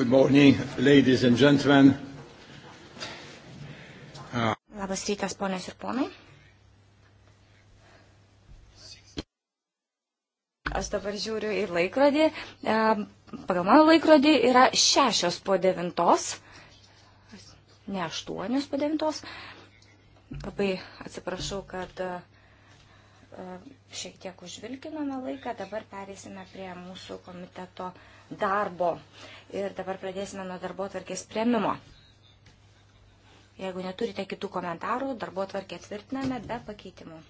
Good morning, ladies and gentlemen. Uh. Labas rytas, ponės ir ponai. Aš dabar žiūriu į laikrodį. E, pagal mano laikrodį yra šešios po devintos, ne aštuonios po devintos. Labai atsiprašau, kad uh, E, šiek tiek užvilkinome laiką, dabar pereisime prie mūsų komiteto darbo. Ir dabar pradėsime nuo darbo tvarkės prieimimo. Jeigu neturite kitų komentarų, darbo tvarkė tvirtiname be pakeitimų.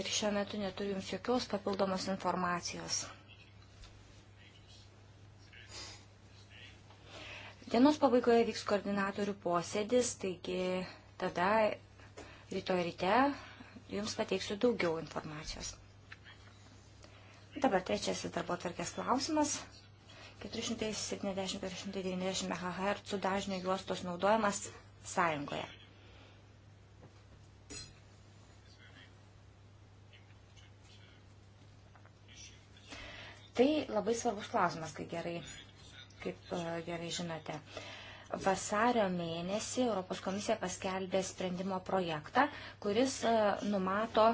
Ir šiuo metu neturiu jums jokios papildomos informacijos. Dienos pabaigoje vyks koordinatorių posėdis, taigi tada rytoj ryte jums pateiksiu daugiau informacijos. Dabar trečiasis darbo tvarkės klausimas. 470-490 MHz dažnio juostos naudojimas sąjungoje. Tai labai svarbus klausimas, kai gerai kaip e, gerai žinote. Vasario mėnesį Europos komisija paskelbė sprendimo projektą, kuris e, numato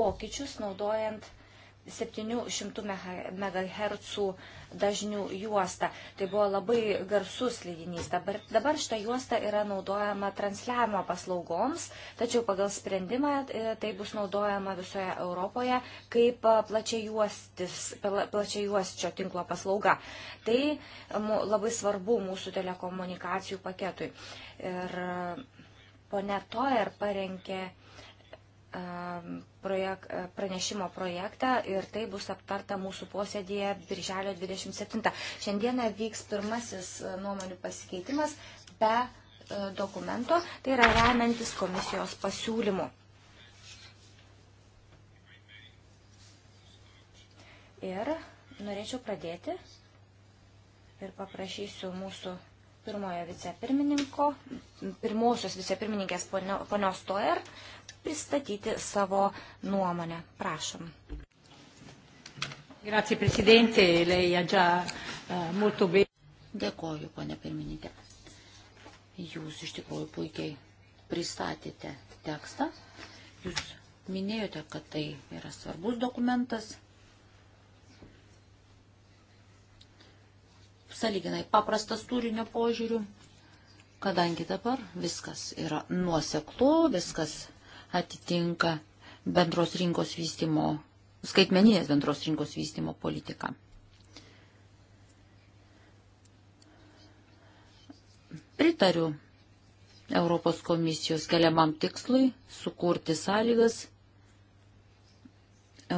pokyčius naudojant 700 MHz dažnių juostą. Tai buvo labai garsus leidinys. Dabar, dabar šita juosta yra naudojama transliavimo paslaugoms, tačiau pagal sprendimą e, tai bus naudojama visoje Europoje kaip e, plačiai juosčio tinklo paslauga. Tai e, labai svarbu mūsų telekomunikacijų paketui. Ir ponė Toer parengė Um, projek, pranešimo projektą ir tai bus aptarta mūsų posėdėje birželio 27. Šiandieną vyks pirmasis uh, nuomonių pasikeitimas be uh, dokumento, tai yra remiantis komisijos pasiūlymu. Ir norėčiau pradėti ir paprašysiu mūsų pirmojo vicepirmininko, pirmosios vicepirmininkės ponio, ponios Toer pristatyti savo nuomonę. Prašom. Grazie, Presidente. Lei ha già uh, molto bene. Dėkoju, ponė pirmininkė. Jūs iš tikrųjų puikiai pristatėte tekstą. Jūs minėjote, kad tai yra svarbus dokumentas. Saliginai paprastas turinio požiūrių, kadangi dabar viskas yra nuoseklu, viskas atitinka bendros rinkos vystimo, skaitmeninės bendros rinkos vystimo politiką. Pritariu Europos komisijos keliamam tikslui sukurti sąlygas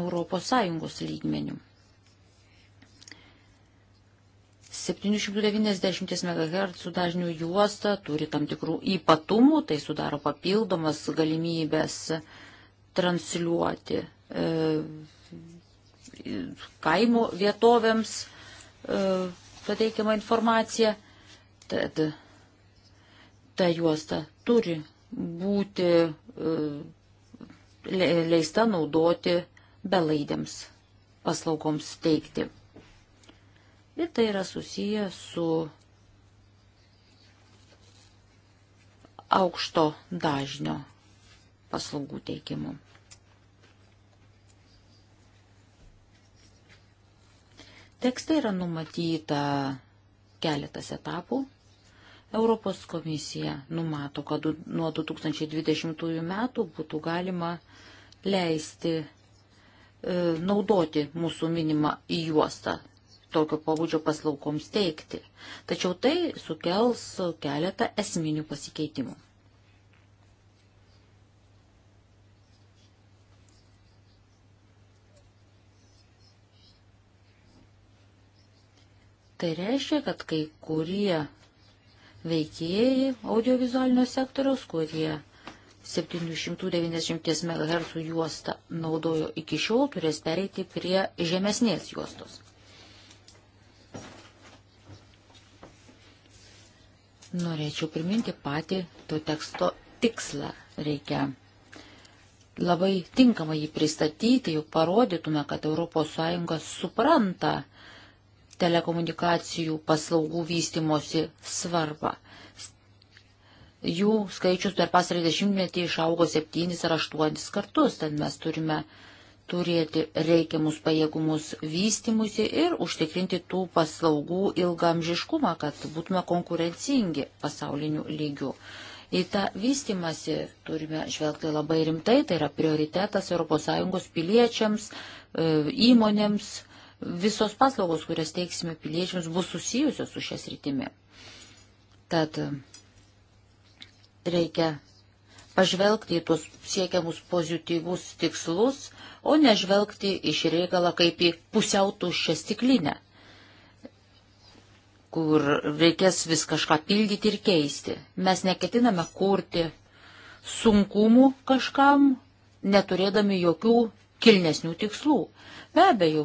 Europos Sąjungos lygmenių. 790 MHz dažnių juosta turi tam tikrų ypatumų, tai sudaro papildomas galimybės transliuoti e, kaimo vietovėms e, pateikiamą informaciją. Tad ta juosta turi būti e, leista naudoti belaidėms paslaugoms teikti. Ir tai yra susiję su aukšto dažnio paslaugų teikimu. Tekste yra numatyta keletas etapų. Europos komisija numato, kad nuo 2020 metų būtų galima leisti e, naudoti mūsų minimą į juostą tokio pobūdžio paslaugoms teikti. Tačiau tai sukels keletą esminių pasikeitimų. Tai reiškia, kad kai kurie veikėjai audiovizualinio sektoriaus, kurie 790 MHz juostą naudojo iki šiol, turės pereiti prie žemesnės juostos. Norėčiau priminti patį to teksto tikslą. Reikia labai tinkamai jį pristatyti, jau parodytume, kad ES supranta telekomunikacijų paslaugų vystimosi svarbą. Jų skaičius per pasarį dešimtmetį išaugo septynis ar aštuonis kartus, tad mes turime uh, turėti reikiamus pajėgumus vystimusi ir užtikrinti tų paslaugų ilgamžiškumą, kad būtume konkurencingi pasauliniu lygiu. Į tą vystimąsi turime žvelgti labai rimtai, tai yra prioritetas ES piliečiams, e, įmonėms, visos paslaugos, kurias teiksime piliečiams, bus susijusios su šias rytimi. Tad reikia pažvelgti į tuos siekiamus pozityvus tikslus, o nežvelgti iš reikalą kaip į pusiau tuščią stiklinę, kur reikės vis kažką pildyti ir keisti. Mes neketiname kurti sunkumų kažkam, neturėdami jokių kilnesnių tikslų. Be abejo,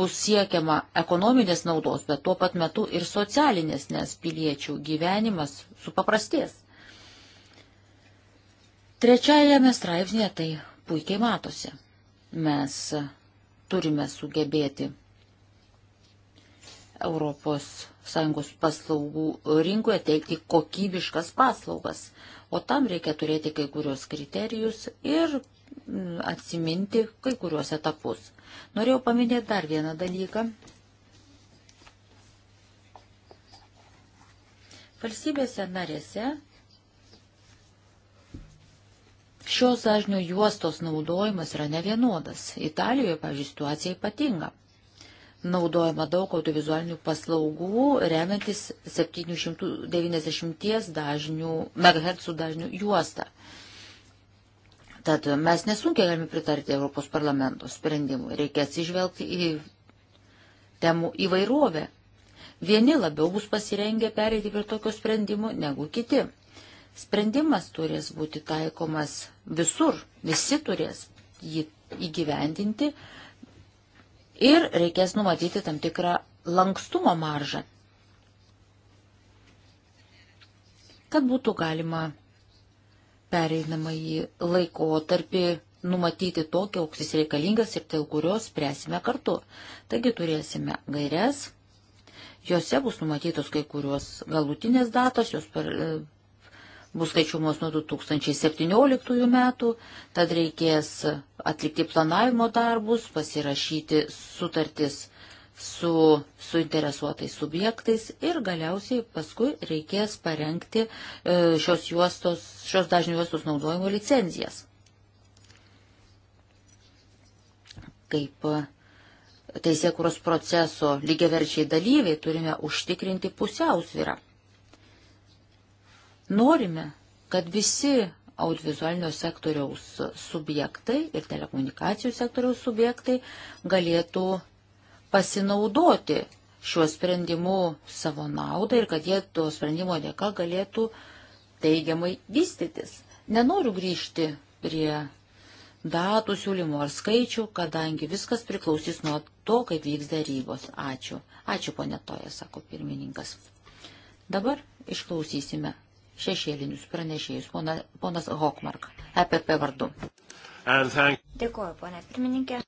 bus siekiama ekonominės naudos, bet tuo pat metu ir socialinės, nes piliečių gyvenimas supaprastės. Trečiajame straipsnėje tai puikiai matosi. Mes turime sugebėti ES paslaugų rinkoje teikti kokybiškas paslaugas, o tam reikia turėti kai kurios kriterijus ir mm, atsiminti kai kuriuos etapus. Norėjau paminėti dar vieną dalyką. Valstybėse narėse Šios dažnio juostos naudojimas yra nevienodas. Italijoje, pavyzdžiui, situacija ypatinga. Naudojama daug audiovizualinių paslaugų, remiantis 790 dažnių, MHz dažnių juostą. Tad mes nesunkiai galime pritarti Europos parlamento sprendimui. Reikia atsižvelgti į temų įvairovę. Vieni labiau bus pasirengę pereiti prie tokio sprendimo negu kiti. Sprendimas turės būti taikomas visur, visi turės jį įgyvendinti ir reikės numatyti tam tikrą lankstumo maržą, kad būtų galima pereinamą į laikotarpį numatyti tokį, koks jis reikalingas ir dėl kurios spręsime kartu. Taigi turėsime gairias, jose bus numatytos kai kurios galutinės datos, jos bus skaičiuomos nuo 2017 metų, tad reikės atlikti planavimo darbus, pasirašyti sutartis su suinteresuotais subjektais ir galiausiai paskui reikės parengti e, šios, juostos, šios dažnių juostos naudojimo licenzijas. Kaip e, teisėkuros proceso lygiaverčiai dalyviai turime užtikrinti pusiausvyrą Norime, kad visi audiovizualinio sektoriaus subjektai ir telekomunikacijų sektoriaus subjektai galėtų pasinaudoti šiuo sprendimu savo naudą ir kad jie to sprendimo dėka galėtų teigiamai vystytis. Nenoriu grįžti prie datų siūlymų ar skaičių, kadangi viskas priklausys nuo to, kaip vyks darybos. Ačiū. Ačiū, ponė Toja, sako pirmininkas. Dabar išklausysime šešėlinius pranešėjus, pona, ponas Hokmark, EPP vardu. Dėkuoju, ponė pirmininkė.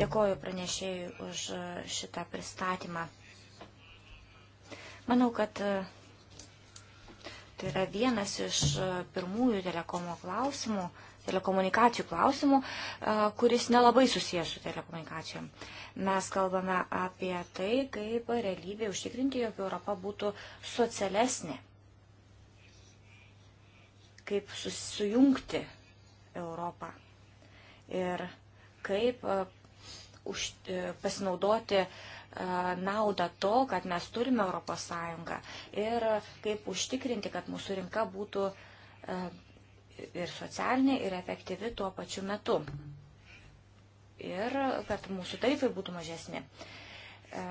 Dėkuoju pranešėjui už e, šitą pristatymą. Manau, kad e, tai yra vienas iš e, pirmųjų telekomo klausimų, telekomunikacijų klausimų, e, kuris nelabai susijęs su telekomunikacijom. Mes kalbame apie tai, kaip realybė užtikrinti, jog Europa būtų socialesnė, kaip susijungti Europą ir kaip e, už, e, pasinaudoti naudą to, kad mes turime Europos Sąjungą ir kaip užtikrinti, kad mūsų rinka būtų ir socialinė, ir efektyvi tuo pačiu metu. Ir kad mūsų tarifai būtų mažesni. E,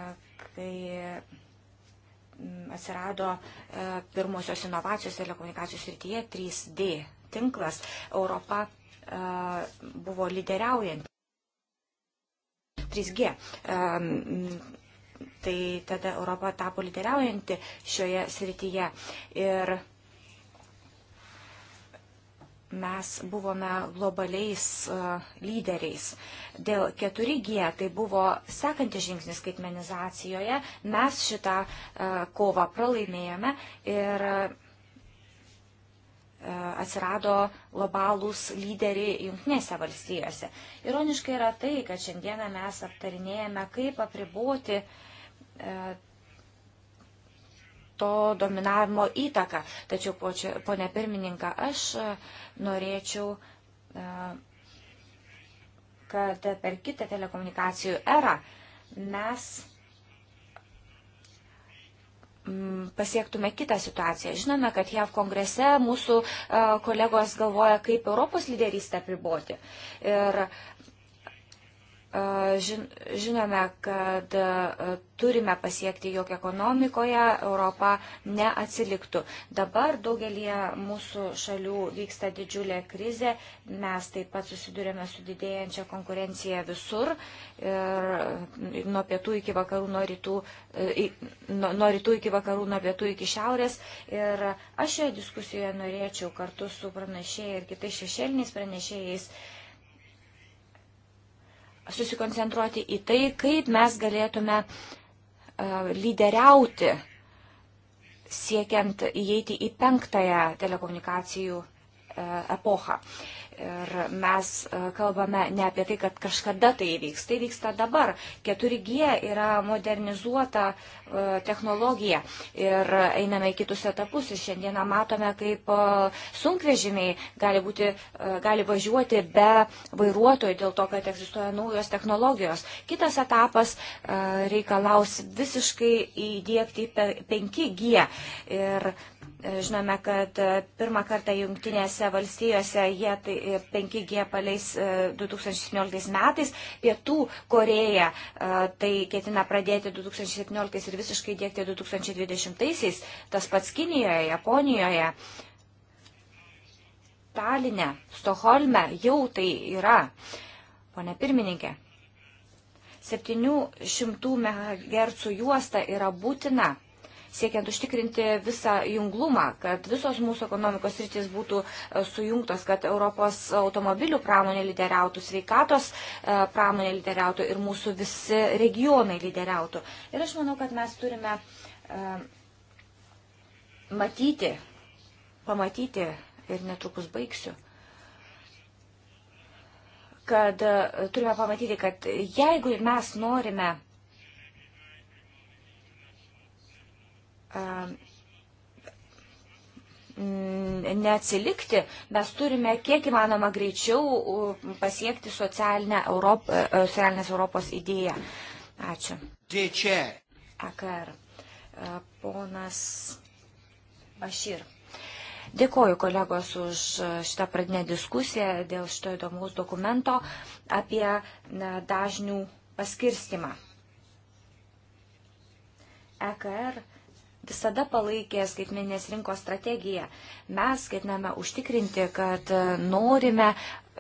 kai mm, atsirado e, pirmosios inovacijos telekomunikacijos srityje 3D tinklas, Europa e, buvo lyderiaujant 3G. Mm, tai tada Europa tapo lyderiaujanti šioje srityje. Ir mes buvome globaliais e, lyderiais. Dėl 4G tai buvo sekantis žingsnis skaitmenizacijoje. Mes šitą e, kovą pralaimėjome ir e, atsirado globalūs lyderiai jungtinėse valstijose. Ironiškai yra tai, kad šiandieną mes aptarinėjame, kaip apriboti to dominavimo įtaką. Tačiau, ponė pirmininka, aš e, norėčiau, e, kad per kitą telekomunikacijų erą mes pasiektume kitą situaciją. Žinome, kad JAV kongrese mūsų e, kolegos galvoja, kaip Europos lyderystę priboti. Ir Žinome, kad turime pasiekti, jog ekonomikoje Europa neatsiliktų. Dabar daugelie mūsų šalių vyksta didžiulė krizė, mes taip pat susidurėme su didėjančia konkurencija visur ir e, nuo pietų iki vakarų, nuo rytų, e, nuo rytų iki vakarų, nuo pietų iki šiaurės. Ir aš šioje diskusijoje norėčiau kartu su pranešėjai ir kitais šešėliniais pranešėjais susikoncentruoti į tai, kaip mes galėtume e, lyderiauti siekiant įeiti į penktąją telekomunikacijų e, epochą. Ir mes e, kalbame ne apie tai, kad kažkada tai įvyks, tai vyksta dabar. 4G yra modernizuota e, technologija ir einame į kitus etapus ir šiandieną matome, kaip e, sunkvežimiai gali, būti, gali važiuoti be vairuotojų dėl to, kad egzistuoja naujos technologijos. Kitas etapas reikalaus visiškai įdėkti 5G. Ir Žinome, kad e, pirmą kartą jungtinėse valstijose jie tai 5G e, paleis 2017 e, metais, pietų Koreja tai ketina pradėti 2017 ir visiškai dėkti 2020-aisiais, tas pats Kinijoje, Japonijoje, Taline, Stoholme jau tai yra. Pone pirmininkė, 700 MHz juosta yra būtina siekiant užtikrinti visą junglumą, kad visos mūsų ekonomikos rytis būtų e, sujungtos, kad Europos automobilių pramonė lyderiautų, sveikatos e, pramonė lyderiautų ir mūsų visi regionai lyderiautų. Ir aš manau, kad mes turime e, matyti, pamatyti ir netrukus baigsiu kad turime pamatyti, kad jeigu mes norime neatsilikti, mes turime kiek įmanoma greičiau pasiekti socialinę Europą, e, e, socialinės Europos idėją. Ačiū. Dėčia. AKR. E, ponas Bašir. Dėkoju kolegos už šitą pradinę diskusiją dėl šito įdomaus dokumento apie dažnių paskirstimą. EKR visada palaikė skaitmeninės rinkos strategiją. Mes skaitiname užtikrinti, kad e, norime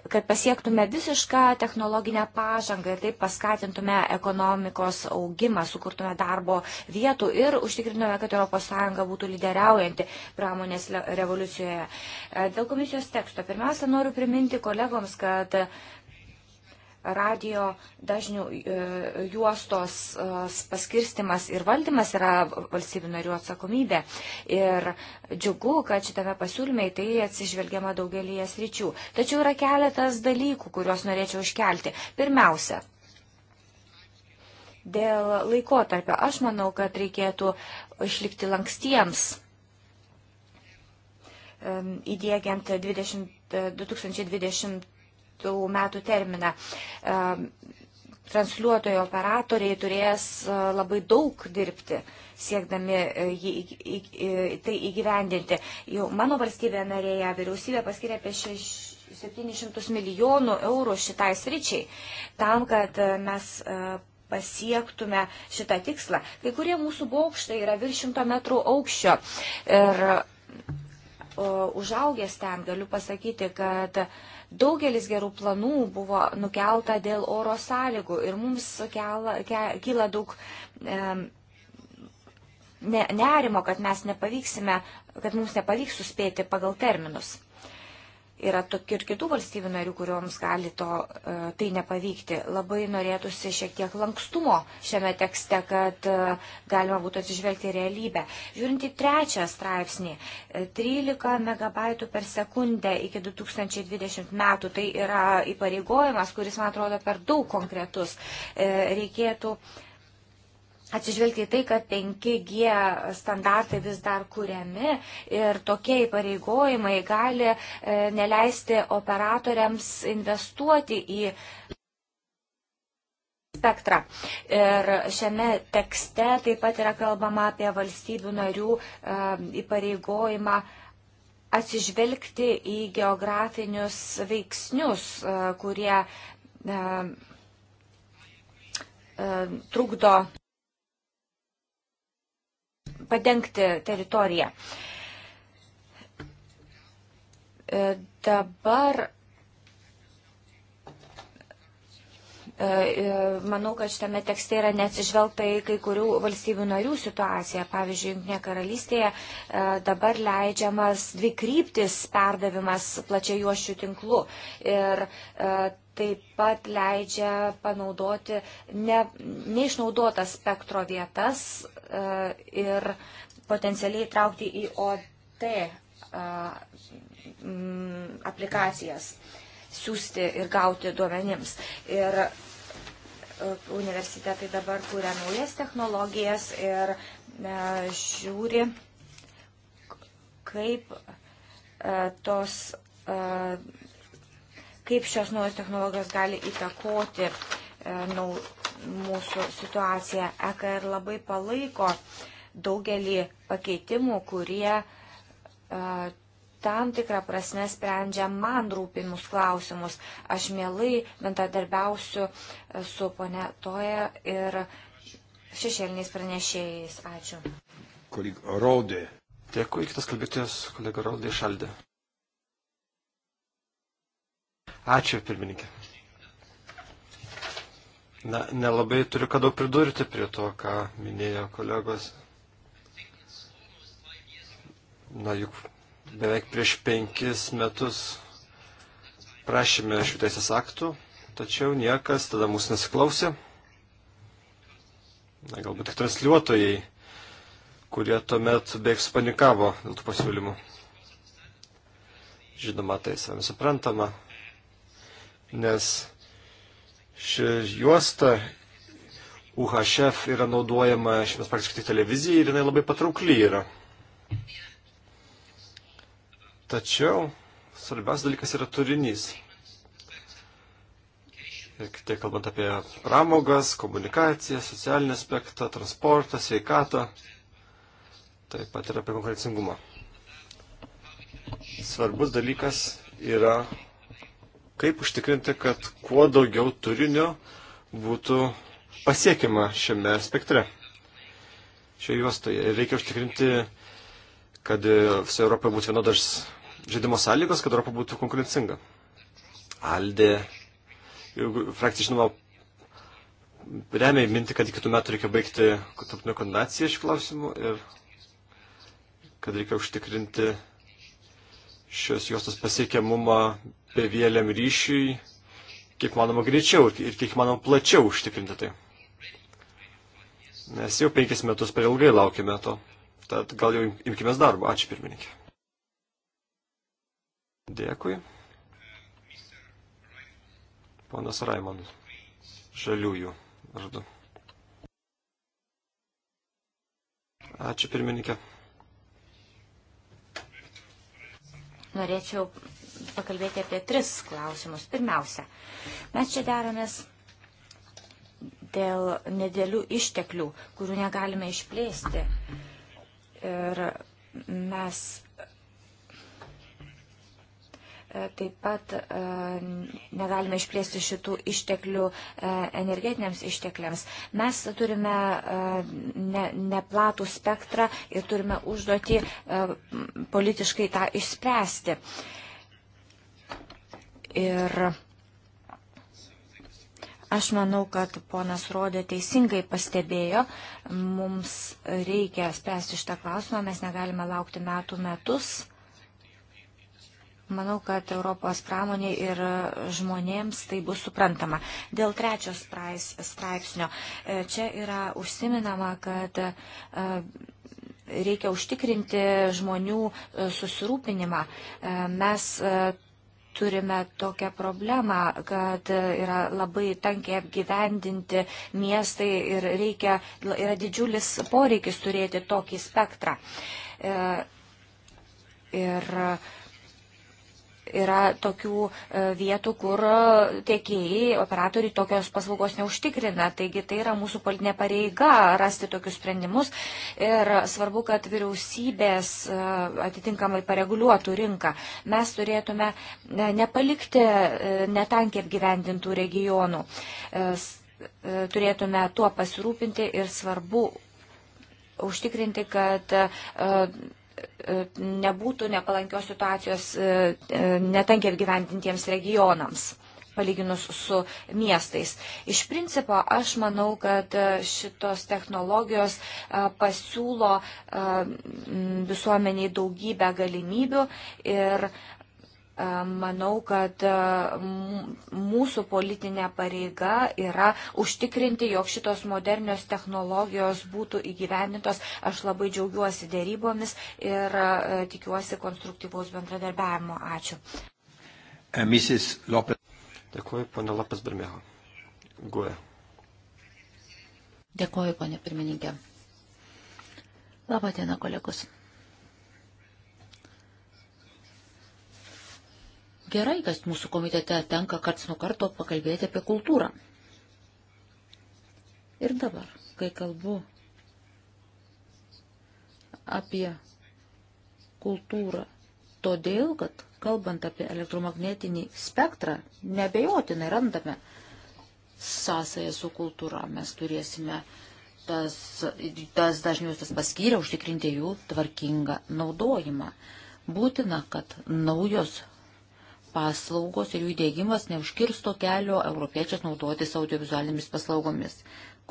kad pasiektume visišką technologinę pažangą ir taip paskatintume ekonomikos augimą, sukurtume darbo vietų ir užtikrintume, kad ES būtų lyderiaujanti pramonės revoliucijoje. E, dėl komisijos teksto pirmiausia noriu priminti kolegoms, kad radio dažnių e, juostos e, paskirstimas ir valdymas yra valstybių narių atsakomybė. Ir džiugu, kad šitame pasiūlyme į tai atsižvelgiama daugelį sričių. Tačiau yra keletas dalykų, kuriuos norėčiau iškelti. Pirmiausia. Dėl laikotarpio aš manau, kad reikėtų išlikti lankstiems įdėgiant 20, 2020 metų terminą. E, Transliuotojai operatoriai turės e, labai daug dirbti siekdami e, tai įgyvendinti. Jau mano valstybė narėje vyriausybė paskiria apie 6. 700 milijonų eurų šitai sričiai, tam, kad mes pasiektume šitą tikslą. Kai kurie mūsų bokštai yra virš 100 metrų aukščio ir o, užaugęs ten galiu pasakyti, kad uh, Daugelis gerų planų buvo nukelta dėl oro sąlygų ir mums kela, ke, kyla daug e, nerimo, kad mes nepavyksime, kad mums nepavyks suspėti pagal terminus. Yra tokių ir kitų valstybių narių, kurioms gali to, e, tai nepavykti. Labai norėtųsi šiek tiek lankstumo šiame tekste, kad e, galima būtų atsižvelgti realybę. Žiūrint į trečią straipsnį, 13 e, MB per sekundę iki 2020 metų, tai yra įpareigojimas, kuris, man atrodo, per daug konkretus. Reikėtų Atsižvelgti į tai, kad 5G standartai vis dar kūriami ir tokie įpareigojimai gali e, neleisti operatoriams investuoti į spektrą. Ir šiame tekste taip pat yra kalbama apie valstybių narių e, įpareigojimą atsižvelgti į geografinius veiksnius, e, kurie e, e, trukdo padengti teritoriją. E, dabar e, e, manau, kad šitame tekste yra neatsižvelgta į kai kurių valstybių narių situaciją. Pavyzdžiui, Junktinė karalystėje dabar leidžiamas dvikryptis perdavimas plačiai juošių tinklų. Ir taip pat leidžia panaudoti ne, neišnaudotas spektro vietas e, ir potencialiai traukti į OT e, aplikacijas, siūsti ir gauti duomenims. Ir e, universitetai dabar kūrė naujas technologijas ir žiūri, kaip tos kaip šios naujos technologijos gali įtakoti e, nau, mūsų situaciją. EKR labai palaiko daugelį pakeitimų, kurie e, tam tikrą prasme sprendžia man rūpimus klausimus. Aš mielai bendradarbiausiu e, su pone Toja ir šešėliniais pranešėjais. Ačiū. Kolega Rodė. Dėkui, kitas kalbėtojas, kolega Rodė Šaldė. Ačiū, pirmininkė. Na, nelabai turiu ką daug pridurti prie to, ką minėjo kolegos. Na, juk beveik prieš penkis metus prašėme šių teisės aktų, tačiau niekas tada mūsų nesiklausė. Na, galbūt tik transliuotojai, kurie tuomet beveik supanikavo dėl tų pasiūlymų. Žinoma, tai savai suprantama nes ši juosta UHF yra naudojama šimtas praktiškai televizijai ir jinai labai patraukli yra. Tačiau svarbiausias dalykas yra turinys. Tiek kalbant apie pramogas, komunikaciją, socialinį aspektą, transportą, sveikatą, taip pat ir apie konkurencingumą. Svarbus dalykas yra kaip užtikrinti, kad kuo daugiau turinio būtų pasiekima šiame spektre. Šioje juostoje reikia užtikrinti, kad visoje Europoje būtų vienodas žaidimo sąlygos, kad Europa būtų konkurencinga. Aldė, frakcija žinoma, remia minti, kad kitų metų reikia baigti tarptautinę koordinaciją šių klausimų ir kad reikia užtikrinti šios juostos pasiekiamumą bevėliam ryšiui, kiek manoma greičiau ir kiek manoma plačiau užtikrinti tai. Nes jau penkis metus per ilgai laukime to. Tad gal jau imkime darbo. Ačiū pirmininkė. Dėkui. Ponas Raimond, žaliųjų vardu. Ačiū pirmininkė. Norėčiau pakalbėti apie tris klausimus. Pirmiausia, mes čia deramės dėl nedėlių išteklių, kurių negalime išplėsti. Ir mes e, taip pat e, negalime išplėsti šitų išteklių e, energetiniams ištekliams. Mes turime neplatų ne spektrą ir turime užduoti politiškai tą išspręsti. Ir aš manau, kad ponas Rodė teisingai pastebėjo, mums reikia spręsti šitą klausimą, mes negalime laukti metų metus. Manau, kad Europos pramoniai ir žmonėms tai bus suprantama. Dėl trečios prais, straipsnio. E, čia yra užsiminama, kad e, reikia užtikrinti žmonių e, susirūpinimą. Mes turime tokią problemą, kad yra labai tankiai apgyvendinti miestai ir reikia, yra didžiulis poreikis turėti tokį spektrą. E, ir, ir yra tokių e, vietų, kur e, tiekėjai, operatoriai tokios paslaugos neužtikrina. Taigi tai yra mūsų politinė pareiga rasti tokius sprendimus ir svarbu, kad vyriausybės e, atitinkamai pareguliuotų rinką. Mes turėtume nepalikti netankiai apgyvendintų regionų. Turėtume tuo pasirūpinti ir svarbu užtikrinti, kad E, nebūtų nepalankios situacijos e, e, netankiai apgyvendintiems regionams palyginus su miestais. Iš principo, aš manau, kad šitos technologijos pasiūlo visuomeniai daugybę galimybių ir Manau, kad e, mūsų politinė pareiga yra užtikrinti, jog šitos modernios technologijos būtų įgyvenintos. Aš labai džiaugiuosi dėrybomis ir e, tikiuosi konstruktyvaus bendradarbiavimo. Ačiū. E, Mrs. Lopez. Dėkuoju, pana Lopez Bermeho. Guoja. Dėkuoju, ponė pirmininkė. Labą dieną, kolegos. Gerai, kad mūsų komitete tenka karts nuo karto pakalbėti apie kultūrą. Ir dabar, kai kalbu apie kultūrą, todėl, kad kalbant apie elektromagnetinį spektrą, nebejotinai randame sąsąją su kultūra. Mes turėsime tas, tas dažnius tas paskyrę užtikrinti jų tvarkingą naudojimą. Būtina, kad naujos paslaugos ir jų dėgymas neužkirsto kelio europiečiams naudotis audiovizualinėmis paslaugomis.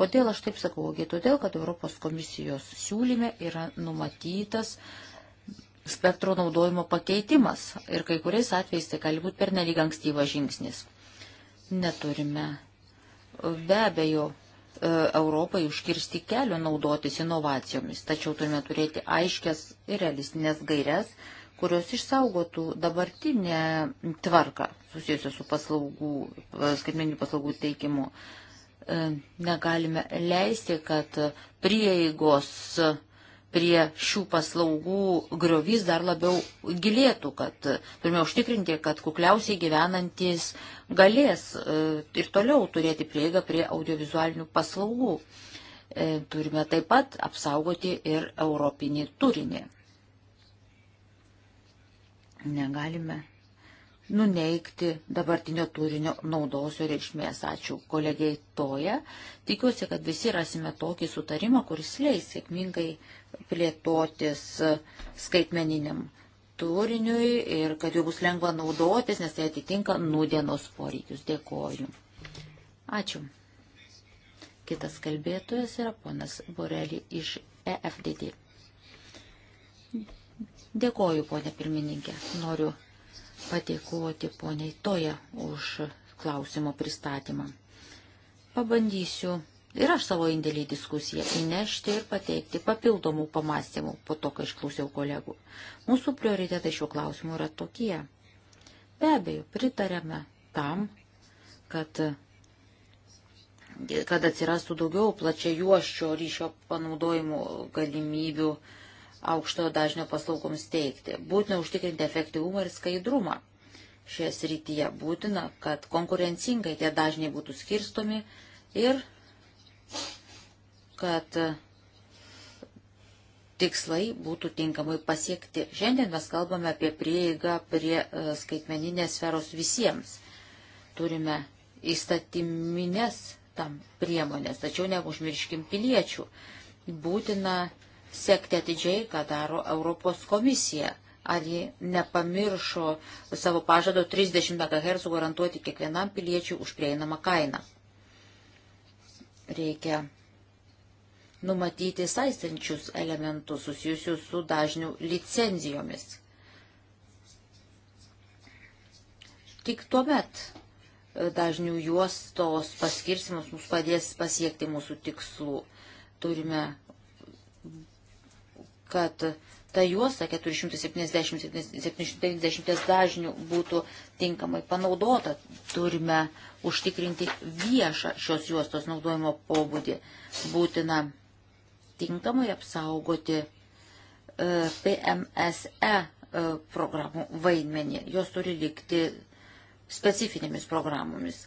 Kodėl aš taip sakau? Ogi todėl, kad Europos komisijos siūlyme yra numatytas spektro naudojimo pakeitimas ir kai kuriais atvejais tai gali būti pernelyg ankstyvas žingsnis. Neturime be abejo e, Europai užkirsti kelio naudotis inovacijomis, tačiau turime turėti aiškias ir realistinės gairias, kurios išsaugotų dabartinę tvarką susijusią su paslaugų, skaitmeninių paslaugų teikimu. E, negalime leisti, kad prieigos prie šių paslaugų griovys dar labiau gilėtų, kad turime užtikrinti, kad kukliausiai gyvenantis galės e, ir toliau turėti prieigą prie audiovizualinių paslaugų. E, turime taip pat apsaugoti ir europinį turinį. Negalime nuneikti dabartinio turinio naudos ir reikšmės. Ačiū kolegiai Toja. Tikiuosi, kad visi rasime tokį sutarimą, kuris leis sėkmingai plėtotis skaitmeniniam turiniui ir kad jau bus lengva naudotis, nes tai atitinka nudienos poreikius. Dėkoju. Ačiū. Kitas kalbėtojas yra ponas Borelį iš EFDD. Dėkoju, ponė pirmininkė. Noriu padėkoti poniai Toja už klausimo pristatymą. Pabandysiu ir aš savo indėlį į diskusiją įnešti ir pateikti papildomų pamastymų po to, kai išklausiau kolegų. Mūsų prioritetai šiuo klausimu yra tokie. Be abejo, pritarėme tam, kad kad atsirastų daugiau plačiai juoščio ryšio panaudojimo galimybių aukštojo dažnio paslaugoms teikti. Būtina užtikrinti efektyvumą ir skaidrumą. Šioje srityje būtina, kad konkurencingai tie dažniai būtų skirstomi ir kad tikslai būtų tinkamai pasiekti. Šiandien mes kalbame apie prieigą prie e, skaitmeninės sferos visiems. Turime įstatyminės tam priemonės, tačiau neužmirškim piliečių. Būtina sekti atidžiai, ką daro Europos komisija. Ar ji nepamiršo savo pažado 30 MHz garantuoti kiekvienam piliečiui už prieinamą kainą. Reikia numatyti saistančius elementus susijusius su dažnių licenzijomis. Tik tuomet e, dažnių juostos paskirsimas mums padės pasiekti mūsų tikslų. Turime kad ta juosta 470-790 dažnių būtų tinkamai panaudota. Turime užtikrinti viešą šios juostos naudojimo pobūdį. Būtina tinkamai apsaugoti PMSE e, e, programų vaidmenį. Jos turi likti specifinėmis programomis. E,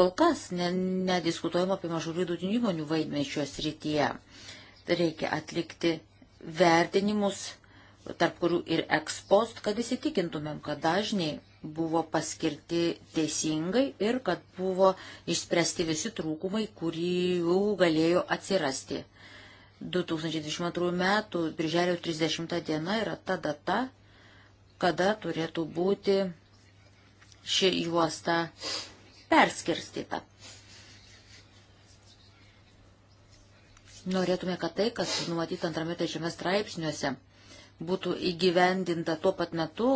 kol kas nediskutuojama apie mažų vidutinių įmonių vaidmenį šios rytyje. Reikia atlikti vertinimus, tarp kurių ir ekspost, kad įsitikintumėm, kad dažniai buvo paskirti teisingai ir kad buvo išspręsti visi trūkumai, kurių galėjo atsirasti. 2022 metų birželio 30 diena yra ta data, kada turėtų būti ši juosta perskirstyta. Norėtume, kad tai, kas numatyta antrame trečiame straipsniuose, būtų įgyvendinta tuo pat metu,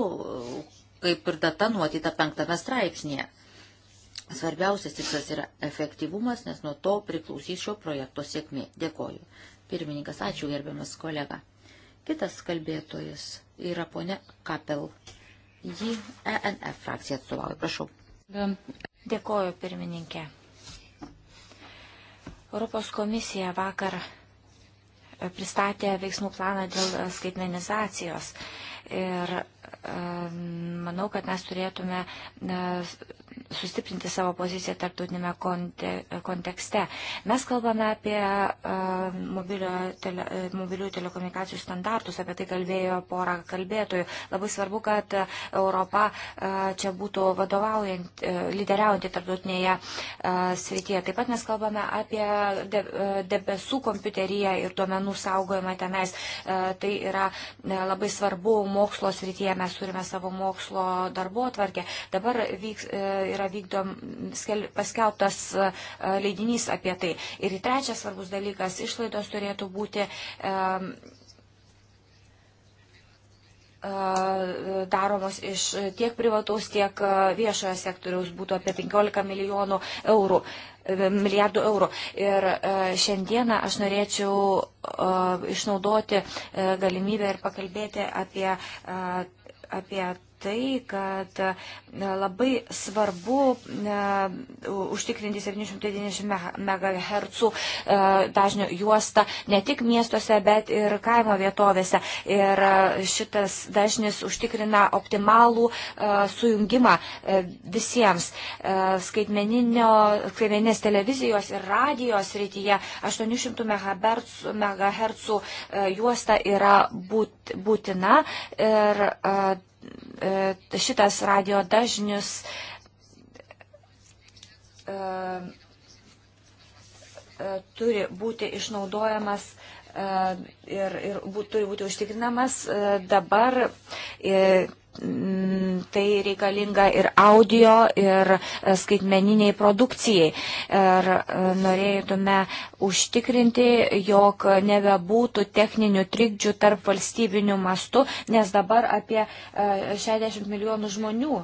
kaip ir data numatyta penktame straipsnėje. Svarbiausias tikslas yra efektyvumas, nes nuo to priklausys šio projekto sėkmė. Dėkoju. Pirmininkas, ačiū gerbiamas kolega. Kitas kalbėtojas yra ponė Kapel. Ji ENF frakciją atstovauja. Prašau. Dėkoju, pirmininkė. Europos komisija vakar e, pristatė veiksmų planą dėl e, skaitmenizacijos. Ir e, manau, kad mes turėtume sustiprinti savo poziciją tarptautinėme konte, kontekste. Mes kalbame apie e, mobilio, tele, e, mobilių telekomunikacijų standartus, apie tai kalbėjo pora kalbėtojų. Labai svarbu, kad Europa e, čia būtų vadovaujant, lyderiaujanti tarptautinėje srityje. Taip pat mes kalbame apie debesų kompiuteriją ir duomenų saugojimą tenais. Tai yra labai svarbu mokslo srityje. Mes turime savo mokslo darbo atvarkę. Dabar vyks, yra vykdom, skel, paskelbtas e, leidinys apie tai. Ir trečias svarbus dalykas - išlaidos turėtų būti e, daromos iš tiek privataus, tiek e, viešojo sektoriaus būtų apie 15 milijonų eurų, milijardų eurų. Ir šiandieną aš norėčiau išnaudoti galimybę ir pakalbėti apie, apie tai, kad e, labai svarbu e, užtikrinti 790 MHz e, dažnio juostą ne tik miestuose, bet ir kaimo vietovėse. Ir šitas dažnis užtikrina optimalų sujungimą visiems. Skaitmeninės televizijos ir radijos rytyje 800 MHz juosta yra būtina. Ir, E, šitas radio dažnius e, e, turi būti išnaudojamas ir, ir būt, turi būti užtikrinamas. Dabar Mm, tai reikalinga ir audio, ir e, skaitmeniniai produkcijai. Ir e, norėtume užtikrinti, jog nebebūtų techninių trikdžių tarp valstybinių mastų, nes dabar apie 60 e, milijonų žmonių,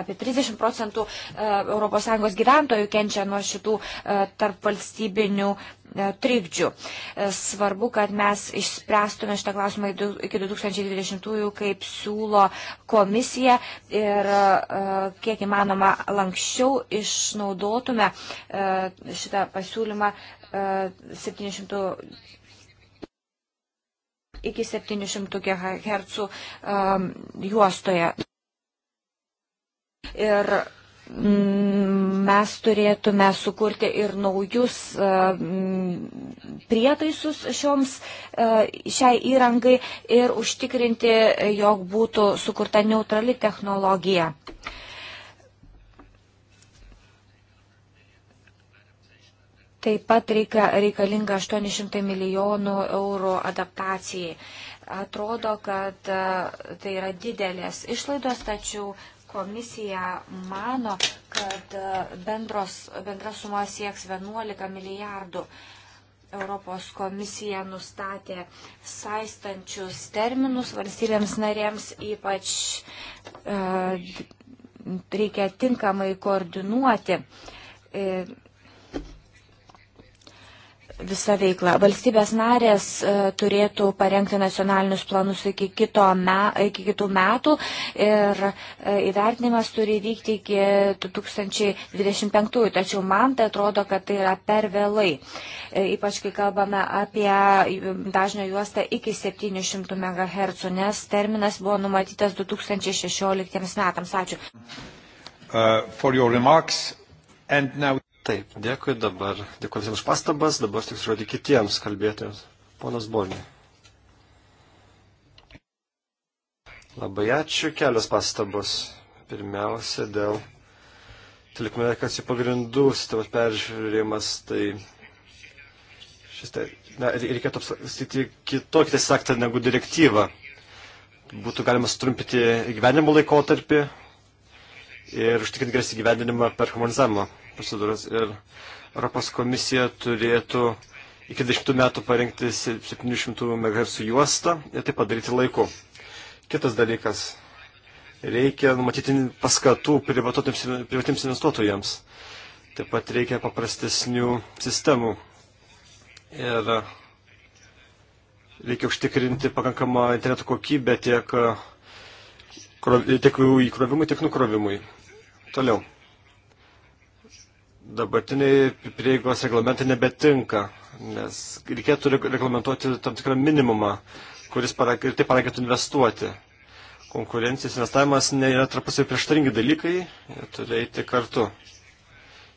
apie 30 procentų ES gyventojų kenčia nuo šitų tarp valstybinių E, trikdžių. E, svarbu, kad mes išspręstume šitą klausimą iki 2020-ųjų, kaip siūlo komisija ir e, kiek įmanoma lankščiau išnaudotume šitą pasiūlymą 700 iki 700 GHz juostoje. Ir mes turėtume sukurti ir naujus e, prietaisus šioms, e, šiai įrangai ir užtikrinti, e, jog būtų sukurta neutrali technologija. Taip pat reika, reikalinga 800 milijonų eurų adaptacijai. Atrodo, kad tai yra didelės išlaidos, tačiau komisija mano, kad e, bendros, bendra suma sieks 11 milijardų. Europos komisija nustatė saistančius terminus valstybėms narėms, ypač e, reikia tinkamai koordinuoti. E, visą veiklą. Valstybės narės e, turėtų parengti nacionalinius planus iki, me, iki kitų metų ir e, įvertinimas turi vykti iki 2025, tačiau man tai atrodo, kad tai yra per vėlai, e, ypač kai kalbame apie dažnio juostą iki 700 MHz, nes terminas buvo numatytas 2016 metams. Ačiū. Uh, Taip, dėkui dabar. Dėkui visiems pastabas, dabar tik žodį kitiems kalbėtojams. Ponas Bonė. Labai ačiū, kelios pastabos. Pirmiausia, dėl telekomunikacijų pagrindų sistemos peržiūrėjimas, tai šis, tai, na, reikėtų apsakyti kitokį teisės aktą negu direktyvą. Būtų galima sutrumpinti gyvenimo laikotarpį ir užtikrinti geresnį gyvendinimą per harmonizavimą procedūras ir Europos komisija turėtų iki 10 metų parengti 700 MHz juostą ir tai padaryti laiku. Kitas dalykas. Reikia numatyti paskatų privatiems investuotojams. Taip pat reikia paprastesnių sistemų. Ir reikia užtikrinti pakankamą interneto kokybę tiek, tiek įkrovimui, tiek nukrovimui. Toliau dabartiniai prieigos reglamentai nebetinka, nes reikėtų reglamentuoti tam tikrą minimumą, kuris para, ir tai paragėtų investuoti. Konkurencijos investavimas nėra tarpusai prieštaringi dalykai, turi eiti kartu.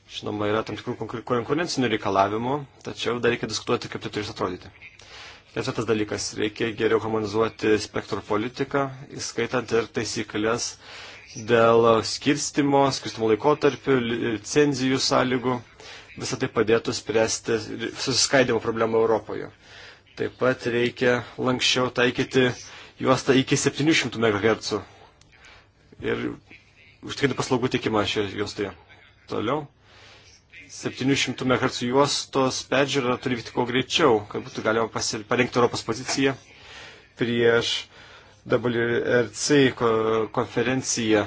Žinoma, yra tam tikrų konkurencinių reikalavimų, tačiau dar reikia diskutuoti, kaip tai turės atrodyti. Ketvirtas dalykas - reikia geriau harmonizuoti spektro politiką, įskaitant ir taisyklės dėl skirstimo, skirstimo laikotarpių, licenzijų sąlygų. Visą tai padėtų spręsti susiskaidimo problemą Europoje. Taip pat reikia lankščiau taikyti juostą iki 700 MHz ir užtikrinti paslaugų tikimą šioje juostoje. Toliau. 700 MHz juostos peržiūra turi vykti kuo greičiau, kad būtų galima parengti Europos poziciją prieš WRC konferencija,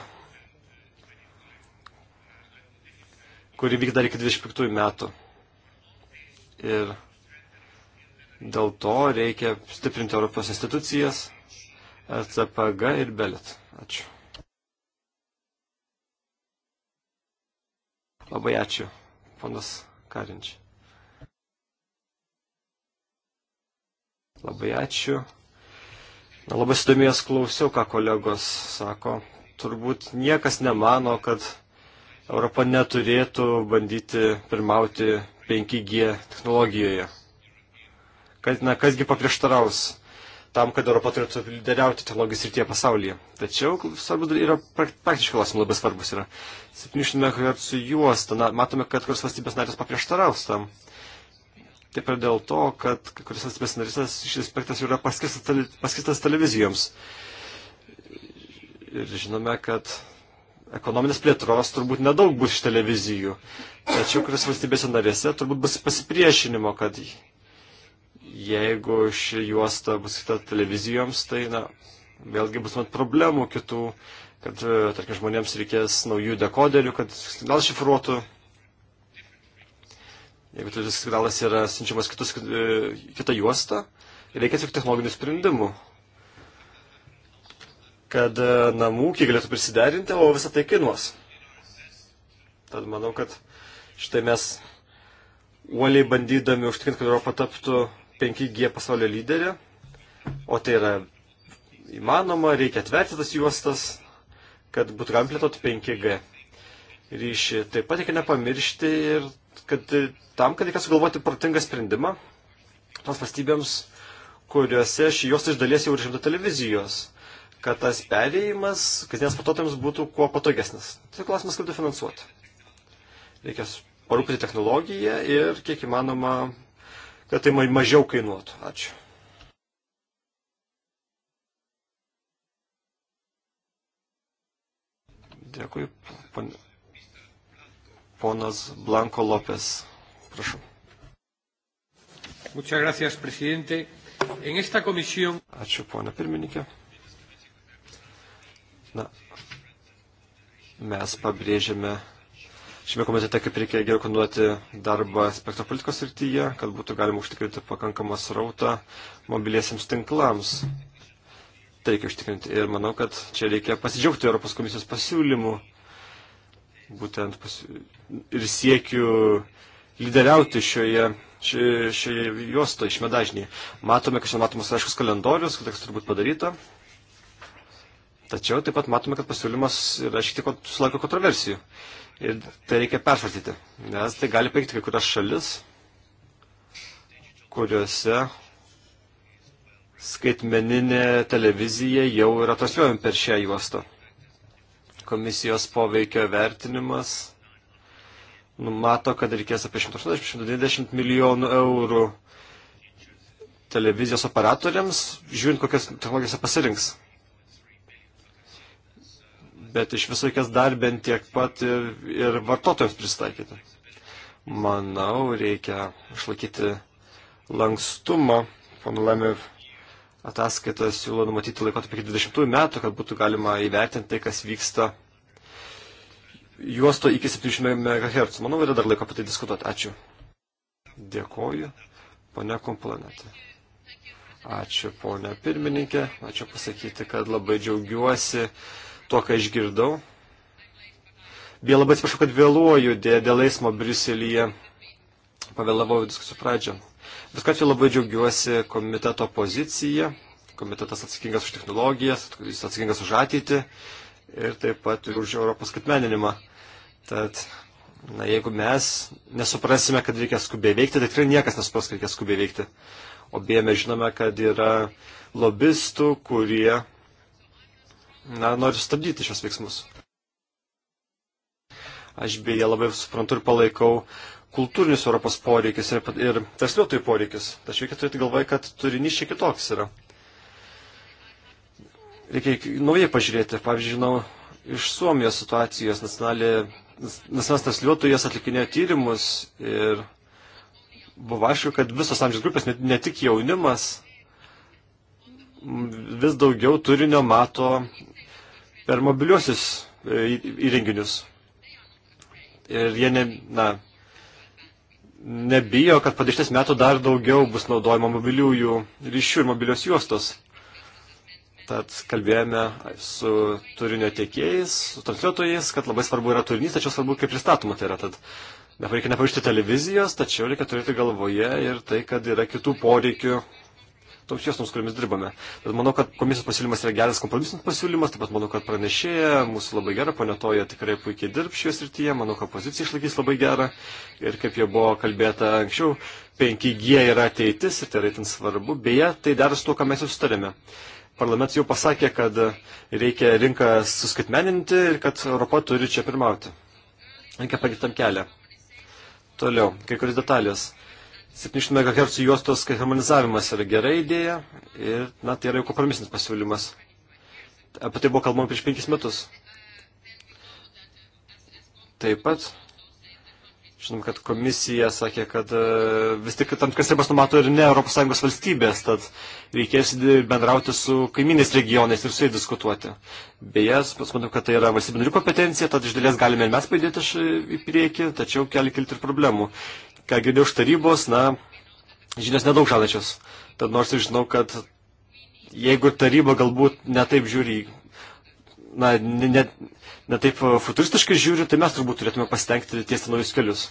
kuri vyks dar iki 25 metų. Ir dėl to reikia stiprinti Europos institucijas, CPG ir Belit. Ačiū. Labai ačiū, ponas Karinčiai. Labai ačiū. Labai stumėjęs klausiau, ką kolegos sako. Turbūt niekas nemano, kad Europa neturėtų bandyti pirmauti 5G technologijoje. Kad, na, kasgi paprieštaraus tam, kad Europa turėtų lyderiauti technologijos rytyje pasaulyje. Tačiau svarbu yra praktiškai klausimai labai svarbus yra. 700 MHz juosta, na, matome, kad kurios valstybės narės paprieštaraus tam. Taip ir dėl to, kad kai kuris atspės narysas šis aspektas jau yra paskirtas, paskirtas televizijoms. Ir žinome, kad ekonominės plėtros turbūt nedaug bus iš televizijų. Tačiau kuris valstybėse narėse turbūt bus pasipriešinimo, kad jeigu ši juosta bus kita televizijoms, tai na, vėlgi bus mat problemų kitų, kad, tarkim, žmonėms reikės naujų dekoderių, kad signal šifruotų Jeigu tas signalas yra siunčiamas kitus, e, kitą juostą, reikia tik technologinių sprendimų, kad e, namų ūkiai galėtų prisiderinti, o visą tai kainuos. Tad manau, kad štai mes uoliai bandydami užtikrinti, kad Europa taptų 5G pasaulio lyderė, o tai yra įmanoma, reikia atverti tas juostas, kad būtų galima plėtoti 5G ryšį. Taip pat reikia nepamiršti ir kad e, tam, kad reikia sugalvoti protingą sprendimą tos valstybėms, kuriuose šį jos iš dalies jau ir žimta televizijos, kad tas perėjimas kasdienas vartotojams būtų kuo patogesnis. Tai klausimas, kaip tai finansuoti. Reikia parūpinti technologiją ir kiek įmanoma, kad tai mažiau kainuotų. Ačiū. Dėkui, ponė ponas Blanko Lopes. Prašau. Muchas gracias, presidente. En esta comisión... Ačiū, ponia pirmininkė. Na, mes pabrėžėme šiame komitete, kaip reikia geriau koordinuoti darbą spektro politikos srityje, kad būtų galima užtikrinti pakankamą srautą mobiliesiams tinklams. Tai reikia užtikrinti. Ir manau, kad čia reikia pasidžiaugti Europos komisijos pasiūlymų būtent pas, ir siekiu lyderiauti šioje, šioje, šioje juostoje, išmedažnėje. Matome, kad šiandien matomas aiškus kalendorius, kad tas turbūt padaryta. Tačiau taip pat matome, kad pasiūlymas yra šiek tiek sulaukė kontroversijų. Ir tai reikia persvarstyti, nes tai gali paikti kai kurias šalis, kuriuose skaitmeninė televizija jau yra transliuojama per šią juostą komisijos poveikio vertinimas numato, kad reikės apie 180-120 milijonų eurų televizijos operatoriams, žiūrint, kokias technologijas pasirinks. Bet iš viso reikės dar bent tiek pat ir, ir vartotojams pristaikyti. Manau, reikia išlaikyti lankstumą. Pono Lemir ataskaita siūlo numatyti laikotarpį iki 20 metų, kad būtų galima įvertinti tai, kas vyksta juosto iki 700 MHz. Manau, yra dar laiko apie tai diskutuoti. Ačiū. Dėkoju, ponia Komplanetė. Ačiū, ponia pirmininkė. Ačiū pasakyti, kad labai džiaugiuosi tuo, ką išgirdau. Bėl labai atsiprašau, kad vėluoju dėl eismo Briselyje. Pavėlavau diskusijų pradžią. Viską čia labai džiaugiuosi komiteto poziciją. Komitetas atsakingas už technologijas, jis atsakingas už ateitį ir taip pat ir už Europos skatmeninimą. Tad, na, jeigu mes nesuprasime, kad reikia skubiai veikti, tai tikrai niekas nesupras, kad reikia skubiai veikti. O beje, mes žinome, kad yra lobistų, kurie, na, nori stabdyti šios veiksmus. Aš beje labai suprantu ir palaikau kultūrinius Europos poreikis ir, ir transliuotojų poreikis. Tačiau reikia turėti galvoje, kad turinys čia kitoks yra. Reikia naujai pažiūrėti. Pavyzdžiui, žinau, iš Suomijos situacijos nacionalinė Nesenas transliuotojas atlikinėjo tyrimus ir buvo aišku, kad visos amžiaus grupės, ne tik jaunimas, vis daugiau turinio mato per mobiliuosius e, įrenginius. Ir jie ne, na, nebijo, kad po dešimties metų dar daugiau bus naudojama mobiliųjų ryšių ir mobilios juostos. Tad kalbėjome su turinio tiekėjais, su transliuotojais, kad labai svarbu yra turinys, tačiau svarbu, kaip pristatoma tai yra. Tad reikia nepamiršti televizijos, tačiau reikia turėti galvoje ir tai, kad yra kitų poreikių toms šviesoms, kuriomis dirbame. Bet manau, kad komisijos pasiūlymas yra geras kompromisinis pasiūlymas, taip pat manau, kad pranešėja mūsų labai gera, panetoja tikrai puikiai dirb šioje srityje, manau, kad pozicija išlaikys labai gerą ir kaip jau buvo kalbėta anksčiau, 5G yra ateitis ir tai yra itin svarbu, beje, tai dar su to, ką mes jau sutarėme parlamentas jau pasakė, kad reikia rinką suskatmeninti ir kad Europa turi čia pirmauti. Reikia padėti tam kelią. Toliau, kai kurios detalės. 700 MHz juostos harmonizavimas yra gera idėja ir, na, tai yra jau kompromisinis pasiūlymas. Apie tai buvo kalbama prieš penkis metus. Taip pat Žinom, kad komisija sakė, kad e, vis tik tam tikras ribas numato ir ne ES valstybės, tad reikės bendrauti su kaiminiais regionais ir su jais diskutuoti. Beje, pats manau, kad tai yra valstybė narių kompetencija, tad iš dalies galime ir mes pajudėti į priekį, tačiau keli kilti ir problemų. Ką girdėjau iš tarybos, na, žinios nedaug žadančios. Tad nors ir žinau, kad jeigu taryba galbūt netaip žiūri į na, net, net taip futuristiškai žiūriu, tai mes turbūt turėtume pasitengti tiesti naujus kelius.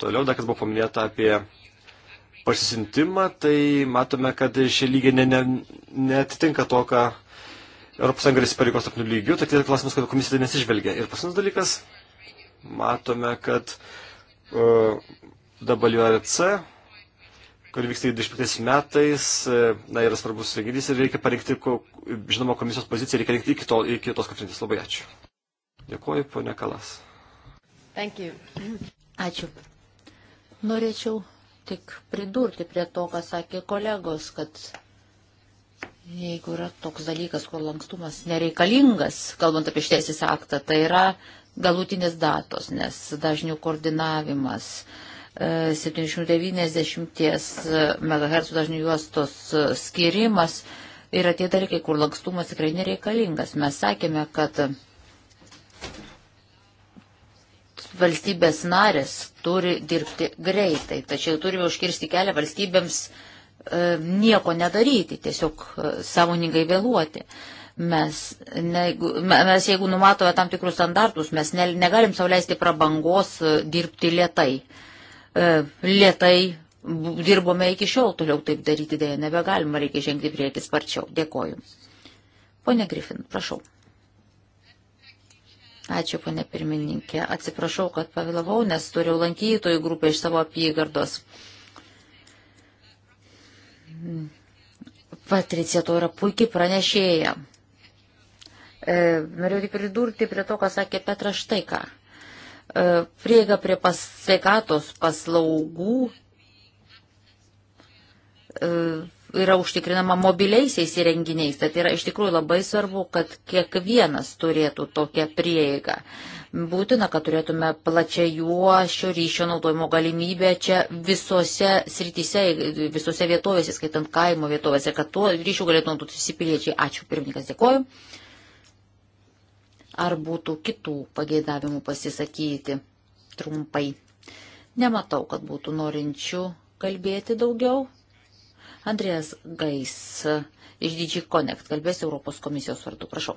Toliau, dar kas buvo paminėta apie pasisintimą, tai matome, kad šie lygiai ne, ne, netitinka to, ką ES įsipareigos tarpinių lygių, tai tai klausimas, kad komisija tai nesižvelgia. Ir paskutinis dalykas, matome, kad uh, WRC kuri vyksta 25 metais, e, na, yra svarbus renginys ir reikia parinkti, žinoma, komisijos poziciją reikia rinkti iki, to, iki tos konferencijos. Labai ačiū. Dėkuoju, ponia Kalas. Ačiū. Norėčiau tik pridurti prie to, ką sakė kolegos, kad jeigu yra toks dalykas, kur lankstumas nereikalingas, kalbant apie šteisės aktą, tai yra galutinės datos, nes dažnių koordinavimas 790 MHz dažnių juostos skirimas yra tie dalykai, kur lankstumas tikrai nereikalingas. Mes sakėme, kad valstybės narės turi dirbti greitai, tačiau turime užkirsti kelią valstybėms e, nieko nedaryti, tiesiog e, sąmoningai vėluoti. Mes, ne, mes jeigu numatome tam tikrus standartus, mes ne, negalim sauliaisti prabangos e, dirbti lietai. Uh, E, lietai dirbome iki šiol, toliau taip daryti dėja nebegalima, reikia žengti prieki sparčiau. Dėkoju. Pone Grifin, prašau. Ačiū, pone pirmininkė. Atsiprašau, kad pavėlavau, nes turėjau lankytojų grupę iš savo apygardos. Patricija to yra puikiai pranešėja. E, norėjau tik pridurti prie to, ką sakė Petra Štaika. ką. E, prieiga prie pas, sveikatos paslaugų e, yra užtikrinama mobiliaisiais įrenginiais. Tad yra iš tikrųjų labai svarbu, kad kiekvienas turėtų tokią prieigą. Būtina, kad turėtume plačią juošio ryšio naudojimo galimybę čia visose srityse, visose vietovėse, skaitant kaimo vietovėse, kad tuo ryšiu galėtų naudotis visi piliečiai. Ačiū, pirmininkas, dėkoju. Ar būtų kitų pageidavimų pasisakyti trumpai? Nematau, kad būtų norinčių kalbėti daugiau. Andrėjas Gais iš DG Connect kalbės Europos komisijos vardu. Prašau.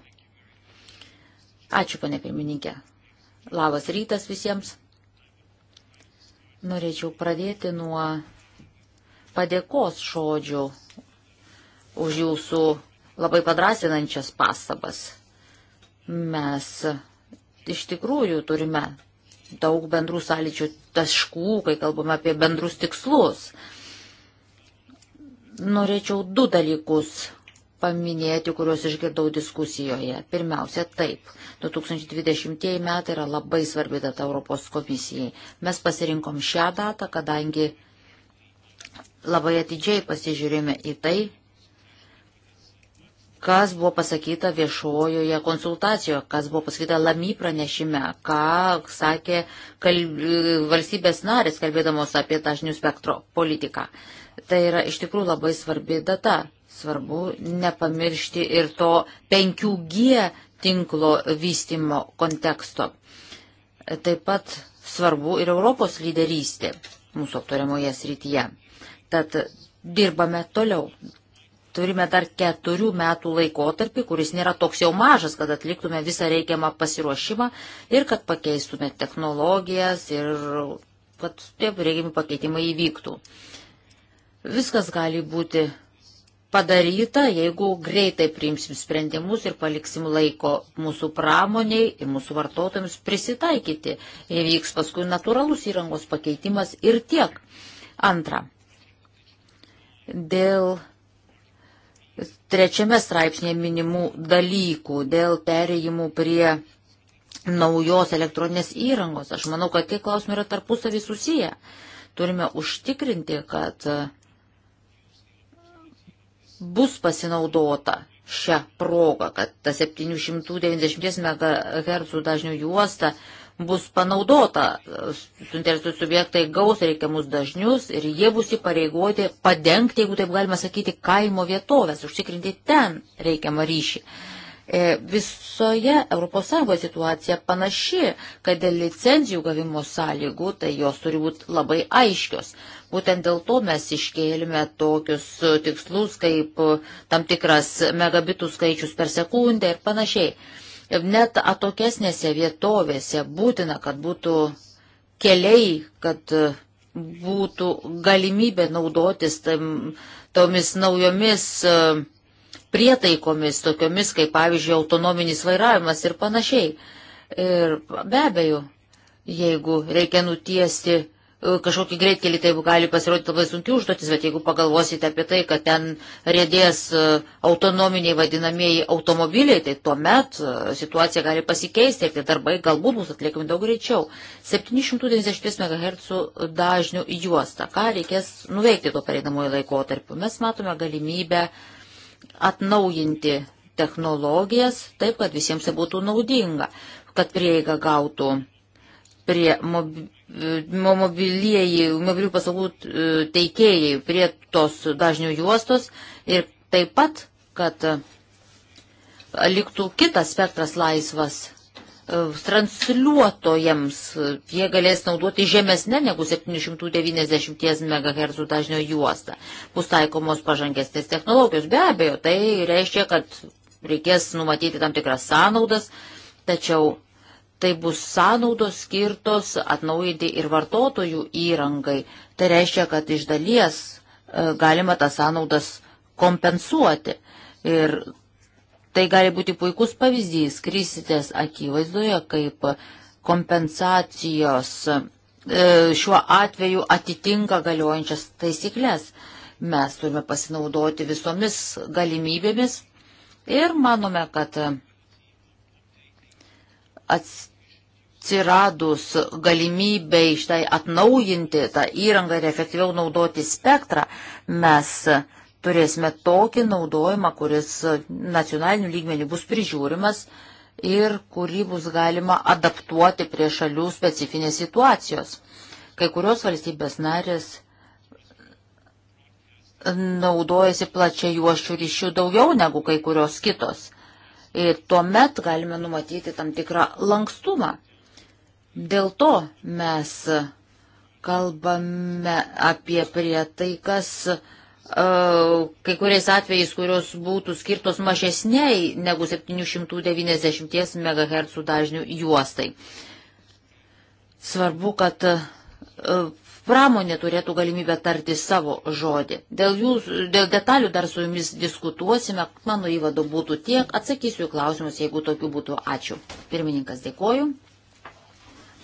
Ačiū, ponė pirmininkė. Labas rytas visiems. Norėčiau pradėti nuo padėkos žodžių už jūsų labai padrasinančias pastabas. Mes iš tikrųjų turime daug bendrų sąlyčių taškų, kai kalbame apie bendrus tikslus. Norėčiau du dalykus paminėti, kuriuos išgirdau diskusijoje. Pirmiausia, taip, 2020 metai yra labai svarbi data Europos komisijai. Mes pasirinkom šią datą, kadangi labai atidžiai pasižiūrėjome į tai, kas buvo pasakyta viešojoje konsultacijoje, kas buvo pasakyta lamy pranešime, ką sakė kal... valstybės narės, kalbėdamos apie tą žinių spektro politiką. Tai yra iš tikrųjų labai svarbi data. Svarbu nepamiršti ir to 5G tinklo vystimo konteksto. Taip pat svarbu ir Europos lyderystė mūsų aptariamoje srityje. Tad dirbame toliau turime dar keturių metų laikotarpį, kuris nėra toks jau mažas, kad atliktume visą reikiamą pasiruošimą ir kad pakeistume technologijas ir kad tie reikiami pakeitimai įvyktų. Viskas gali būti padaryta, jeigu greitai priimsim sprendimus ir paliksim laiko mūsų pramoniai ir mūsų vartotojams prisitaikyti. Įvyks paskui natūralus įrangos pakeitimas ir tiek. Antra. Dėl trečiame straipsnėje minimų dalykų dėl pereigimų prie naujos elektroninės įrangos. Aš manau, kad tie klausimai yra tarpusavį susiję. Turime užtikrinti, kad bus pasinaudota šią progą, kad ta 790 MHz dažnių juosta bus panaudota, suinteresuoti subjektai gaus reikiamus dažnius ir jie bus įpareigoti padengti, jeigu taip galima sakyti, kaimo vietovės, užtikrinti ten reikiamą ryšį. E, visoje ES situacija panaši, kad dėl licenzijų gavimo sąlygų, tai jos turi būti labai aiškios. Būtent dėl to mes iškėlėme tokius tikslus kaip tam tikras megabitų skaičius per sekundę ir panašiai. E, Net atokesnėse vietovėse būtina, kad būtų keliai, kad e, būtų galimybė naudotis tam, tomis naujomis e, prietaikomis, tokiomis kaip pavyzdžiui autonominis vairavimas ir panašiai. Ir be abejo, jeigu reikia nutiesti E, kažkokį greitkelį, tai gali pasirodyti labai sunkiai užduotis, bet jeigu pagalvosite apie tai, kad ten rėdės e, autonominiai vadinamieji automobiliai, tai tuomet e, situacija gali pasikeisti ir tie darbai galbūt bus atliekami daug greičiau. 790 MHz dažnių juosta. Ką reikės nuveikti tuo pareinamojo laikotarpiu? Mes matome galimybę atnaujinti technologijas taip, kad visiems tai būtų naudinga, kad prieiga gautų prie mobilių mobilieji, mobilių paslaugų e, teikėjai prie tos dažnių juostos ir taip pat, kad e, liktų kitas spektras laisvas e, transliuotojams, jie galės naudoti žemesnę negu 790 MHz dažnio juostą. Bus taikomos pažangesnės technologijos, be abejo, tai reiškia, kad reikės numatyti tam tikras sąnaudas, tačiau Tai bus sąnaudos skirtos atnaujinti ir vartotojų įrangai. Tai reiškia, kad iš dalies e, galima tas sąnaudas kompensuoti. Ir tai gali būti puikus pavyzdys, krisitės akivaizdoje, kaip kompensacijos e, šiuo atveju atitinka galiojančias taisyklės. Mes turime pasinaudoti visomis galimybėmis ir manome, kad atsiradus galimybei štai atnaujinti tą įrangą ir efektyviau naudoti spektrą, mes turėsime tokį naudojimą, kuris nacionaliniu lygmeniu bus prižiūrimas ir kurį bus galima adaptuoti prie šalių specifinės situacijos. Kai kurios valstybės narės naudojasi plačiai juošių ryšių daugiau negu kai kurios kitos. Ir tuomet galime numatyti tam tikrą lankstumą. Dėl to mes kalbame apie prietaikas, e, kai kuriais atvejais, kurios būtų skirtos mažesniai negu 790 MHz dažnių juostai. Svarbu, kad e, pramonė turėtų galimybę tarti savo žodį. Dėl, jūs, dėl detalių dar su jumis diskutuosime, mano įvado būtų tiek, atsakysiu į klausimus, jeigu tokių būtų. Ačiū. Pirmininkas dėkoju.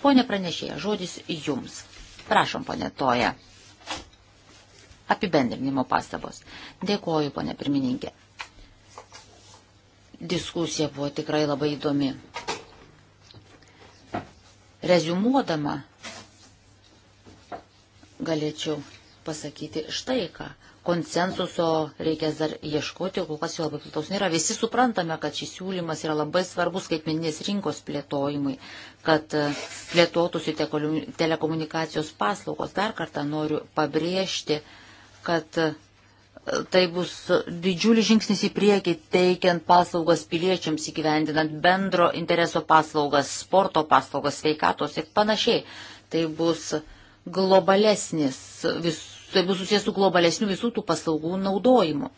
Pone pranešėja, žodis jums. Prašom, ponė Toja. Apibendrinimo pastabos. Dėkoju, ponė pirmininkė. Diskusija buvo tikrai labai įdomi. Rezumuodama galėčiau pasakyti štai ką. Konsensuso reikės dar ieškoti, kol kas jo labai plataus nėra. Visi suprantame, kad šis siūlymas yra labai svarbus skaitmeninės rinkos plėtojimui, kad e, plėtotųsi telekomunikacijos paslaugos. Dar kartą noriu pabrėžti, kad e, tai bus didžiulis žingsnis į priekį, teikiant paslaugas piliečiams, įgyvendinant bendro intereso paslaugas, sporto paslaugas, sveikatos ir panašiai. Tai bus uh, globalesnis, vis, tai bus susijęs su globalesniu visų tų paslaugų naudojimu.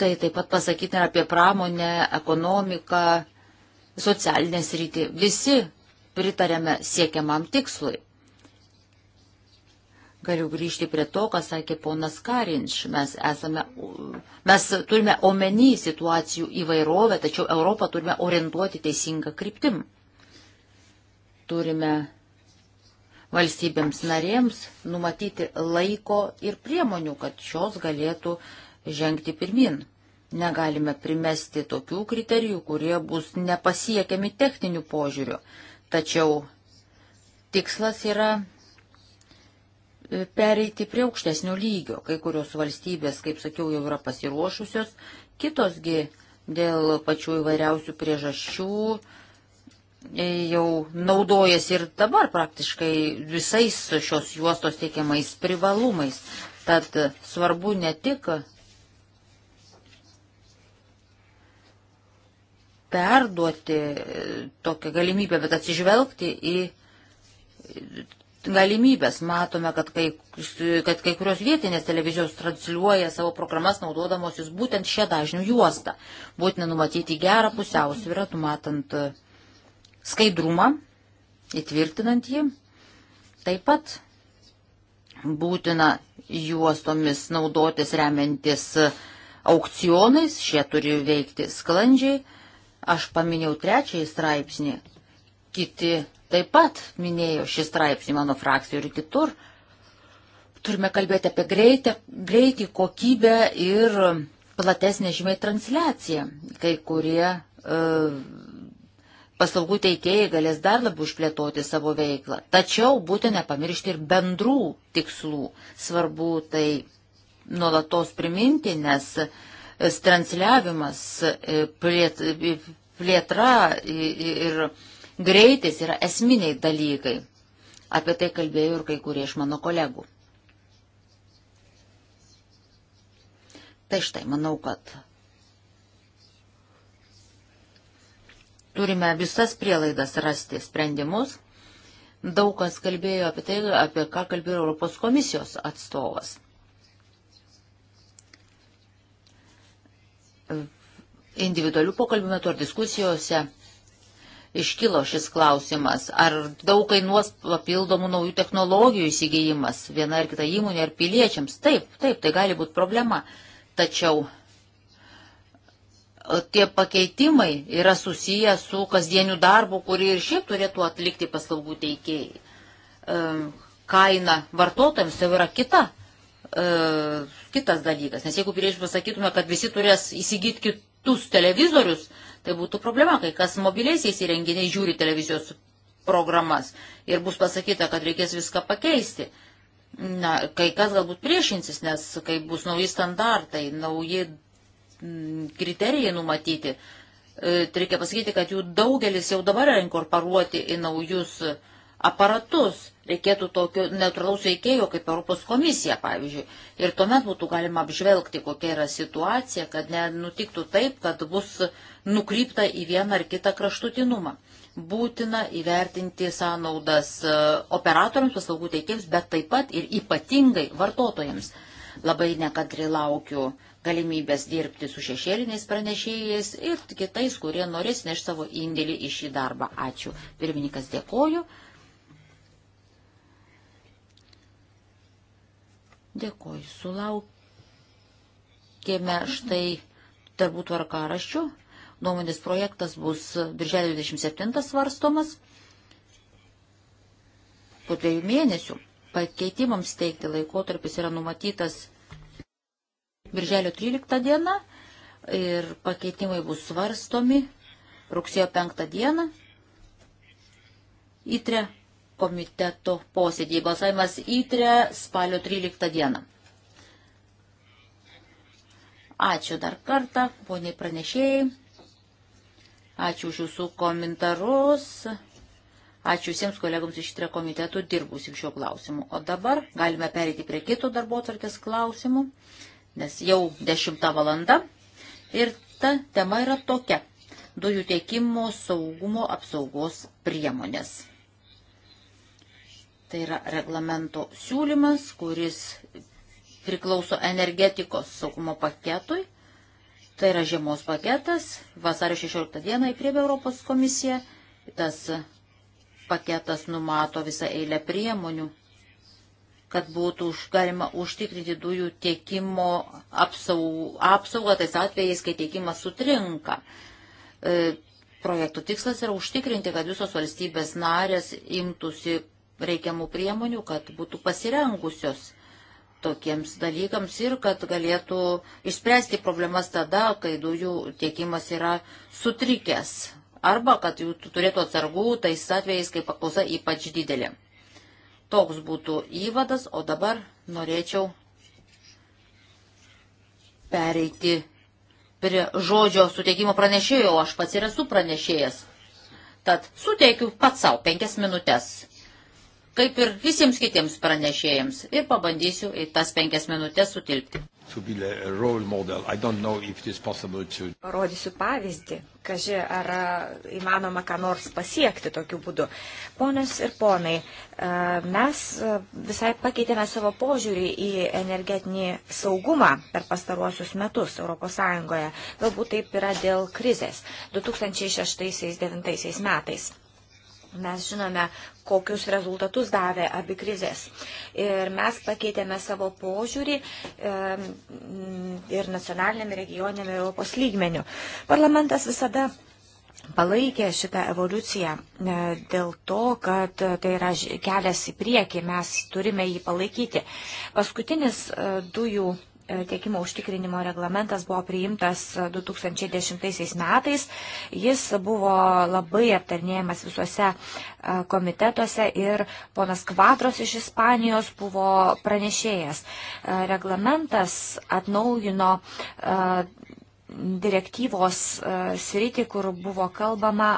Tai taip pat pasakyti ir apie pramonę, ekonomiką, socialinę sritį. Visi pritarėme siekiamam tikslui. Galiu grįžti prie to, ką sakė ponas Karinš. Mes, esame, mes turime omeny situacijų įvairovę, tačiau Europą turime orientuoti teisingą kryptim. Turime valstybėms narėms numatyti laiko ir priemonių, kad šios galėtų žengti pirmin. Negalime primesti tokių kriterijų, kurie bus nepasiekiami techninių požiūrių. Tačiau tikslas yra e, pereiti prie aukštesnio lygio. Kai kurios valstybės, kaip sakiau, jau yra pasiruošusios, kitosgi dėl pačių įvairiausių priežasčių jau naudojasi ir dabar praktiškai visais šios juostos teikiamais privalumais. Tad svarbu ne tik perduoti e, tokią galimybę, bet atsižvelgti į galimybės. Matome, kad kai, kad kai kurios vietinės televizijos transliuoja savo programas naudodamosius būtent šią dažnių juostą. Būtina numatyti gerą pusiausvyrą, numatant uh, skaidrumą, įtvirtinant jį. Taip pat būtina juostomis naudotis remiantis aukcionais, šie turi veikti sklandžiai. Aš paminėjau trečiąjį straipsnį, kiti taip pat minėjo šį straipsnį mano frakcijų ir kitur. Turime kalbėti apie greitį, greitį kokybę ir platesnė žymiai transliacija. Kai kurie e, paslaugų teikėjai galės dar labiau išplėtoti savo veiklą. Tačiau būtina nepamiršti ir bendrų tikslų. Svarbu tai nuolatos priminti, nes e, transliavimas, e, plėt, e, plėtra ir greitis yra esminiai dalykai. Apie tai kalbėjo ir kai kurie iš mano kolegų. Tai štai, manau, kad turime visas prielaidas rasti sprendimus. Daug kas kalbėjo apie tai, apie ką kalbėjo Europos komisijos atstovas. Individualių pokalbių metu ar diskusijose iškilo šis klausimas, ar daug kainuos papildomų naujų technologijų įsigijimas viena ar kita įmonė ar piliečiams. Taip, taip, tai gali būti problema. Tačiau tie pakeitimai yra susiję su kasdieniu darbu, kurį ir šiaip turėtų atlikti paslaugų teikėjai. Kaina vartotojams jau yra kita, e, kitas dalykas, nes jeigu prieš pasakytume, kad visi turės įsigyti kitus televizorius, tai būtų problema, kai kas mobiliaisiais įrenginiais žiūri televizijos programas ir bus pasakyta, kad reikės viską pakeisti. Na, kai kas galbūt priešinsis, nes kai bus nauji standartai, nauji Mm, kriterijai numatyti. E, reikia pasakyti, kad jų daugelis jau dabar yra inkorporuoti į naujus aparatus. Reikėtų tokio neutralaus veikėjo kaip Europos komisija, pavyzdžiui. Ir tuomet būtų galima apžvelgti, kokia yra situacija, kad nenutiktų taip, kad bus nukrypta į vieną ar kitą kraštutinumą. Būtina įvertinti sąnaudas e, operatoriams, paslaugų teikėjams, bet taip pat ir ypatingai vartotojams. Labai nekantri laukiu uh, galimybės dirbti su šešėliniais pranešėjais ir kitais, kurie norės neš savo indėlį į šį darbą. Ačiū. Pirmininkas dėkoju. Dėkoju. Sulaukėme štai darbų tvarkaraščių. Nuomonės projektas bus birželio 27 svarstomas po dviejų mėnesių. Pakeitimams teikti laikotarpis yra numatytas Birželio 13 diena ir pakeitimai bus svarstomi rugsėjo 5 dieną. Įtre komiteto posėdį. Balsavimas įtre spalio 13 dieną. Ačiū dar kartą, poniai pranešėjai. Ačiū už jūsų komentarus. Ačiū visiems kolegams iš trio komitetų dirbusim šiuo klausimu. O dabar galime perėti prie kito darbo atvarkės klausimų nes jau 10 valanda ir ta tema yra tokia - dujų tiekimo saugumo apsaugos priemonės. Tai yra reglamento siūlymas, kuris priklauso energetikos saugumo paketui. Tai yra žiemos paketas. Vasario 16 dieną įprėmė Europos komisija. Tas paketas numato visą eilę priemonių kad būtų už, galima užtikrinti dujų tiekimo apsaugą, apsaugą tais atvejais, kai tiekimas sutrinka. E, projektų tikslas yra užtikrinti, kad visos valstybės narės imtųsi reikiamų priemonių, kad būtų pasirengusios tokiems dalykams ir kad galėtų išspręsti problemas tada, kai dujų tiekimas yra sutrikęs arba kad jų turėtų atsargų tais atvejais, kai paklausa ypač didelė. Toks būtų įvadas, o dabar norėčiau pereiti prie žodžio suteikimo pranešėjo, aš pats ir esu pranešėjas. Tad suteikiu pats savo penkias minutės, kaip ir visiems kitiems pranešėjams, ir pabandysiu į tas penkias minutės sutilpti. Parodysiu pavyzdį, kaži, ar įmanoma ką nors pasiekti tokiu būdu. Ponios ir ponai, mes visai pakeitėme savo požiūrį į energetinį saugumą per pastaruosius metus ES. Galbūt taip yra dėl krizės 2006-2009 metais. Mes žinome, kokius rezultatus davė abi krizės. Ir mes pakeitėme savo požiūrį ir nacionaliniam, regioniniam, Europos lygmeniu. Parlamentas visada palaikė šitą evoliuciją e, dėl to, kad tai yra kelias į priekį, mes turime jį palaikyti. Paskutinis e, dujų tiekimo užtikrinimo reglamentas buvo priimtas 2010 e, metais. Jis buvo labai aptarnėjamas visuose e, komitetuose ir ponas Kvadros iš Ispanijos buvo pranešėjas. E, reglamentas atnaujino direktyvos sritį, kur buvo kalbama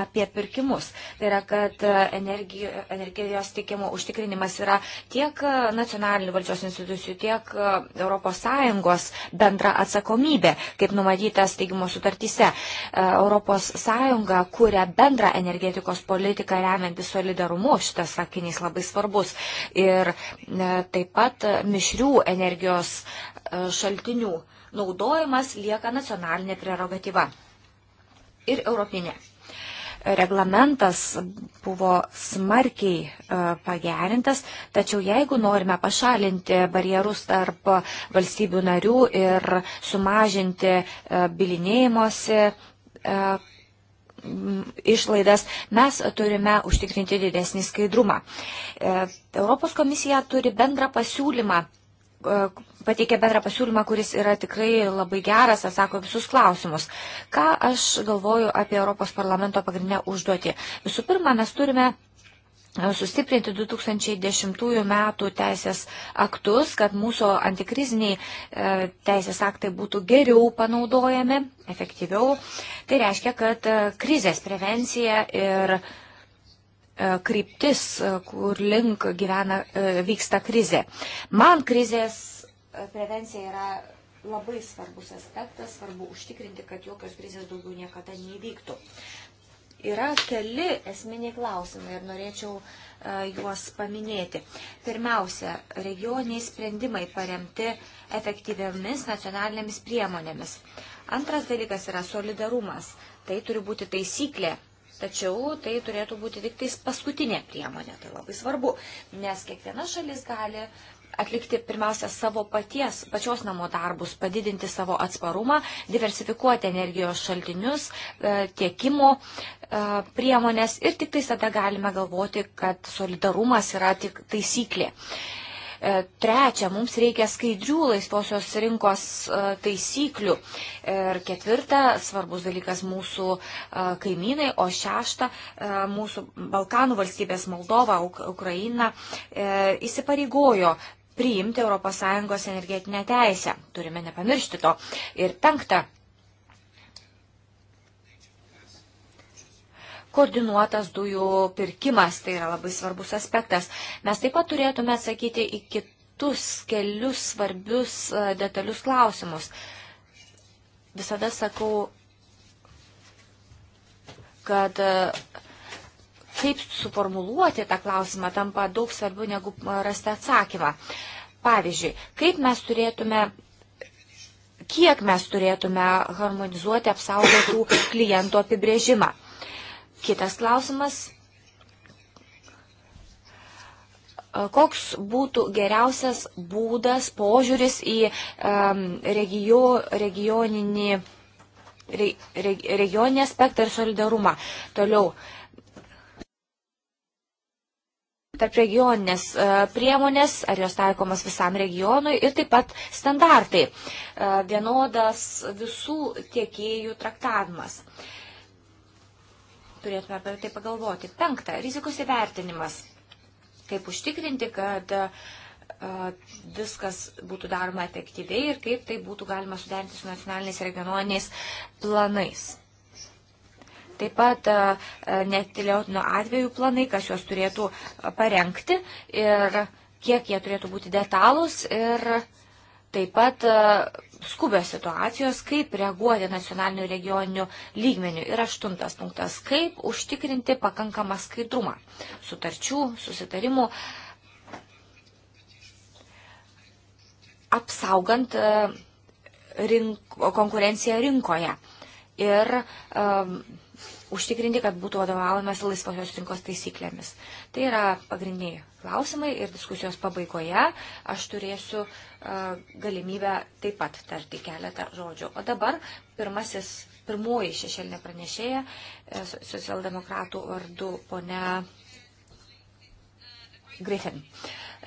apie pirkimus. Tai yra, kad e, energijos tiekimo užtikrinimas yra tiek e, nacionalinių valdžios institucijų, tiek ES bendra atsakomybė, kaip numatyta steigimo sutartyse. ES kuria bendrą energetikos politiką remiantis solidarumu, šitas sakinys labai svarbus. Ir e, taip pat mišrių energijos šaltinių naudojimas lieka nacionalinė prerogatyva. Ir europinė reglamentas buvo smarkiai e, pagerintas, tačiau jeigu norime pašalinti barjerus tarp valstybių narių ir sumažinti e, bilinėjimosi e, išlaidas, mes turime užtikrinti didesnį skaidrumą. Europos komisija turi bendrą pasiūlymą pateikė bendrą pasiūlymą, kuris yra tikrai labai geras, atsako visus klausimus. Ką aš galvoju apie Europos parlamento pagrindinę užduotį? Visų pirma, mes turime e, sustiprinti 2010 metų teisės aktus, kad mūsų antikriziniai e, teisės aktai būtų geriau panaudojami, efektyviau. Tai reiškia, kad e, krizės prevencija ir E, kryptis, e, kur link gyvena, e, vyksta krizė. Man krizės prevencija yra labai svarbus aspektas, svarbu užtikrinti, kad jokios krizės daugiau niekada nevyktų. Yra keli esminiai klausimai ir norėčiau juos paminėti. Pirmiausia, regioniai sprendimai paremti efektyviamis nacionalinėmis priemonėmis. Antras dalykas yra solidarumas. Tai turi būti taisyklė Tačiau tai turėtų būti tik tais paskutinė priemonė, tai labai svarbu, nes kiekviena šalis gali atlikti pirmiausia savo paties, pačios namų darbus, padidinti savo atsparumą, diversifikuoti energijos šaltinius, e, tiekimo e, priemonės ir tik tais tada galime galvoti, kad solidarumas yra tik taisyklė. E, trečia, mums reikia skaidrių laisvosios rinkos e, taisyklių. Ir ketvirta, svarbus dalykas mūsų e, kaimynai, o šešta, mūsų Balkanų valstybės Moldova, Ukraina įsipareigojo priimti ES energetinę teisę. Turime nepamiršti to. Ir penkta, koordinuotas dujų pirkimas, tai yra labai svarbus aspektas. Mes taip pat turėtume atsakyti į kitus kelius svarbius e, detalius klausimus. Visada sakau, kad e, kaip suformuluoti tą klausimą tampa daug svarbiau negu e, rasti atsakymą. Pavyzdžiui, kaip mes turėtume, kiek mes turėtume harmonizuoti apsaugotų klientų apibrėžimą. Kitas klausimas. E, koks būtų geriausias būdas, požiūris į um, regio, regioninį, re, regioninį aspektą ir solidarumą? Toliau, tarp regioninės e, priemonės, ar jos taikomas visam regionui ir taip pat standartai, e, vienodas visų tiekėjų traktavimas turėtume apie tai pagalvoti. Penkta, rizikos įvertinimas. Kaip užtikrinti, kad viskas būtų daroma efektyviai ir kaip tai būtų galima suderinti su nacionaliniais regionuoniais planais. Taip pat netiliautino atveju planai, kas juos turėtų parengti ir kiek jie turėtų būti detalūs ir taip pat skubios situacijos, kaip reaguoti nacionalinių regioninių lygmenių. Ir aštuntas punktas, kaip užtikrinti pakankamą skaidrumą sutarčių, susitarimų, apsaugant e, rink, konkurenciją rinkoje. Ir um, užtikrinti, kad būtų vadovaujamas laisvosios rinkos taisyklėmis. Tai yra pagrindiniai klausimai ir diskusijos pabaigoje aš turėsiu uh, galimybę taip pat tarti keletą žodžių. O dabar pirmasis, pirmoji šešėlinė pranešėja, e, socialdemokratų vardu ponia Griffin.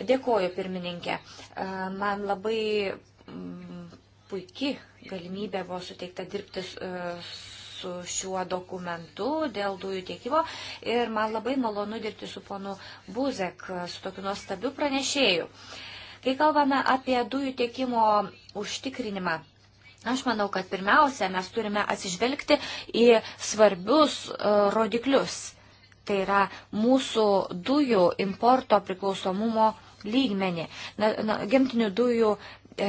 Dėkoju, pirmininkė. Uh, man labai um, mm, puikiai galimybė buvo suteikta dirbti uh, su šiuo dokumentu dėl dujų tiekimo ir man labai malonu dirbti su ponu Buzek, su tokiu nuostabiu pranešėju. Kai kalbame apie dujų tiekimo užtikrinimą, Aš manau, kad pirmiausia, mes turime atsižvelgti į svarbius e, rodiklius. Tai yra mūsų dujų importo priklausomumo lygmenį. Na, na, gimtinių dujų e,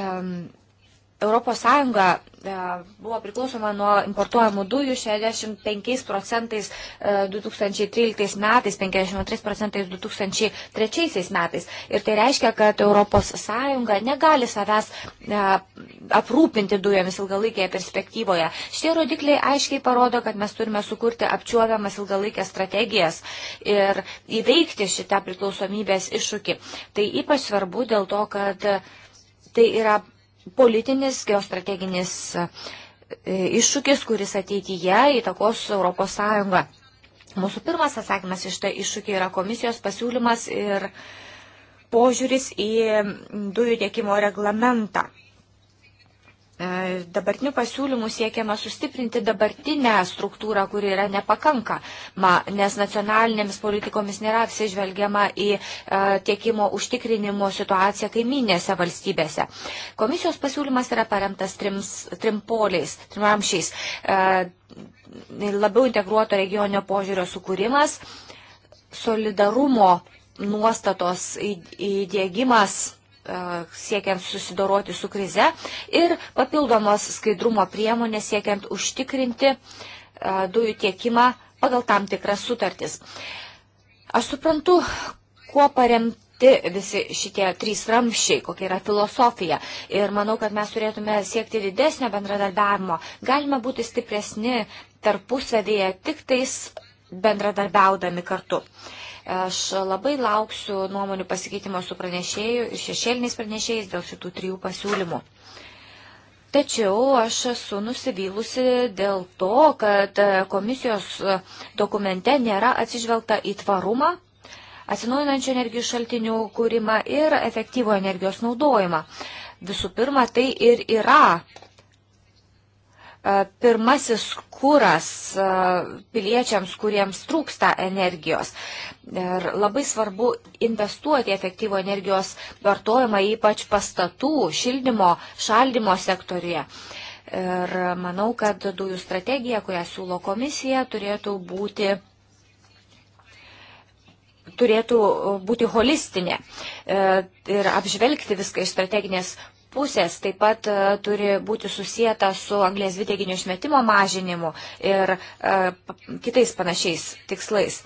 Europos Sąjunga e, buvo priklausoma nuo importuojamų dujų 65 procentais 2013 e, metais, 53 procentais 2003 metais. Ir tai reiškia, kad Europos Sąjunga negali savęs e, aprūpinti dujomis ilgalaikėje perspektyvoje. Šie rodikliai aiškiai parodo, kad mes turime sukurti apčiuopiamas ilgalaikės strategijas ir įveikti šitą priklausomybės iššūkį. Tai ypač svarbu dėl to, kad tai yra politinis, geostrateginis e, iššūkis, kuris ateityje įtakos Europos Sąjungą. Mūsų pirmas atsakymas iš tai iššūkį yra komisijos pasiūlymas ir požiūris į dujų tiekimo reglamentą. E, Dabartiniu pasiūlymu siekiama sustiprinti dabartinę struktūrą, kuri yra nepakankama, nes nacionalinėmis politikomis nėra apsižvelgiama į e, tiekimo užtikrinimo situaciją kaiminėse valstybėse. Komisijos pasiūlymas yra paremtas trims, trim poliais, trim ramšiais. E, labiau integruoto regioninio požiūrio sukūrimas, solidarumo nuostatos įdėgymas E, siekiant susidoroti su krize ir papildomos skaidrumo priemonės siekiant užtikrinti e, dujų tiekimą pagal tam tikras sutartis. Aš suprantu, kuo paremti visi šitie trys ramščiai, kokia yra filosofija. Ir manau, kad mes turėtume siekti didesnio bendradarbiavimo. Galime būti stipresni tarpusavėje tik tais bendradarbiaudami kartu. Uh, Aš labai lauksiu nuomonių pasikeitimo su pranešėjų ir šešėliniais pranešėjais dėl šitų trijų pasiūlymų. Tačiau aš esu nusivylusi dėl to, kad komisijos dokumente nėra atsižvelgta į tvarumą, atsinaujinančių energijos šaltinių kūrimą ir efektyvo energijos naudojimą. Visų pirma, tai ir yra pirmasis kūras piliečiams, kuriems trūksta energijos. Ir labai svarbu investuoti efektyvų energijos vartojimą, ypač pastatų, šildymo, šaldymo sektorija. Ir manau, kad dujų strategija, kurią siūlo komisija, turėtų būti turėtų būti holistinė e, ir apžvelgti viską iš strateginės pusės taip pat e, turi būti susijęta su anglės dvideginio išmetimo mažinimu ir e, kitais panašiais tikslais.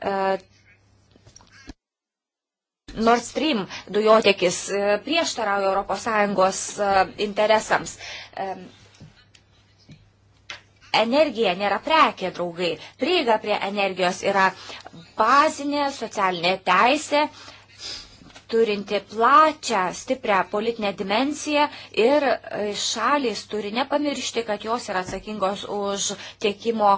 E, Nord Stream dujotekis prieštarauja ES interesams. Energija nėra prekė, draugai. Prieiga prie energijos yra bazinė socialinė teisė, turinti plačią, stiprią politinę dimenciją ir e, šalis turi nepamiršti, kad jos yra atsakingos už tiekimo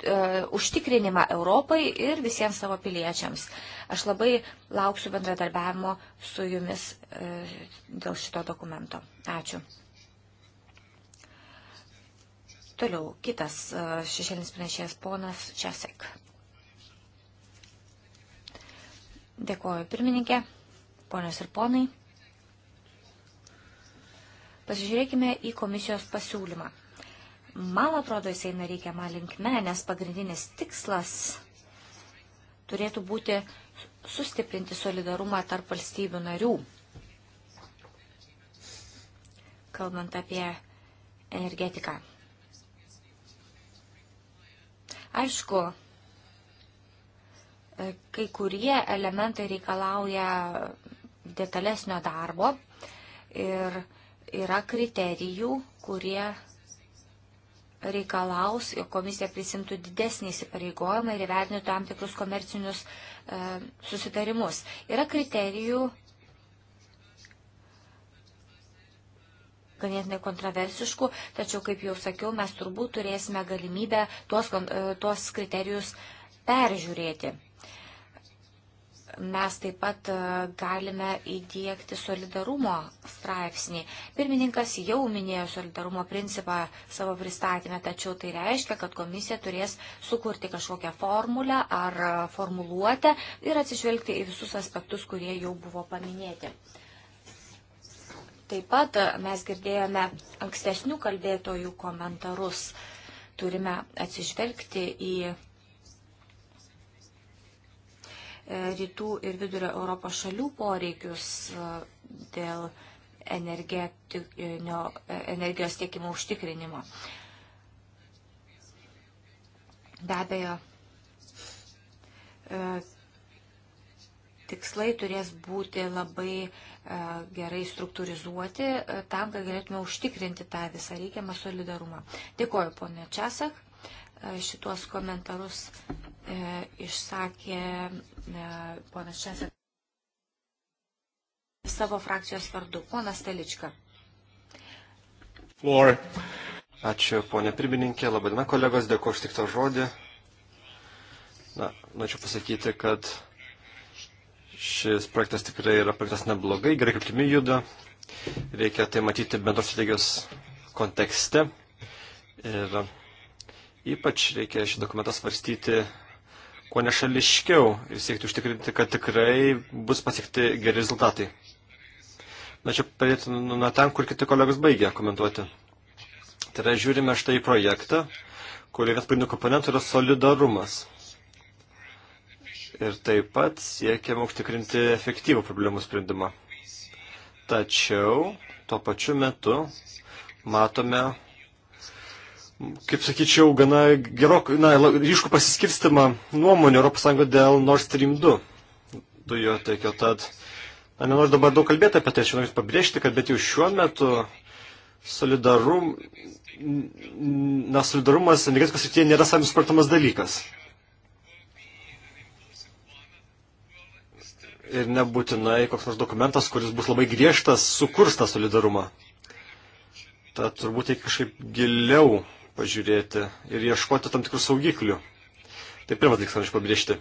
e, užtikrinimą Europai ir visiems savo piliečiams. Aš labai lauksiu bendradarbiavimo su jumis e, dėl šito dokumento. Ačiū. Toliau kitas e, šešėlinis pranešėjas ponas Česek. Dėkuoju pirmininkė ponios ir ponai. Pasižiūrėkime į komisijos pasiūlymą. Man atrodo, jisai eina reikiamą linkme, nes pagrindinis tikslas turėtų būti sustiprinti solidarumą tarp valstybių narių. Kalbant apie energetiką. Aišku, e, kai kurie elementai reikalauja detalesnio darbo ir yra kriterijų, kurie reikalaus, jog komisija prisimtų didesnį įsipareigojimą ir įvertintų tam tikrus komercinius e, susitarimus. Yra kriterijų ganėtinai kontroversiškų, tačiau, kaip jau sakiau, mes turbūt turėsime galimybę tuos, e, tuos kriterijus peržiūrėti mes taip pat e, galime įdėkti solidarumo straipsnį. Pirmininkas jau minėjo solidarumo principą savo pristatymę, tačiau tai reiškia, kad komisija turės sukurti kažkokią formulę ar e, formuluotę ir atsižvelgti į visus aspektus, kurie jau buvo paminėti. Taip pat e, mes girdėjome ankstesnių kalbėtojų komentarus. Turime atsižvelgti į E, rytų ir vidurio Europos šalių poreikius e, dėl e, energijos tiekimo užtikrinimo. Be abejo, tikslai turės būti labai gerai struktūrizuoti tam, kad galėtume užtikrinti tą visą reikiamą solidarumą. Dėkoju, ponė Česak. E, šituos komentarus e, išsakė e, ponas Česek savo frakcijos vardu. Ponas Telička. Floor. Ačiū, ponė pirmininkė. Labadiena, kolegos. Dėkuoju už tik tą žodį. Na, norėčiau pasakyti, kad šis projektas tikrai yra projektas neblogai, gerai kryptimi juda. Reikia tai matyti bendros strategijos kontekste. Ir Ypač reikia šį dokumentą svarstyti kuo nešališkiau ir siekti užtikrinti, kad tikrai bus pasiekti geri rezultatai. Na čia pradėti nuo ten, kur kiti kolegos baigė komentuoti. Tai yra žiūrime štai projektą, kur vienas pagrindinių komponentų yra solidarumas. Ir taip pat siekiam užtikrinti efektyvų problemų sprendimą. Tačiau tuo pačiu metu matome, kaip sakyčiau, gana gerokai, na, ryškų pasiskirstimą nuomonių ES dėl Nord Stream 2 dujotekio. Tad, na, nenoriu dabar daug kalbėti apie tai, aš noriu pabrėžti, kad bet jau šiuo metu solidarum, na, solidarumas energetikos srityje nėra savai suprantamas dalykas. Ir nebūtinai koks nors dokumentas, kuris bus labai griežtas, sukurs tą solidarumą. Tad turbūt reikia kažkaip giliau pažiūrėti ir ieškoti tam tikrų saugiklių. Tai pirmas dalykas, noriu pabrėžti.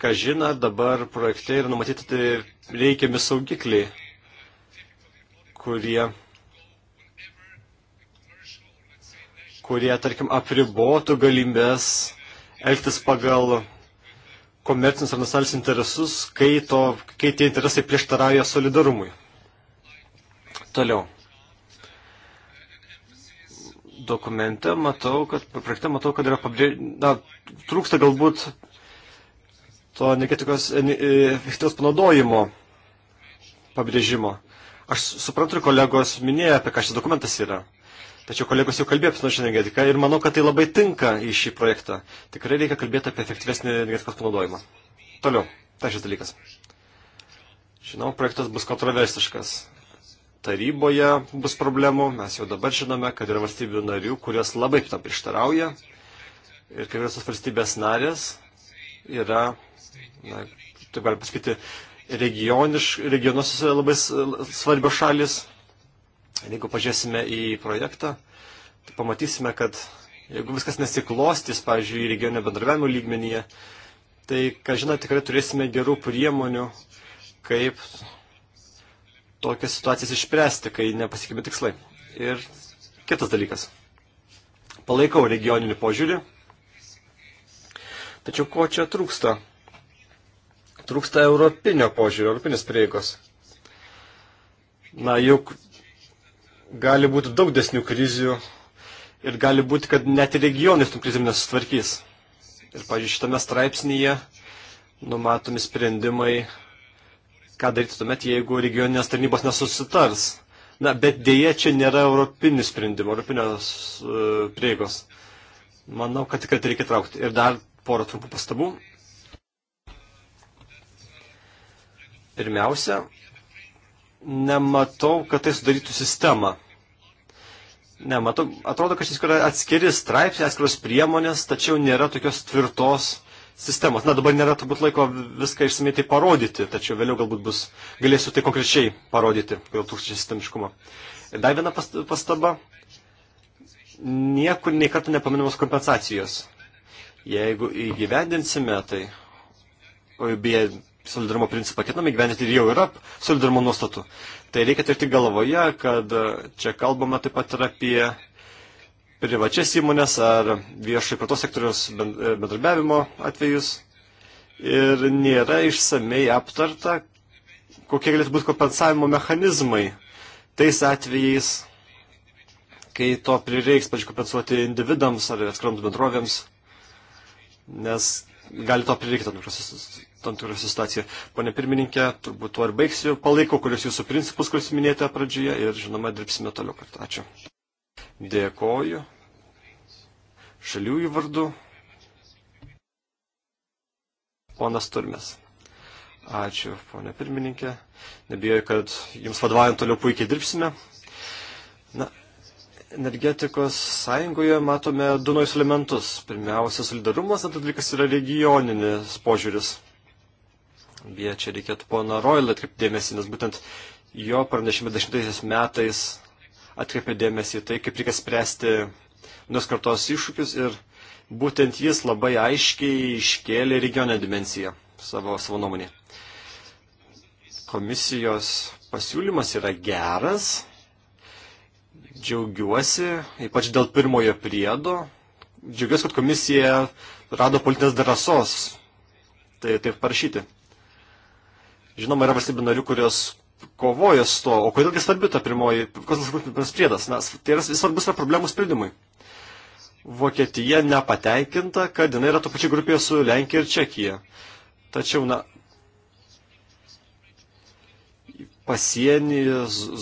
Ką žina, dabar projekte yra numatyti tai reikiami saugikliai, kurie, kurie tarkim, apribotų galimybės elgtis pagal komercinius ar nacionalinius interesus, kai, to, kai tie interesai prieštarauja solidarumui. Toliau dokumente matau, kad, projekte matau, kad yra pabrė... na, trūksta galbūt to energetikos e, efektyvos panaudojimo pabrėžimo. Aš suprantu, kolegos minėjo, apie ką šis dokumentas yra. Tačiau kolegos jau kalbėjo apie sinaušinę energetiką ir manau, kad tai labai tinka į šį projektą. Tikrai reikia kalbėti apie efektyvesnį energetikos panaudojimą. Toliau, tai šis dalykas. Žinau, projektas bus kontroversiškas taryboje bus problemų, mes jau dabar žinome, kad yra valstybių narių, kurios labai tam prieštarauja ir kai kurios valstybės narės yra, na, taip galima pasakyti, regionus labai svarbios šalis. Ir jeigu pažiūrėsime į projektą, tai pamatysime, kad jeigu viskas nesiklostys, pavyzdžiui, regioninio bendravimo lygmenyje, tai, ką žinai, tikrai turėsime gerų priemonių, kaip tokias situacijas išspręsti, kai nepasikėmė tikslai. Ir kitas dalykas. Palaikau regioninį požiūrį. Tačiau ko čia trūksta? Trūksta europinio požiūrio, europinės prieigos. Na, juk gali būti daug desnių krizių ir gali būti, kad net ir regionai su krizėm nesustvarkys. Ir, pažiūrėjau, šitame straipsnyje numatomi sprendimai ką daryti tuomet, jeigu regioninės tarnybos nesusitars. Na, bet dėje čia nėra europinių sprendimų, europinės uh, prieigos. Manau, kad tikrai tai reikia traukti. Ir dar porą trumpų pastabų. Pirmiausia, nematau, kad tai sudarytų sistemą. Nematau, atrodo, kad šis yra atskiri straipsniai, atskiros priemonės, tačiau nėra tokios tvirtos sistemos. Na, dabar nėra turbūt laiko viską išsameitai parodyti, tačiau vėliau galbūt bus, galėsiu tai konkrečiai parodyti, kodėl trūksta sistemiškumo. Ir dar viena pastaba. Niekur nei kartų nepaminamos kompensacijos. Jeigu įgyvendinsime tai, o beje, solidarumo principą ketiname įgyvendinti ir jau yra solidarumo nuostatų, tai reikia turėti galvoje, kad čia kalbama taip pat ir apie privačias įmonės ar viešojo pratos sektoriaus e, bendradarbiavimo atvejus. Ir nėra išsamei aptarta, kokie galėtų būti kompensavimo mechanizmai tais atvejais, kai to prireiks, pažiūrėjau, kompensuoti individams ar atskiroms bendrovėms, nes gali to prireikti tam tikrą situaciją. Pone pirmininkė, turbūt tuo ir baigsiu. Palaikau kurios jūsų principus, kuriuos minėjote pradžioje ir, žinoma, dirbsime toliau kartu. Ačiū. Dėkoju šaliųjų vardų. Ponas Turmes. Ačiū, ponė pirmininkė. Nebijoju, kad jums vadovaujant toliau puikiai dirbsime. Na, energetikos sąjungoje matome du naujus elementus. Pirmiausia, solidarumas, antras dalykas yra regioninis požiūris. Beje, čia reikėtų pono Roilą atkreipti dėmesį, nes būtent jo pranešime dešimtaisiais metais atkreipė dėmesį į tai, kaip reikia spręsti nuskartos iššūkius ir būtent jis labai aiškiai iškėlė regionę dimenciją savo, savo nuomonėje. Komisijos pasiūlymas yra geras, džiaugiuosi, ypač dėl pirmojo priedo, džiaugiuosi, kad komisija rado politinės drąsos tai taip parašyti. Žinoma, yra valstybių narių, kurios kovoja su to, o kodėlgi svarbi ta pirmoji, kas nusipirktas priedas, nes tai yra svarbus yra problemų sprendimui. Vokietija nepatenkinta, kad jinai yra to pačiu grupėje su Lenkija ir Čekija. Tačiau, na, pasienį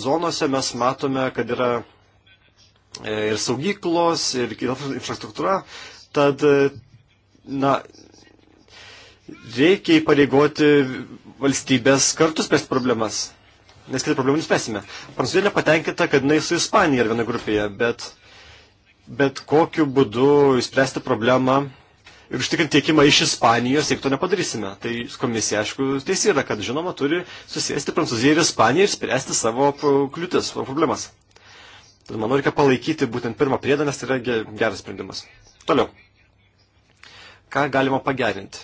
zonose mes matome, kad yra e, ir saugyklos, ir infrastruktūra. Tad, na, reikia įpareigoti valstybės kartu spręsti problemas nes kitai problemų nespėsime. Prancūzija nepatenkinta, kad jinai su Ispanija yra viena grupėje, bet, bet kokiu būdu išspręsti problemą ir užtikrinti tiekimą iš Ispanijos, jeigu to nepadarysime. Tai komisija, aišku, teisė yra, kad žinoma turi susėsti Prancūziją ir Ispaniją ir spręsti savo kliūtis, savo problemas. Tad manau, reikia palaikyti būtent pirmą priedą, nes tai yra geras sprendimas. Toliau. Ką galima pagerinti?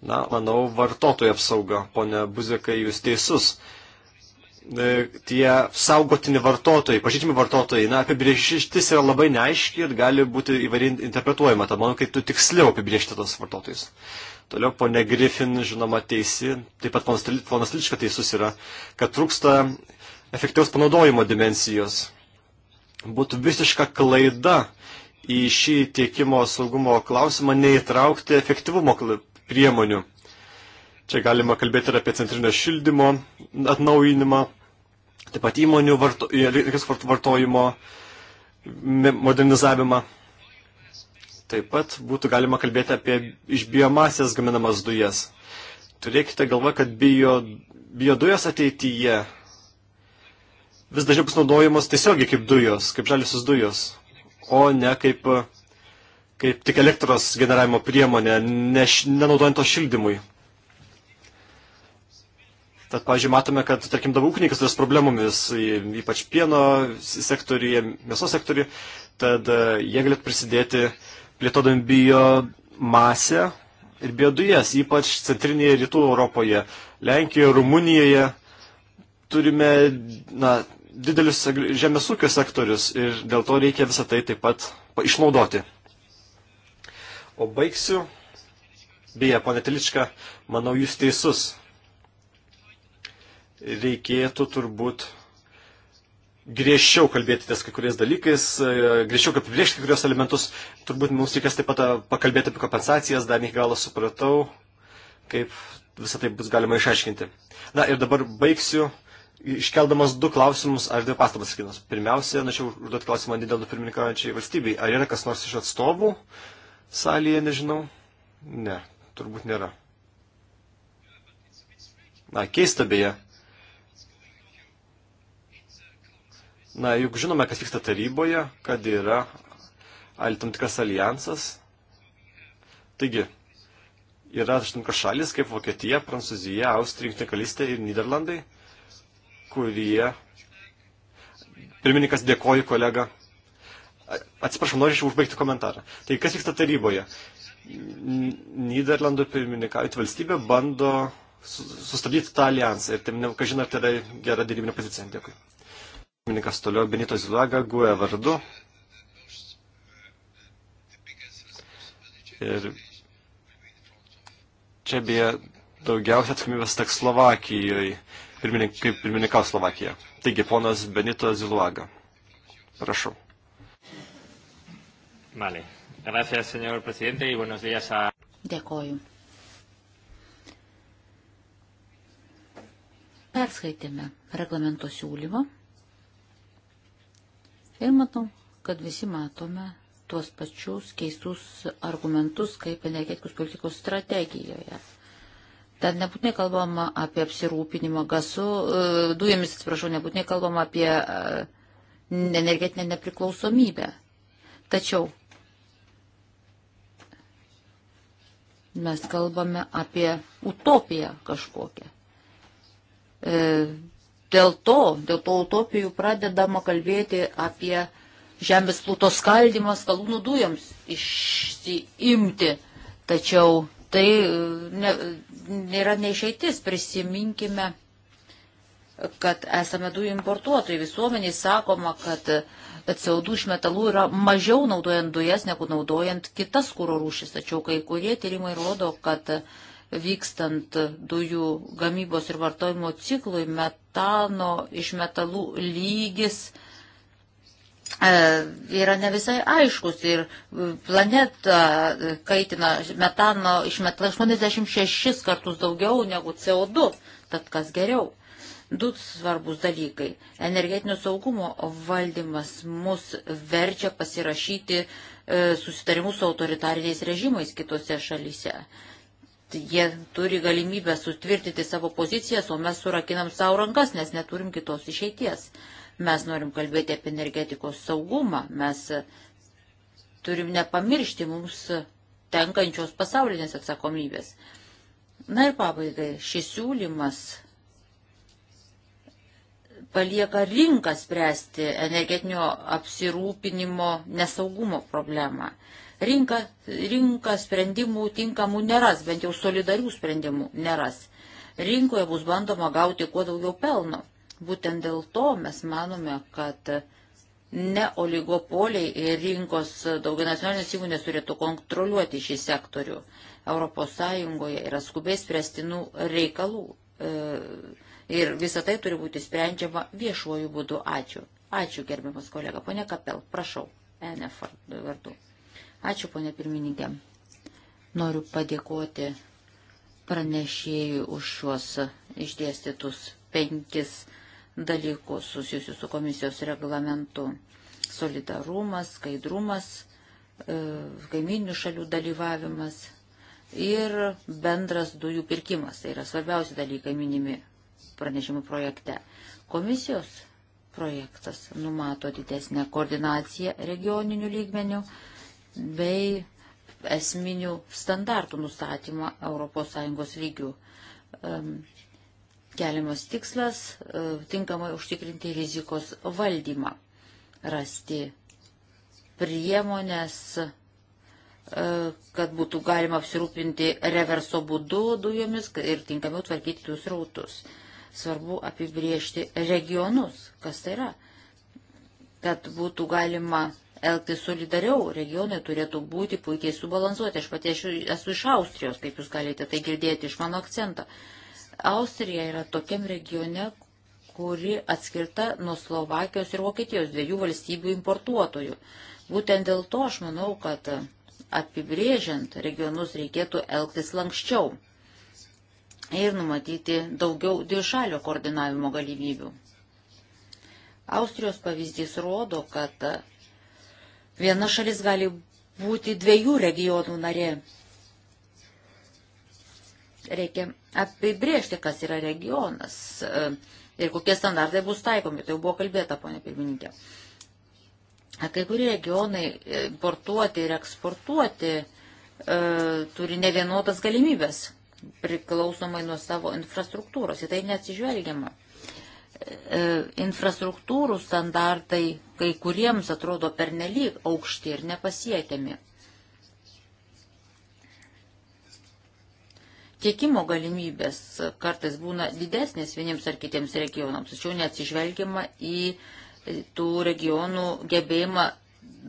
Na, manau, vartotojų apsauga. Pone Buzekai, jūs teisus. E, tie saugotini vartotojai, pažytimi vartotojai, na, apibriežtis yra labai neaiški ir gali būti įvairiai interpretuojama. Tad manau, kaip tu tiksliau apibriežti tos vartotojus. Toliau ponė Griffin, žinoma, teisi, taip pat ponas Lička teisus yra, kad trūksta efektyvus panaudojimo dimensijos. Būtų visiška klaida į šį tiekimo saugumo klausimą neįtraukti efektyvumo priemonių. Čia galima kalbėti ir apie centrinio šildymo atnaujinimą, taip pat įmonių varto, vartojimo modernizavimą. Taip pat būtų galima kalbėti apie iš biomasės gaminamas dujas. Turėkite galvą, kad bio, biodujos ateityje vis dažniau bus naudojamos tiesiogiai kaip dujos, kaip žalisios dujos, o ne kaip, kaip tik elektros generavimo priemonė, ne, nenaudojant to šildymui. Tad, pavyzdžiui, matome, kad, tarkim, dabar ūkininkas turi problemomis, ypač pieno sektoriuje, mėsos sektoriuje, tad e, jie galėtų prisidėti plėtodami bio masę ir bio dujas, ypač centrinėje rytų Europoje, Lenkijoje, Rumunijoje. Turime na, didelius žemės ūkio sektorius ir dėl to reikia visą tai taip pat išnaudoti. O baigsiu. Beje, ponė Telička, manau, jūs teisus reikėtų turbūt griežčiau kalbėti ties kai kuriais dalykais, e, griežčiau apibriežti kai kurios elementus. Turbūt mums reikės taip pat e, pakalbėti apie kompensacijas, dar ne iki galo supratau, kaip visą tai bus galima išaiškinti. Na ir dabar baigsiu, iškeldamas du klausimus ar dvi pastabas sakydamas. Pirmiausia, norėčiau užduoti klausimą dėl pirmininkaujančiai valstybei. Ar yra kas nors iš atstovų salėje, nežinau? Ne, turbūt nėra. Na, keista beje. Na, juk žinome, kas vyksta taryboje, kad yra tam tikras alijansas. Taigi, yra aštunkas šalis kaip Vokietija, Prancūzija, Austrija, Junktinė karalystė ir Niderlandai, kurie. Pirmininkas dėkoju kolega. Atsiprašau, norėčiau užbaigti komentarą. Tai kas vyksta taryboje? Niderlandų pirmininkaujant valstybė bando sustabdyti tą alijansą ir tai, kažin, ar tai yra gera dėrybinė pozicija. Dėkui. Pirmininkas toliau Benito Zilaga, guoja vardu. Ir čia beje daugiausia atsakomybės teks Slovakijoje, pirmininkai, kaip pirmininkau Slovakija. Taigi, ponas Benito Ziluaga. Prašau. Vale. Gracias, señor presidente, y buenos días a... Dėkoju. Perskaitėme reglamento siūlymą. Ir matau, kad visi matome tuos pačius keistus argumentus kaip energetikos politikos strategijoje. Ten nebūtinai kalbama apie apsirūpinimą gasu, e, dujomis atsiprašau, nebūtinai kalbama apie e, energetinę nepriklausomybę. Tačiau mes kalbame apie utopiją kažkokią. E, dėl to, dėl to utopijų pradedama kalbėti apie žemės pluto skaldymą skalūnų dujoms išsiimti. Tačiau tai e, ne, nėra neišeitis, prisiminkime kad esame dujų importuotojai. Visuomeniai sakoma, kad CO2 iš metalų yra mažiau naudojant dujas negu naudojant kitas kūro rūšis. Tačiau kai kurie tyrimai rodo, kad uh, vykstant dujų gamybos ir vartojimo ciklui metano iš metalų lygis e, yra ne visai aiškus ir e, planeta kaitina metano iš metalų 86 kartus daugiau negu CO2, tad kas geriau. Du svarbus dalykai. Energetinio saugumo valdymas mus verčia pasirašyti e, susitarimus su autoritariniais režimais kitose šalyse jie turi galimybę sutvirtinti savo pozicijas, o mes surakinam savo rankas, nes neturim kitos išeities. Mes norim kalbėti apie energetikos saugumą, mes turim nepamiršti mums tenkančios pasaulinės atsakomybės. Na ir pabaigai, šis siūlymas palieka rinką spręsti energetinio apsirūpinimo nesaugumo problemą. Rinka, rinka sprendimų tinkamų neras, bent jau solidarių sprendimų neras. Rinkoje bus bandoma gauti kuo daugiau pelno. Būtent dėl to mes manome, kad ne oligopoliai ir rinkos daugianacionalinės įmonės turėtų kontroliuoti šį sektorių. Europos Sąjungoje yra skubiai spręstinų reikalų. E, ir visa tai turi būti sprendžiama viešuoju būdu. Ačiū. Ačiū, gerbiamas kolega. Pone Kapel, prašau, NF vardu. Ačiū, ponė pirmininkė. Noriu padėkoti pranešėjui už šiuos išdėstytus penkis dalykus susijusius su komisijos reglamentu. Solidarumas, skaidrumas, e, kaiminių šalių dalyvavimas ir bendras dujų pirkimas. Tai yra svarbiausi dalykai minimi pranešimų projekte. Komisijos projektas numato didesnę koordinaciją regioninių lygmenių bei esminių standartų nustatymą ES lygių. Keliamas tikslas e, - tinkamai užtikrinti rizikos valdymą, rasti priemonės, e, kad būtų galima apsirūpinti reverso būdu dujomis ir tinkamiau tvarkyti jų srautus. Svarbu apibriežti regionus, kas tai yra, kad būtų galima elgtis solidariau, regionai turėtų būti puikiai subalansuoti. Aš pati esu iš Austrijos, kaip jūs galite tai girdėti iš mano akcento. Austrija yra tokiam regione, kuri atskirta nuo Slovakijos ir Vokietijos dviejų valstybių importuotojų. Būtent dėl to aš manau, kad apibrėžiant regionus reikėtų elgtis lankščiau ir numatyti daugiau dvišalio koordinavimo galimybių. Austrijos pavyzdys rodo, kad Viena šalis gali būti dviejų regionų narė. Reikia apibriežti, kas yra regionas e, ir kokie standartai bus taikomi. Tai jau buvo kalbėta, ponė pirmininkė. Kai kurie regionai importuoti ir eksportuoti e, turi ne vienodas galimybės priklausomai nuo savo infrastruktūros. Į tai neatsižvelgiama. E, E, infrastruktūrų standartai kai kuriems atrodo pernelyg aukšti ir nepasiekiami. Tiekimo galimybės kartais būna didesnės vieniems ar kitiems regionams, tačiau neatsižvelgiama į tų regionų gebėjimą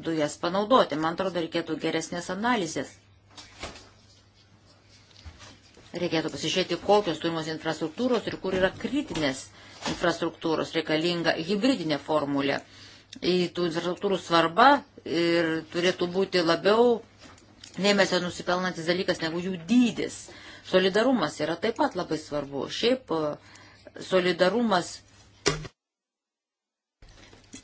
dujas panaudoti. Man atrodo, reikėtų geresnės analizės. Reikėtų pasižiūrėti, kokios turimos infrastruktūros ir kur yra kritinės infrastruktūros infrastruktūros reikalinga hybridinė formulė. Į tų infrastruktūrų svarba ir turėtų būti labiau dėmesio nusipelnantis dalykas negu jų dydis. Solidarumas yra taip pat labai svarbu. Šiaip e, solidarumas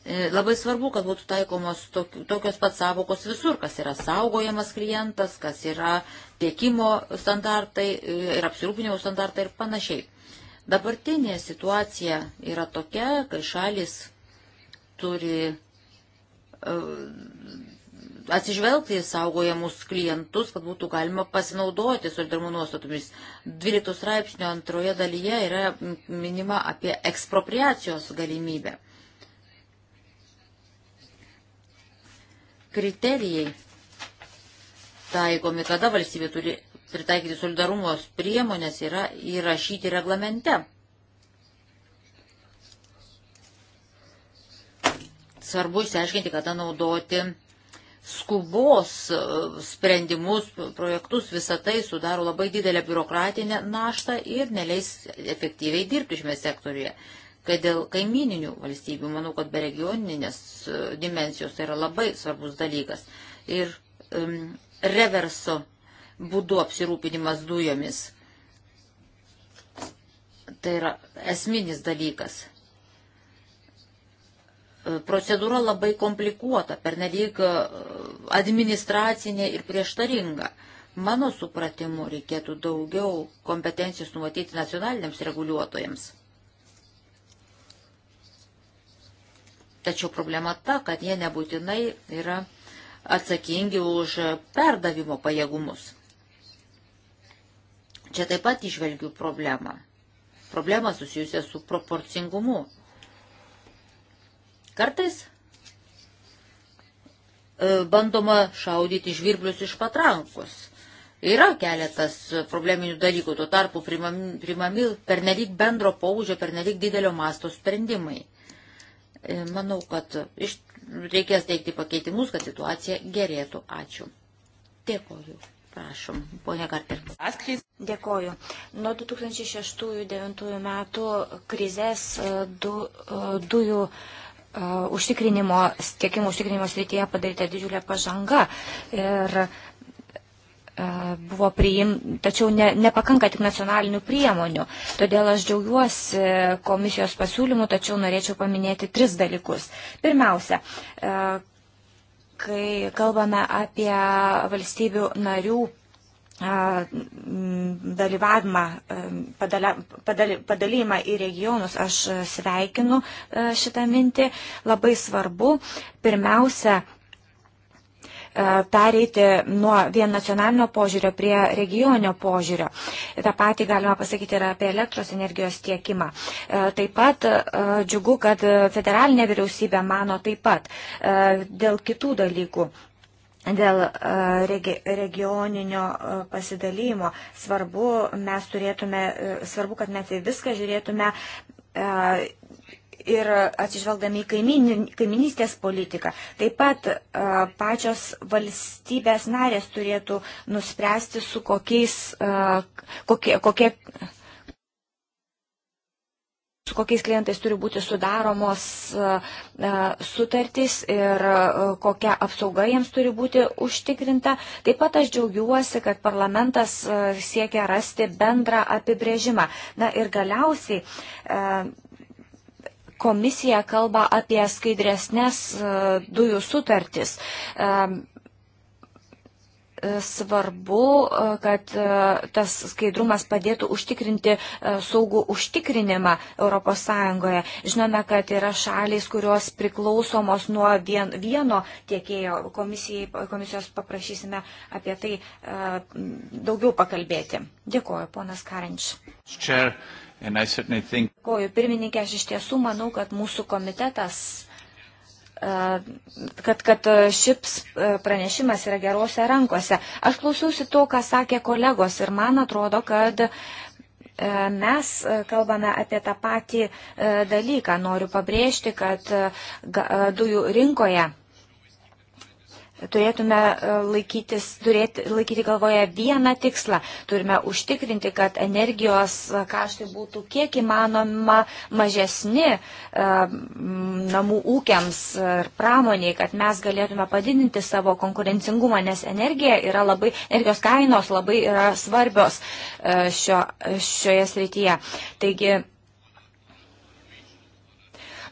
e, Labai svarbu, kad būtų taikomos tokios pat savokos visur, kas yra saugojamas klientas, kas yra tiekimo standartai e, ir apsirūpinimo standartai ir panašiai. Dabartinė situacija yra tokia, kai šalis turi e, atsižvelgti į saugojamus klientus, kad būtų galima pasinaudoti solidarumo nuostatomis. 12 straipsnio antroje dalyje yra minima apie ekspropriacijos galimybę. Kriterijai taikomi, kada valstybė turi pritaikyti solidarumos priemonės yra įrašyti reglamente. Svarbu išsiaiškinti, kada naudoti skubos e, sprendimus, projektus, visą tai sudaro labai didelę biurokratinę naštą ir neleis efektyviai dirbti šiame sektoriuje. Kad dėl kaimininių valstybių, manau, kad be regioninės e, dimensijos tai yra labai svarbus dalykas. Ir um, reverso būdu apsirūpinimas dujomis. Tai yra esminis dalykas. E, procedūra labai komplikuota, pernelyg e, administracinė ir prieštaringa. Mano supratimu, reikėtų daugiau kompetencijos numatyti nacionaliniams reguliuotojams. Tačiau problema ta, kad jie nebūtinai yra atsakingi už perdavimo pajėgumus. Čia taip pat išvelgiu problemą. Problemą susijusią su proporcingumu. Kartais e, bandoma šaudyti žvirblius iš patrankos. Yra keletas probleminių dalykų, tuo tarpu primami, primami pernelyg bendro paužio, pernelyg didelio masto sprendimai. E, manau, kad iš, reikės teikti pakeitimus, kad situacija gerėtų. Ačiū. Dėkoju. Prašom, ponia Garter. Atkreip. Dėkoju. Nuo 2006-2009 metų krizės e, du, e, dujų e, užtikrinimo, tiekimo užtikrinimo srityje padaryta didžiulė pažanga. Ir buvo priim, tačiau ne, nepakanka tik nacionalinių priemonių. Todėl aš džiaugiuosi komisijos pasiūlymu, tačiau norėčiau paminėti tris dalykus. Pirmiausia, kai kalbame apie valstybių narių dalyvavimą, padalymą į regionus, aš sveikinu šitą mintį. Labai svarbu pirmiausia E, pereiti nuo vien nacionalinio požiūrio prie regioninio požiūrio. Ta pati galima pasakyti ir apie elektros energijos tiekimą. E, taip pat e, džiugu, kad federalinė vyriausybė mano taip pat dėl kitų dalykų dėl regioninio pasidalymo. Svarbu, mes turėtume, svarbu, kad mes į viską žiūrėtume ir atsižvelgdami į kaiminystės politiką. Taip pat pačios valstybės narės turėtų nuspręsti, su kokiais, kokie, kokie, su kokiais klientais turi būti sudaromos sutartys ir kokia apsauga jiems turi būti užtikrinta. Taip pat aš džiaugiuosi, kad parlamentas siekia rasti bendrą apibrėžimą. Na ir galiausiai komisija kalba apie skaidresnės e, dujų sutartis. E, e, svarbu, kad tas skaidrumas padėtų užtikrinti saugų užtikrinimą ES. Žinome, kad yra šalis, kurios priklausomos nuo vien, vieno tiekėjo. Komisijos paprašysime apie tai daugiau pakalbėti. Dėkuoju, ponas Karinč. Chair. Think... Koju pirmininkė, aš iš tiesų manau, kad mūsų komitetas, e, kad, kad e, šips e, pranešimas yra gerose rankose. Aš klausiausi to, ką sakė kolegos ir man atrodo, kad mes kalbame apie tą patį dalyką. Noriu pabrėžti, kad dujų rinkoje turėtume e, laikytis, turėti, laikyti galvoje vieną tikslą. Turime užtikrinti, kad energijos kaštai būtų kiek įmanoma mažesni e, namų ūkiams ir pramoniai, kad mes galėtume padidinti savo konkurencingumą, nes energija yra labai, energijos kainos labai yra svarbios e, šio, šioje srityje. Taigi,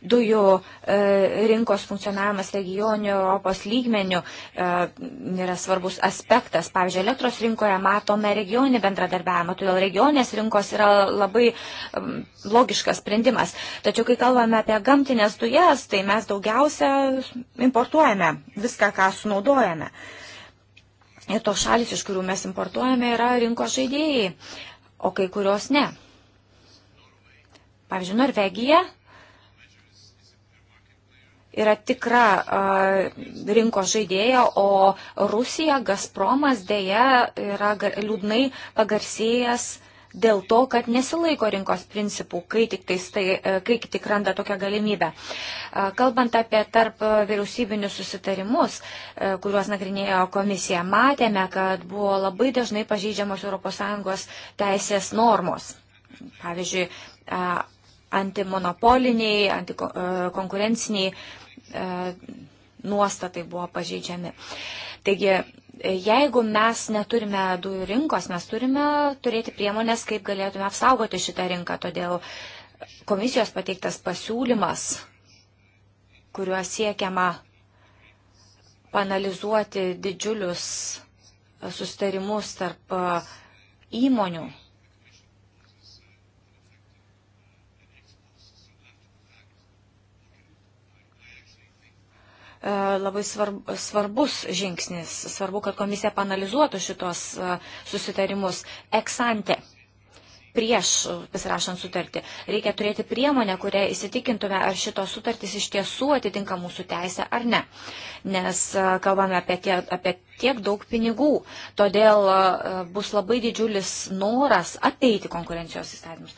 dujų e, rinkos funkcionavimas regionių Europos lygmenių e, yra svarbus aspektas. Pavyzdžiui, elektros rinkoje matome regioninį bendradarbiavimą, todėl regionės rinkos yra labai logiškas sprendimas. Tačiau, kai kalbame apie gamtinės dujas, tai mes daugiausia importuojame viską, ką sunaudojame. Ir tos šalis, iš kurių mes importuojame, yra rinkos žaidėjai, o kai kurios ne. Pavyzdžiui, Norvegija yra tikra rinko žaidėja, o Rusija, Gazpromas dėja yra liūdnai pagarsėjęs dėl to, kad nesilaiko rinkos principų, kai tik, tais, tai, e, kai tik randa tokią galimybę. Kalbant apie tarp vyriausybinius susitarimus, e, kuriuos nagrinėjo komisija, matėme, kad buvo labai dažnai pažeidžiamos ES teisės normos. Pavyzdžiui, antimonopoliniai, antikonkurenciniai E, nuostatai buvo pažeidžiami. Taigi, e, jeigu mes neturime dujų rinkos, mes turime turėti priemonės, kaip galėtume apsaugoti šitą rinką. Todėl komisijos pateiktas pasiūlymas, kuriuo siekiama panalizuoti didžiulius sustarimus tarp e, įmonių E, labai svarb, svarbus žingsnis. Svarbu, kad komisija panalizuotų šitos e, susitarimus eksante. Prieš pasirašant sutartį reikia turėti priemonę, kurią įsitikintume, ar šitos sutartys iš tiesų atitinka mūsų teisę ar ne. Nes e, kalbame apie tiek, apie tiek daug pinigų, todėl bus labai didžiulis noras apeiti konkurencijos įstatymus.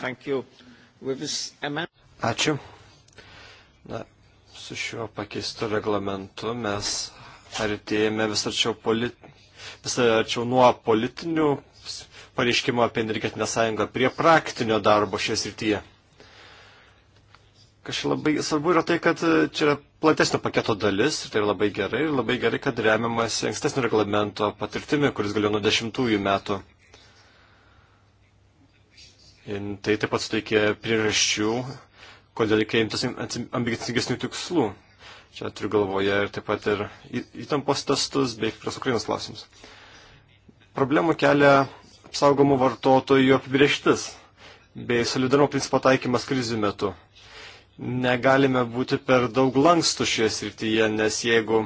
Thank you. Ačiū. Na, su šiuo pakeistu reglamentu mes artėjame vis arčiau, polit... vis arčiau nuo politinių pareiškimų apie energetinę sąjungą prie praktinio darbo šioje srityje. Kažkaip labai svarbu yra tai, kad e, čia yra platesnio paketo dalis ir tai yra labai gerai ir labai gerai, kad remiamas ankstesnio reglamento patirtimi, kuris galėjo nuo dešimtųjų metų. Tai taip pat suteikė priežasčių, kodėl reikia imtis ambicingesnių tikslų. Čia turiu galvoje ir taip pat ir įtampos testus bei prie Ukrainos klausimus. Problemų kelia apsaugomų vartotojų apibrieštis bei solidarumo principo taikymas krizių metu. Negalime būti per daug lankstų šioje srityje, nes jeigu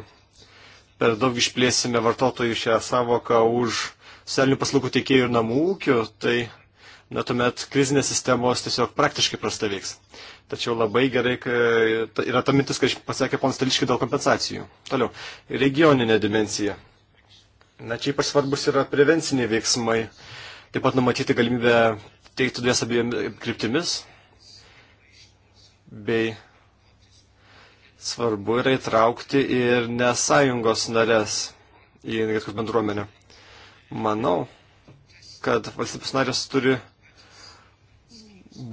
per daug išplėsime vartotojų šią savoką už socialinių paslaugų teikėjų ir namų ūkių, tai na tuomet krizinės sistemos tiesiog praktiškai prasta veiks. Tačiau labai gerai yra ta mintis, kai pasakė ponas Tališkiai dėl kompensacijų. Toliau, regioninė dimensija. Na čia ypač svarbus yra prevenciniai veiksmai, taip pat numatyti galimybę teikti dujas abiem kryptimis, bei svarbu yra įtraukti ir nesąjungos narės į energetikos bendruomenę. Manau, kad valstybės narės turi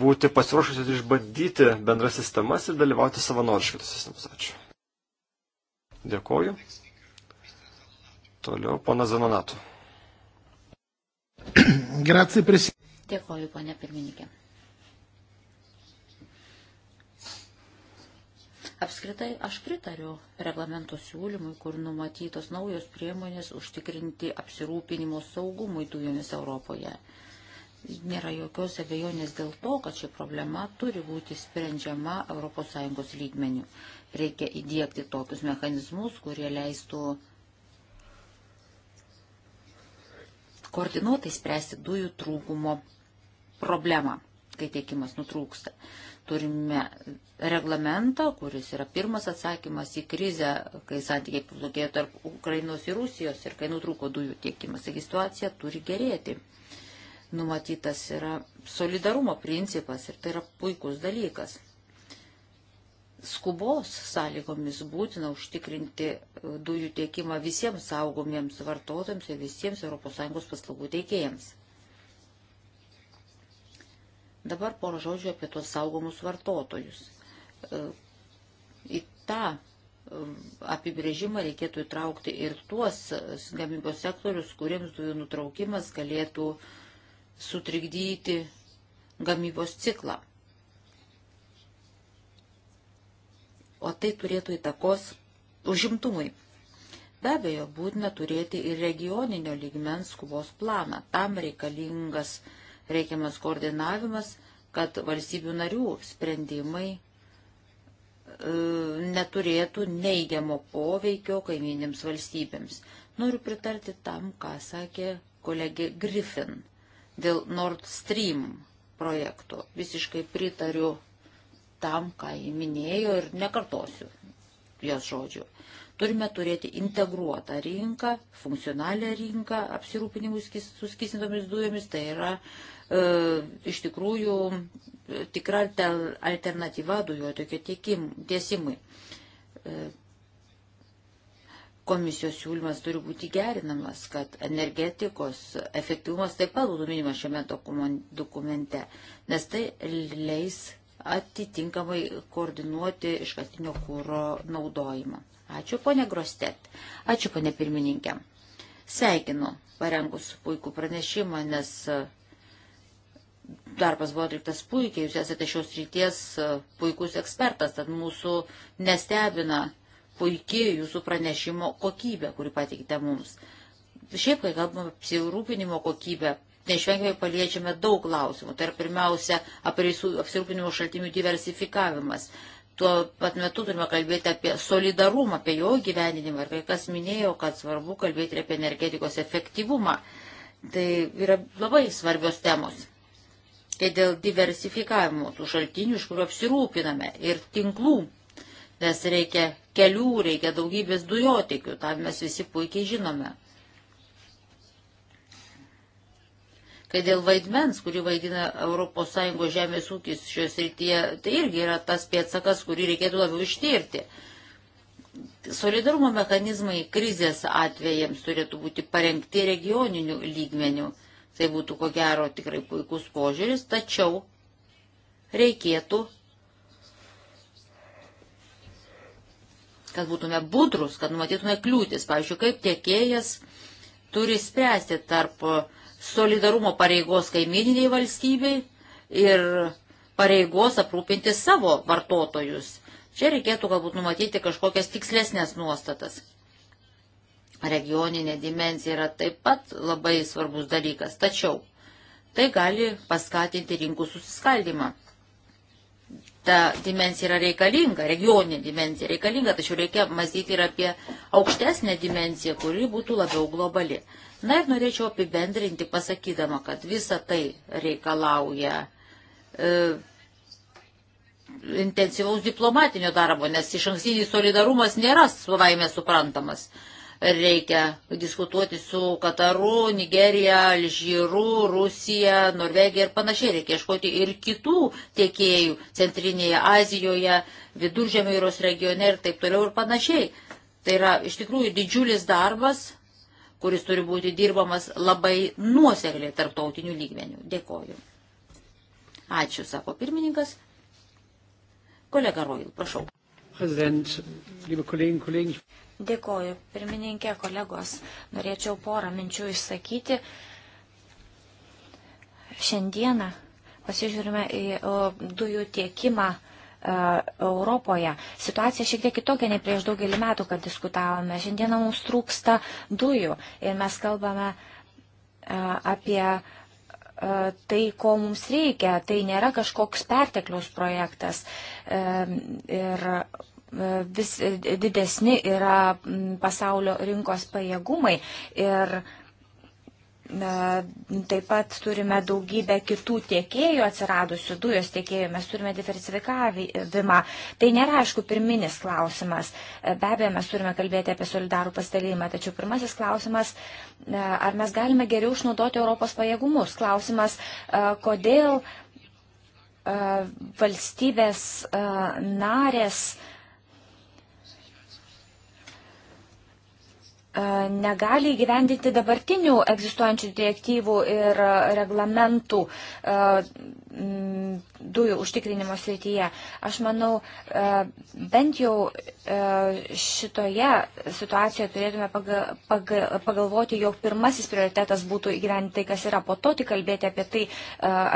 būti pasiruošusios išbandyti bendras sistemas ir dalyvauti savanoriškai tos sistemas. Ačiū. Dėkoju. Toliau, pana Zanonatu. Grazie, presi... Dėkoju, ponė pirmininkė. Apskritai, aš pritariu reglamento siūlymui, kur numatytos naujos priemonės užtikrinti apsirūpinimo saugumui dujomis Europoje. Nėra jokios abejonės dėl to, kad ši problema turi būti sprendžiama ES lygmenių. Reikia įdėkti tokius mechanizmus, kurie leistų koordinuotai spręsti dujų trūkumo problemą, kai tiekimas nutrūksta. Turime reglamentą, kuris yra pirmas atsakymas į krizę, kai santykiai pablogėjo tarp Ukrainos ir Rusijos ir kai nutrūko dujų tiekimas. Taigi situacija turi gerėti numatytas yra solidarumo principas ir tai yra puikus dalykas. Skubos sąlygomis būtina užtikrinti e, dujų tiekimą visiems saugomiems vartotojams ir visiems ES paslaugų teikėjams. Dabar porą žodžių apie tuos saugomus vartotojus. E, į tą e, apibrėžimą reikėtų įtraukti ir tuos gamybos sektorius, kuriems dujų nutraukimas galėtų uh, sutrikdyti gamybos ciklą. O tai turėtų įtakos užimtumui. Be abejo, būtina turėti ir regioninio lygmens skubos planą. Tam reikalingas reikiamas koordinavimas, kad valstybių narių sprendimai e, neturėtų neigiamo poveikio kaiminėms valstybėms. Noriu pritarti tam, ką sakė kolegė Griffin. Dėl Nord Stream projekto visiškai pritariu tam, ką jį minėjo ir nekartosiu jos žodžių. Turime turėti integruotą rinką, funkcionalią rinką apsirūpinimui suskysintomis dujomis. Tai yra e, iš tikrųjų e, tikra alternatyva dujotiekio tiesimui. E, komisijos siūlymas turi būti gerinamas, kad energetikos efektyvumas taip pat būtų minimas šiame dokumente, nes tai leis atitinkamai koordinuoti iškastinio kūro naudojimą. Ačiū, ponė Grostet. Ačiū, ponė pirmininkė. Sveikinu parengus puikų pranešimą, nes e, darbas buvo atliktas puikiai, jūs esate šios ryties e, puikus ekspertas, tad mūsų nestebina puikiai jūsų pranešimo kokybė, kurį pateikite mums. Šiaip, kai kalbame apie apsirūpinimo kokybę, neišvengiamai paliečiame daug klausimų. Tai yra pirmiausia apsirūpinimo šaltinių diversifikavimas. Tuo pat metu turime kalbėti apie solidarumą, apie jo gyveninimą. Ir kai kas minėjo, kad svarbu kalbėti ir apie energetikos efektyvumą. Tai yra labai svarbios temos. Tai dėl diversifikavimo tų šaltinių, iš kurių apsirūpiname ir tinklų nes reikia kelių, reikia daugybės dujotikių, tą mes visi puikiai žinome. Kai dėl vaidmens, kurį vaidina ES žemės ūkis šios rytyje, tai irgi yra tas pėtsakas, kurį reikėtų labiau ištirti. Solidarumo mechanizmai krizės atvejams turėtų būti parengti regioninių lygmenių. Tai būtų ko gero tikrai puikus požiūris, tačiau reikėtų kad būtume budrus, kad numatytume kliūtis, pavyzdžiui, kaip tiekėjas turi spręsti tarp solidarumo pareigos kaimininiai valstybei ir pareigos aprūpinti savo vartotojus. Čia reikėtų galbūt numatyti kažkokias tikslesnės nuostatas. Regioninė dimensija yra taip pat labai svarbus dalykas, tačiau tai gali paskatinti rinkų susiskaldimą ta dimensija yra reikalinga, regioninė dimensija reikalinga, tačiau reikia mąstyti ir apie aukštesnę dimensiją, kuri būtų labiau globali. Na ir norėčiau apibendrinti pasakydama, kad visa tai reikalauja e, intensyvaus diplomatinio darbo, nes iš ankstinis solidarumas nėra savaime suprantamas. E, Reikia diskutuoti su Kataru, Nigerija, Alžyru, Rusija, Norvegija ir panašiai. Reikia ieškoti ir kitų tiekėjų Centrinėje Azijoje, Viduržėmio jūros regione ir taip toliau ir panašiai. Tai yra iš tikrųjų didžiulis darbas, kuris turi būti dirbamas labai nuosekliai tarptautinių lygmenių. Dėkoju. Ačiū, sako pirmininkas. Kolega Roil, prašau. Dėkoju, pirmininkė, kolegos. Norėčiau porą minčių išsakyti. Šiandieną pasižiūrime į dujų tiekimą e, Europoje. Situacija šiek tiek kitokia nei prieš daugelį metų, kad diskutavome. Šiandieną mums trūksta dujų ir mes kalbame e, apie E, tai, ko mums reikia. Tai nėra kažkoks pertekliaus projektas. E, ir e, vis didesni yra pasaulio rinkos pajėgumai. Ir Taip pat turime daugybę kitų tiekėjų atsiradusių dujos tiekėjų, mes turime diversifikavimą. Tai nėra, aišku, pirminis klausimas. Be abejo, mes turime kalbėti apie solidarų pasidalymą, tačiau pirmasis klausimas, e, ar mes galime geriau išnaudoti Europos pajėgumus. Klausimas, e, kodėl e, valstybės narės. Uh, E, negali įgyvendinti dabartinių egzistuojančių direktyvų ir reglamentų e, dujų užtikrinimo srityje. Aš manau, e, bent jau šitoje situacijoje turėtume pagalvoti, jog pirmasis prioritetas būtų įgyvendinti tai, kas yra, po to tik kalbėti apie tai,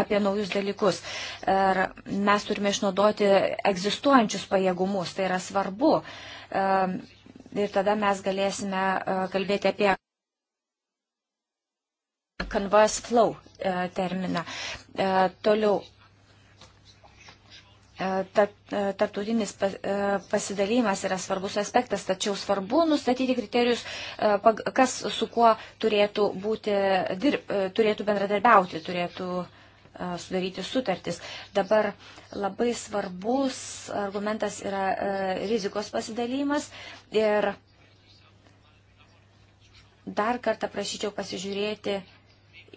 apie naujus dalykus. Ir mes turime išnaudoti egzistuojančius pajėgumus, tai yra svarbu Ir tada mes galėsime e, kalbėti apie converse flow e, terminą. E, toliau tarptautinis pasidalymas yra svarbus aspektas, tačiau svarbu nustatyti kriterijus, kas su kuo turėtų, būti, dirb, turėtų bendradarbiauti, turėtų sudaryti sutartis. Dabar labai svarbus argumentas yra rizikos pasidalymas ir dar kartą prašyčiau pasižiūrėti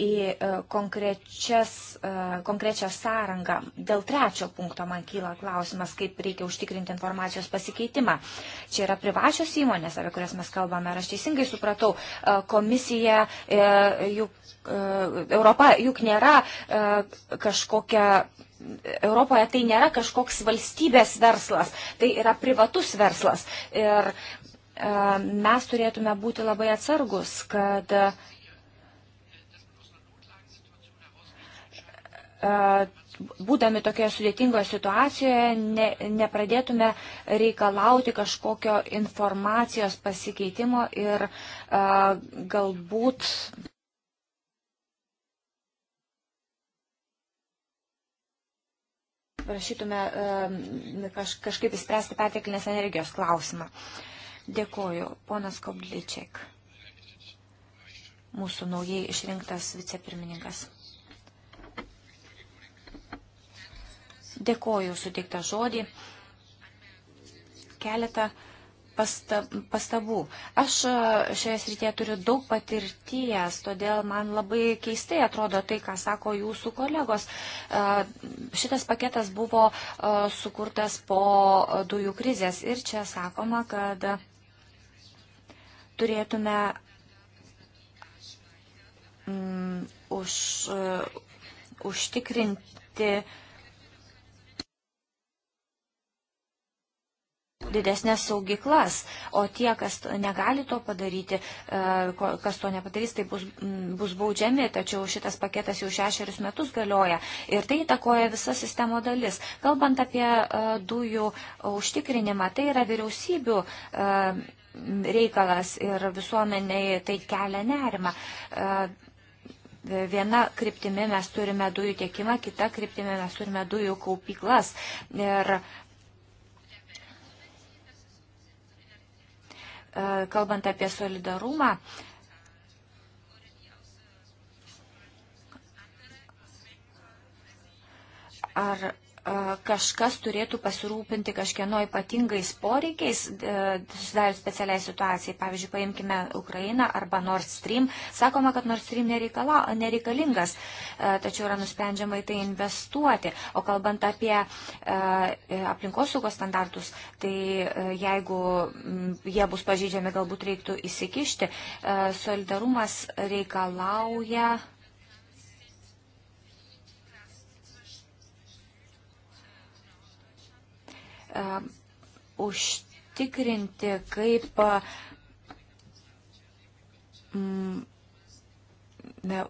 į e, e, konkrečią sąrangą. Dėl trečio punkto man kyla klausimas, kaip reikia užtikrinti informacijos pasikeitimą. Čia yra privačios įmonės, apie kurias mes kalbame. Ar aš teisingai supratau, e, komisija juk Europa juk nėra kažkokia, Europoje tai nėra kažkoks valstybės verslas, tai yra privatus verslas. Ir mes turėtume būti labai atsargus, kad E, būdami tokioje sudėtingoje situacijoje, ne, nepradėtume reikalauti kažkokio informacijos pasikeitimo ir a, e, galbūt. Prašytume a, e, kaž, kažkaip įspręsti perteklinės energijos klausimą. Dėkuoju, ponas Kobličiek, mūsų naujai išrinktas vicepirmininkas. Dėkoju suteiktą žodį. Keletą pastabų. Aš e, šioje srityje turiu daug patirties, todėl man labai keistai atrodo tai, ką sako jūsų kolegos. E, šitas paketas buvo e, sukurtas po dujų krizės ir čia sakoma, kad turėtume mm, už, užtikrinti didesnės saugiklas, o tie, kas negali to padaryti, e, kas to nepadarys, tai bus, bus baudžiami, tačiau šitas paketas jau šešerius metus galioja ir tai įtakoja visa sistemo dalis. Kalbant apie e, dujų užtikrinimą, tai yra vyriausybių e, reikalas ir visuomeniai tai kelia nerima viena kryptimi mes turime dujų tiekimą, kita kryptimi mes turime dujų kaupyklas. Ir E, kalbant apie solidarumą, ar kažkas turėtų pasirūpinti kažkieno ypatingais poreikiais, e, susidarius specialiai situacijai. Pavyzdžiui, paimkime Ukrainą arba Nord Stream. Sakoma, kad Nord Stream nereikala, nereikalingas, e, tačiau yra nusprendžiama į tai investuoti. O kalbant apie e, aplinkosaugos standartus, tai jeigu jie bus pažydžiami, galbūt reiktų įsikišti. Solidarumas reikalauja E, užtikrinti, kaip mm, ne,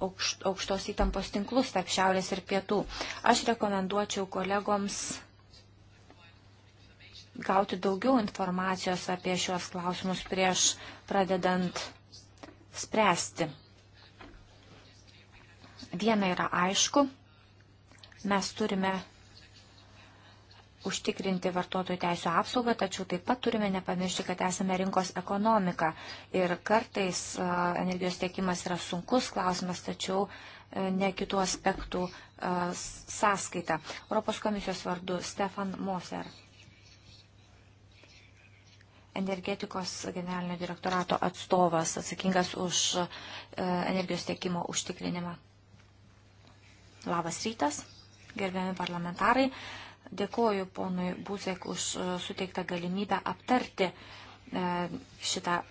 aukštos įtampos tinklus tarp šiaurės ir pietų. Aš rekomenduočiau kolegoms gauti daugiau informacijos apie šios klausimus prieš pradedant spręsti. Viena yra aišku, mes turime užtikrinti vartotojų teisų apsaugą, tačiau taip pat turime nepamiršti, kad esame rinkos ekonomika. Ir kartais energijos tiekimas yra sunkus klausimas, tačiau e, ne kitų aspektų sąskaita. Europos komisijos vardu Stefan Moser, energetikos generalinio direktorato atstovas, atsakingas už e, energijos tiekimo užtikrinimą. Labas rytas, gerbiami parlamentarai. Dėkoju ponui Buzek už e, suteiktą galimybę aptarti e, šitą e,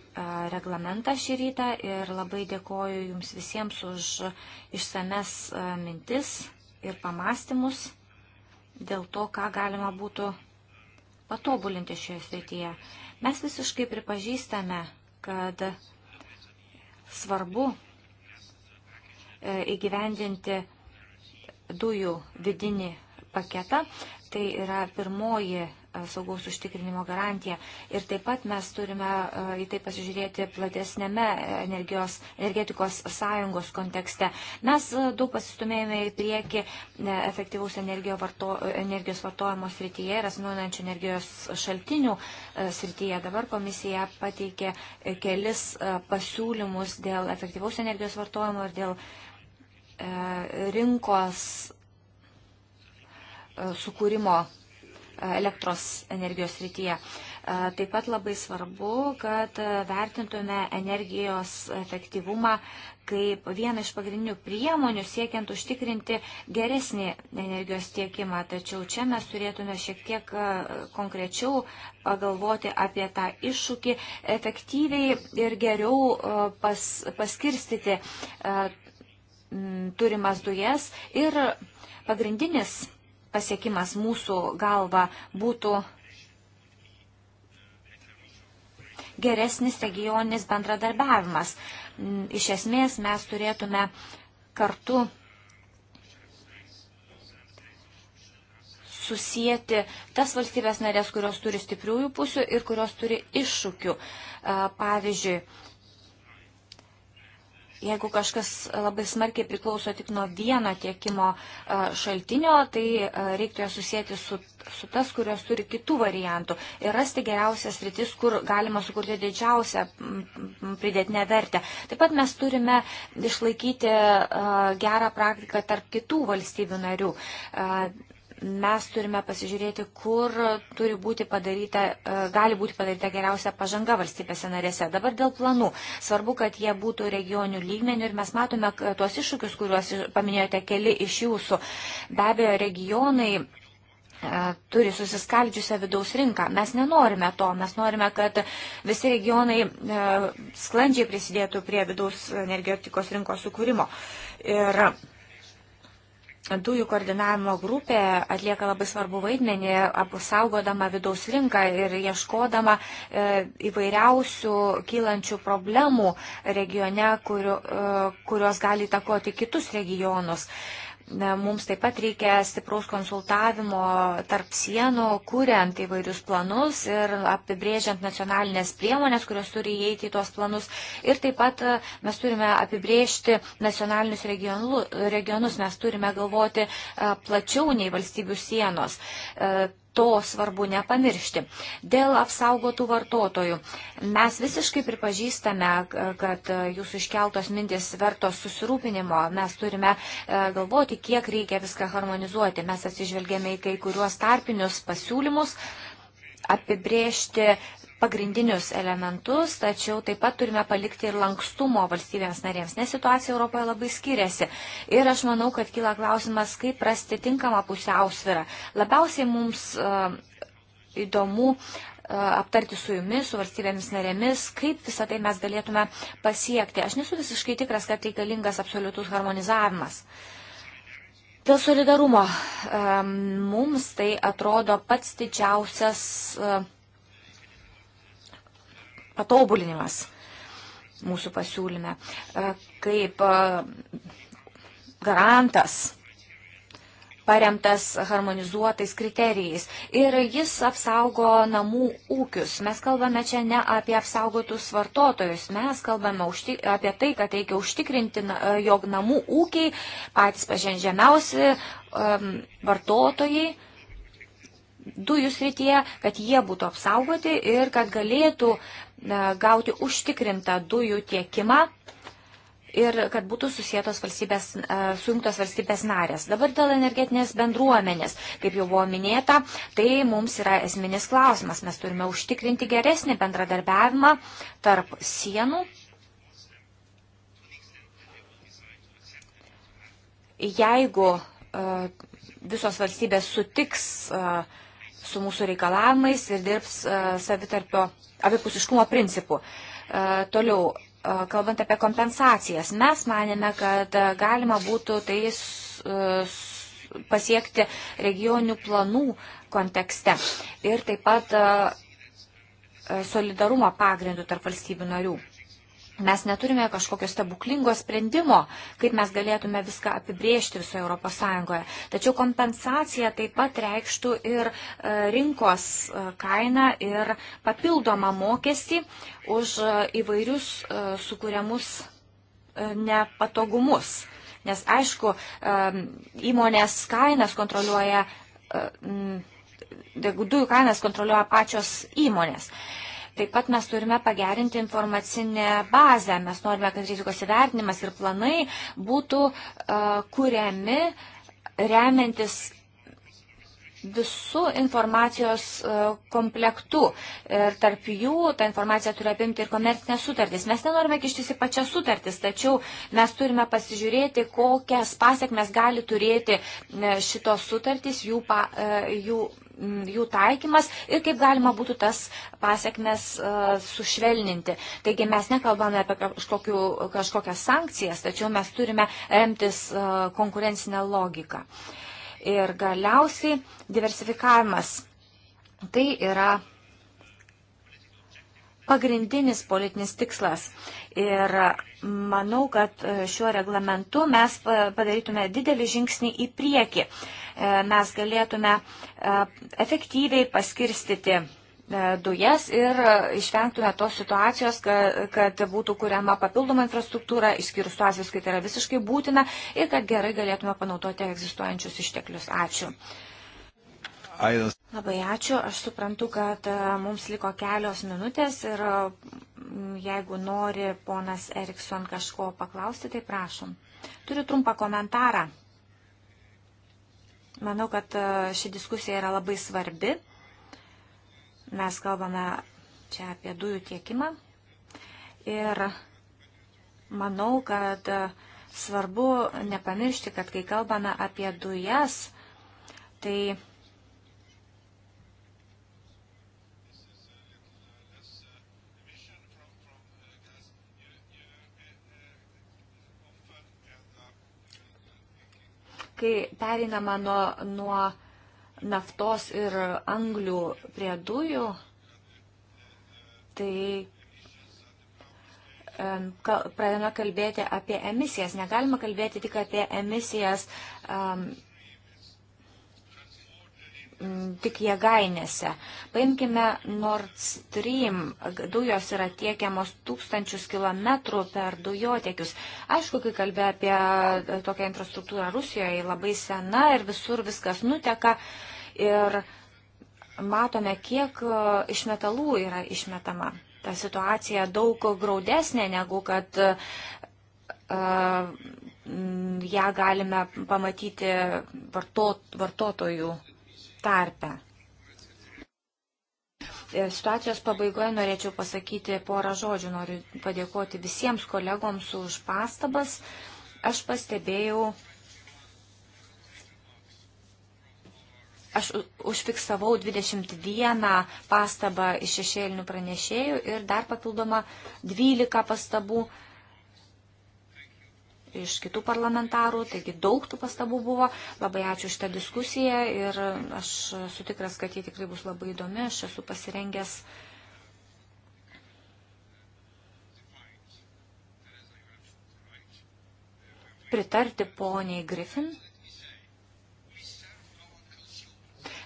reglamentą šį rytą ir labai dėkoju jums visiems už išsames mintis ir pamastymus dėl to, ką galima būtų patobulinti šioje srityje. Mes visiškai pripažįstame, kad svarbu įgyvendinti dujų vidinį paketą. Tai yra pirmoji e, saugaus užtikrinimo garantija. Ir taip pat mes turime e, į tai pasižiūrėti platesnėme energijos, energetikos sąjungos kontekste. Mes e, daug pasistumėjome į priekį efektyvaus varto, energijos vartojimo srityje ir asmeninančių energijos šaltinių srityje. Dabar komisija pateikė kelis pasiūlymus dėl efektyvaus energijos vartojimo ir dėl E, rinkos e, sukūrimo e, elektros energijos rytyje. Taip pat labai svarbu, kad vertintume energijos efektyvumą kaip vieną iš pagrindinių priemonių siekiant užtikrinti geresnį energijos tiekimą. Tačiau čia mes turėtume šiek tiek konkrečiau pagalvoti apie tą iššūkį, efektyviai ir geriau pas, paskirstyti Mm, turimas dujas ir pagrindinis pasiekimas mūsų galva būtų geresnis regioninis bendradarbiavimas. Mm, iš esmės mes turėtume kartu susijęti tas valstybės narės, kurios turi stipriųjų pusių ir kurios turi iššūkių. Pavyzdžiui, Jeigu kažkas labai smarkiai priklauso tik nuo vieno tiekimo e, šaltinio, tai e, reiktų ją susijęti su, su tas, kurios turi kitų variantų ir rasti geriausias rytis, kur galima sukurti didžiausią pridėtinę vertę. Taip pat mes turime išlaikyti e, gerą praktiką tarp kitų valstybių narių mes turime pasižiūrėti, kur turi būti padaryta, e, gali būti padaryta geriausia pažanga valstybėse narėse. Dabar dėl planų. Svarbu, kad jie būtų regionių lygmenių ir mes matome e, tuos iššūkius, kuriuos paminėjote keli iš jūsų. Be abejo, regionai e, turi susiskaldžiusią vidaus rinką. Mes nenorime to, mes norime, kad visi regionai sklandžiai prisidėtų prie vidaus energetikos rinkos sukūrimo. Ir dujų koordinavimo grupė atlieka labai svarbu vaidmenį, apsaugodama vidaus rinką ir ieškodama e, įvairiausių kylančių problemų regione, e, kurios gali įtakoti kitus regionus. Mums taip pat reikia stipraus konsultavimo tarp sienų, kuriant įvairius planus ir apibrėžiant nacionalinės priemonės, kurios turi įeiti į tuos planus. Ir taip pat e, mes turime apibrėžti nacionalinius regionus, mes turime galvoti e, plačiau nei valstybių sienos. E, to svarbu nepamiršti. Dėl apsaugotų vartotojų. Mes visiškai pripažįstame, kad jūsų iškeltos mintis vertos susirūpinimo. Mes turime e, galvoti, kiek reikia viską harmonizuoti. Mes atsižvelgėme į kai kuriuos tarpinius pasiūlymus apibriežti pagrindinius elementus, tačiau taip pat turime palikti ir lankstumo valstybėms narėms, nes situacija Europoje labai skiriasi. Ir aš manau, kad kyla klausimas, kaip rasti tinkamą pusiausvirą. Labiausiai mums uh, įdomu uh, aptarti su jumis, su valstybėmis narėmis, kaip visą tai mes galėtume pasiekti. Aš nesu visiškai tikras, kad reikalingas absoliutus harmonizavimas. Dėl solidarumo e, mums tai atrodo pats didžiausias patobulinimas mūsų pasiūlyme. E, kaip e, garantas paremtas harmonizuotais kriterijais. Ir jis apsaugo namų ūkius. Mes kalbame čia ne apie apsaugotus vartotojus, mes kalbame apie tai, kad reikia užtikrinti, e, jog namų ūkiai patys pažendžiamiausi um, vartotojai dujų srityje, kad jie būtų apsaugoti ir kad galėtų E, gauti užtikrintą dujų tiekimą ir kad būtų susijėtos valstybės, e, sujungtos valstybės narės. Dabar dėl energetinės bendruomenės, kaip jau buvo minėta, tai mums yra esminis klausimas. Mes turime užtikrinti geresnį bendradarbiavimą tarp sienų. Jeigu e, visos valstybės sutiks su mūsų reikalavimais ir dirbs savitarpio abipusiškumo principų. E, toliau, e, kalbant apie kompensacijas, mes manėme, kad e, galima būtų tai pasiekti regioninių planų kontekste ir taip pat solidarumo pagrindų tarp valstybių narių. Mes neturime kažkokio stebuklingo sprendimo, kaip mes galėtume viską apibriežti visoje Europos Sąjungoje. Tačiau kompensacija taip pat reikštų ir e, rinkos e, kainą ir papildomą mokestį už e, įvairius sukūriamus nepatogumus. Nes aišku, įmonės kainas kontroliuoja, dujų kainas kontroliuoja pačios įmonės. Taip pat mes turime pagerinti informacinę bazę. Mes norime, kad rizikos įvertinimas ir planai būtų uh, kuriami remiantis visų informacijos e, komplektų. Ir tarp jų ta informacija turi apimti ir komercinės sutartys. Mes nenorime kištis į pačias sutartys, tačiau mes turime pasižiūrėti, kokias pasiekmes gali turėti e, šitos sutartys, jų, pa, jų Mm, jų taikymas ir kaip galima būtų tas pasiekmes e, sušvelninti. Taigi mes nekalbame apie kažkokiu, kažkokias sankcijas, tačiau mes turime remtis e, konkurencinę logiką. Ir galiausiai diversifikavimas. Tai yra pagrindinis politinis tikslas. Uh, Ir manau, kad e, šiuo reglamentu mes padarytume didelį žingsnį į priekį. E, mes galėtume e, efektyviai paskirstyti dujas ir išvengtume tos situacijos, kad, kad būtų kuriama papildoma infrastruktūra, išskyrus tuos atvejus, kai tai yra visiškai būtina ir kad gerai galėtume panaudoti egzistuojančius išteklius. Ačiū. Labai ačiū. Aš suprantu, kad e, mums liko kelios minutės ir jeigu nori ponas Erikson kažko paklausti, tai prašom. Turiu trumpą komentarą. Manau, kad e, ši diskusija yra labai svarbi. Mes kalbame čia apie dujų tiekimą. Ir manau, kad e, svarbu nepamiršti, kad kai kalbame apie dujas, tai kai perinama nuo, nuo naftos ir anglių prie dujų, tai pradėjome kalbėti apie emisijas. Negalima kalbėti tik apie emisijas um, tik jėgainėse. Paimkime Nord Stream, dujos yra tiekiamos tūkstančius kilometrų per dujotiekius. Aišku, kai kalbė apie e, tokią infrastruktūrą Rusijoje, labai sena ir visur viskas nuteka. Ir matome, kiek e, iš metalų yra išmetama. Ta situacija daug graudesnė negu kad e, ją galime pamatyti vartot, vartotojų tarpe. E, Situacijos pabaigoje norėčiau pasakyti porą žodžių. Noriu padėkoti visiems kolegoms už pastabas. Aš pastebėjau, aš užfiksavau 21 pastabą iš šešėlinių pranešėjų ir dar papildomą 12 pastabų iš kitų parlamentarų, taigi daug tų pastabų buvo. Labai ačiū šitą diskusiją ir aš sutikras, kad jie tikrai bus labai įdomi. Aš esu pasirengęs. Pritarti poniai Griffin.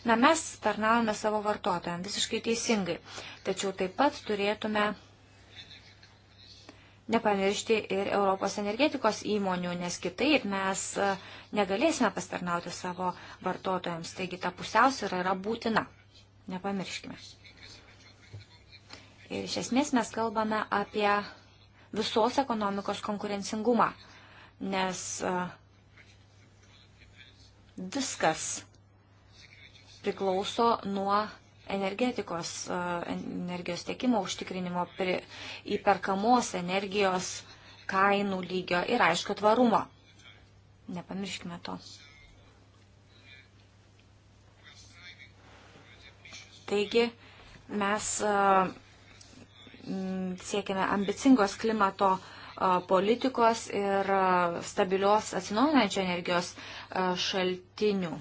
Na, mes tarnaujame savo vartotojams visiškai teisingai, tačiau taip pat turėtume nepamiršti ir Europos energetikos įmonių, nes kitaip mes e, negalėsime pastarnauti savo vartotojams. Taigi ta pusiausvėra yra būtina. Nepamirškime. Ir iš esmės mes kalbame apie visos ekonomikos konkurencingumą, nes e, viskas priklauso nuo energetikos, e, energijos tiekimo užtikrinimo, įperkamos energijos kainų lygio ir aišku tvarumo. Nepamirškime to. Taigi mes e, siekiame ambicingos klimato e, politikos ir stabilios atsinaujinančio energijos šaltinių.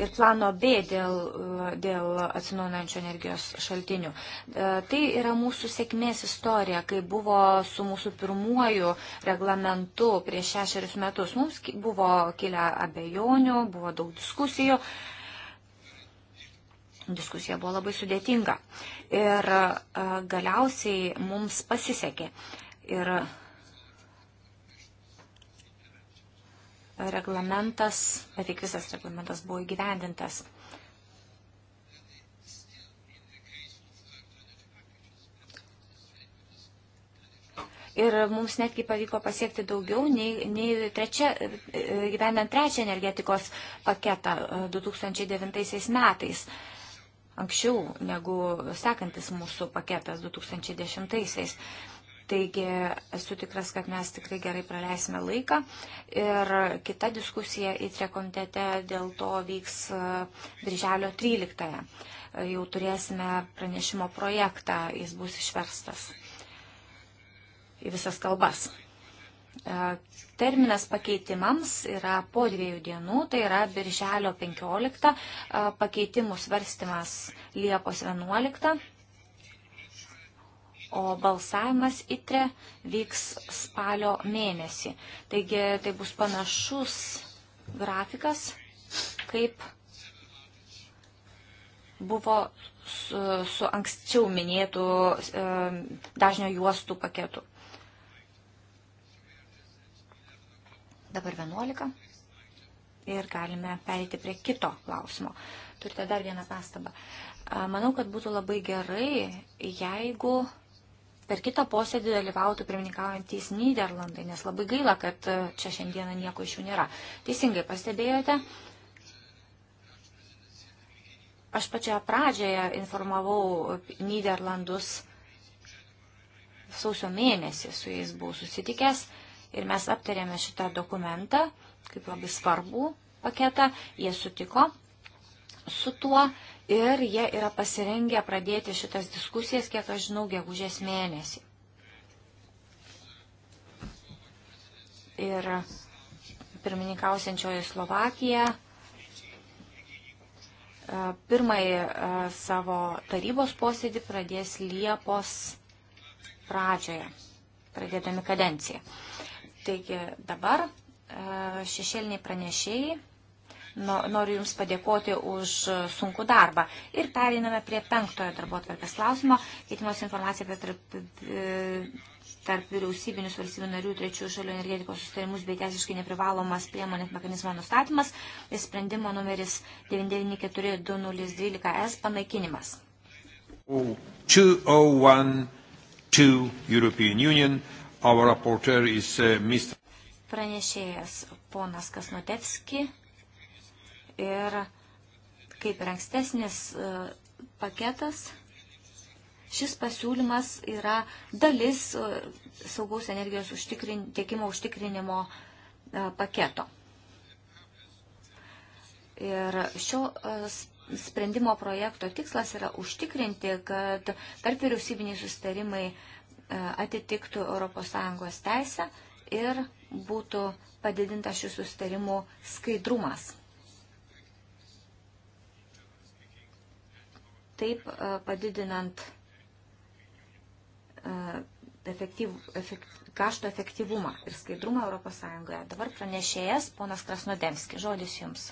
ir plano B dėl, dėl atsinaujinančio energijos šaltinių. E, tai yra mūsų sėkmės istorija, kai buvo su mūsų pirmuoju reglamentu prieš šešerius metus. Mums buvo kilę abejonių, buvo daug diskusijų. Diskusija buvo labai sudėtinga. Ir e, galiausiai mums pasisekė. Ir reglamentas, beveik visas reglamentas buvo įgyvendintas. ir mums netgi pavyko pasiekti daugiau nei, nei trečia, gyvenant trečią energetikos paketą 2009 e, metais. Anksčiau negu sekantis mūsų paketas 2010. -aisiais. Taigi esu tikras, kad mes tikrai gerai praleisime laiką. Ir kita diskusija į trekomitete dėl to vyks e, birželio 13. -ąją. E, jau turėsime pranešimo projektą, jis bus išverstas į visas kalbas. E, terminas pakeitimams yra po dviejų dienų, tai yra birželio 15, pakeitimų svarstymas Liepos 11 o balsavimas ITRE vyks spalio mėnesį. Taigi tai bus panašus grafikas, kaip buvo su, su anksčiau minėtų e, dažnio juostų paketu. Dabar 11. Ir galime perėti prie kito klausimo. Turite dar vieną pastabą. Manau, kad būtų labai gerai, jeigu per kitą posėdį dalyvautų pirmininkaujantys Niderlandai, nes labai gaila, kad e, čia šiandieną nieko iš jų nėra. Teisingai pastebėjote. Aš pačioje pradžioje informavau Niderlandus sausio mėnesį, su jais buvau susitikęs ir mes aptarėme šitą dokumentą kaip labai svarbų paketą. Jie sutiko su tuo ir jie yra pasirengę pradėti šitas diskusijas, kiek aš žinau, gegužės mėnesį. Ir pirmininkausiančioji Slovakija e, pirmąjį e, savo tarybos posėdį pradės Liepos pradžioje, pradėdami kadenciją. Taigi dabar e, šešėliniai pranešėjai Noriu Jums padėkoti už sunku darbą. Ir pereiname prie penktojo darbo atvarkės klausimo. Keitimas informacija apie tarp, e, tarp vyriausybinius valstybių narių trečių šalių energetikos sustarimus bei teisiškai neprivalomas priemonės mechanizmo nustatymas ir sprendimo numeris 994-2012S panaikinimas. 2012 European Union. Our rapporteur is uh, Mr. Pranešėjas ponas Kasnotevski. Ir kaip ir ankstesnis e, paketas, šis pasiūlymas yra dalis e, saugaus energijos užtikrin, tiekimo užtikrinimo e, paketo. Ir šio sprendimo projekto tikslas yra užtikrinti, kad tarp vyriausybiniai sustarimai atitiktų ES teisę ir būtų padidintas šių sustarimų skaidrumas. taip e, padidinant e, efektyv, efekt, kašto efektyvumą ir skaidrumą ES. Dabar pranešėjas ponas Krasnodemski. Žodis jums.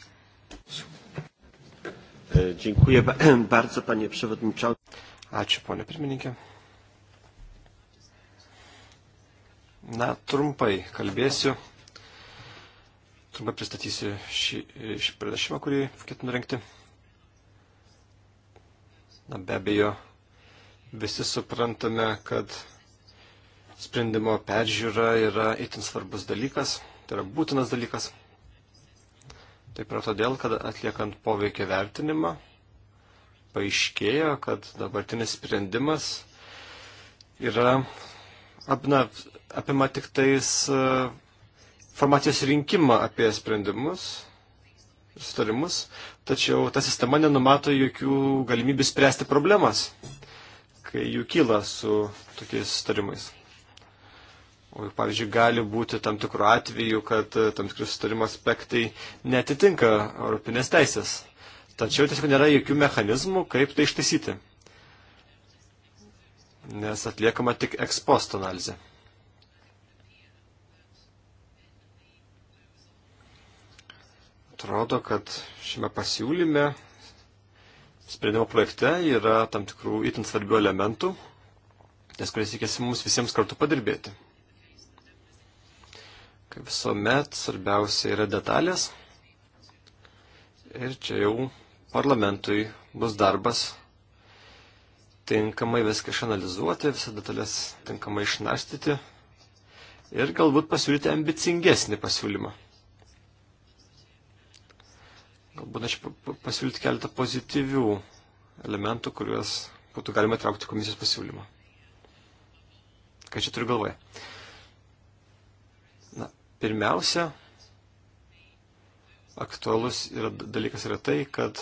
E, dziękuję bardzo, panie przewodniczący. Ačiū, ponė pirmininkė. Na, trumpai kalbėsiu. Trumpai pristatysiu šį, šį pranešimą, kurį ketinu rengti. Na be abejo, visi suprantame, kad sprendimo peržiūra yra itin svarbus dalykas, tai yra būtinas dalykas. Taip yra todėl, kad atliekant poveikio vertinimą, paaiškėjo, kad dabartinis sprendimas yra apna, apima tik tais informacijos e, rinkimą apie sprendimus, sutarimus, tačiau ta sistema nenumato jokių galimybių spręsti problemas, kai jų kyla su tokiais sutarimais. O pavyzdžiui, gali būti tam tikrų atvejų, kad e, tam tikri sustarimo aspektai netitinka europinės teisės. Tačiau tiesiog nėra jokių mechanizmų, kaip tai ištaisyti. Nes atliekama tik ekspost analizė. atrodo, kad šiame pasiūlyme sprendimo projekte yra tam tikrų itin svarbių elementų, ties kuriais reikės mums visiems kartu padirbėti. Kaip visuomet, svarbiausia yra detalės. Ir čia jau parlamentui bus darbas tinkamai viską išanalizuoti, visą detalės tinkamai išnarstyti ir galbūt pasiūlyti ambicingesnį pasiūlymą. Galbūt aš pasiūlyti keletą pozityvių elementų, kuriuos būtų galima traukti komisijos pasiūlymą. Ką čia turiu galvoje? Na, pirmiausia, aktualus yra, dalykas yra tai, kad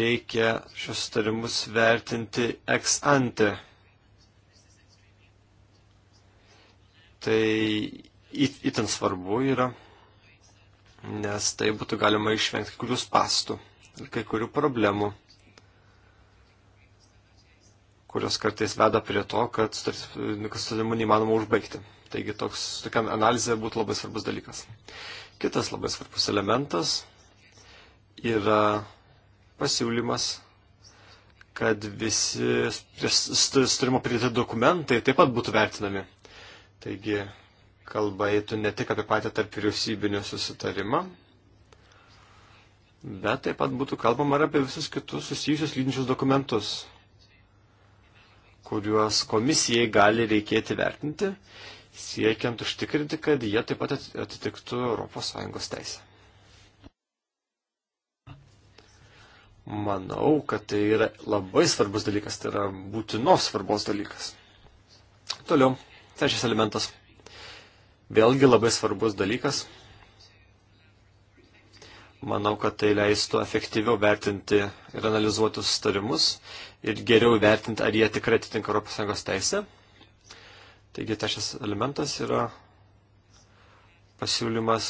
reikia šios sutarimus vertinti ex ante. Tai įtin svarbu yra nes tai būtų galima išvengti kai kurių spastų ir kai kurių problemų, kurios kartais veda prie to, kad sutarimų neįmanoma užbaigti. Taigi toks, tokia analizė būtų labai svarbus dalykas. Kitas labai svarbus elementas yra pasiūlymas, kad visi prie sutarimo pridėti dokumentai taip pat būtų vertinami. Taigi kalba eitų ne tik apie patį tarp vyriausybinio susitarimą, bet taip pat būtų kalbama ir apie visus kitus susijusius lydinčius dokumentus, kuriuos komisijai gali reikėti vertinti, siekiant užtikrinti, kad jie taip pat atitiktų ES teisę. Manau, kad tai yra labai svarbus dalykas, tai yra būtinos svarbos dalykas. Toliau, trečias elementas Vėlgi labai svarbus dalykas. Manau, kad tai leistų efektyviau vertinti ir analizuoti sustarimus ir geriau vertinti, ar jie tikrai atitinka ES teisę. Taigi, tas šis elementas yra pasiūlymas,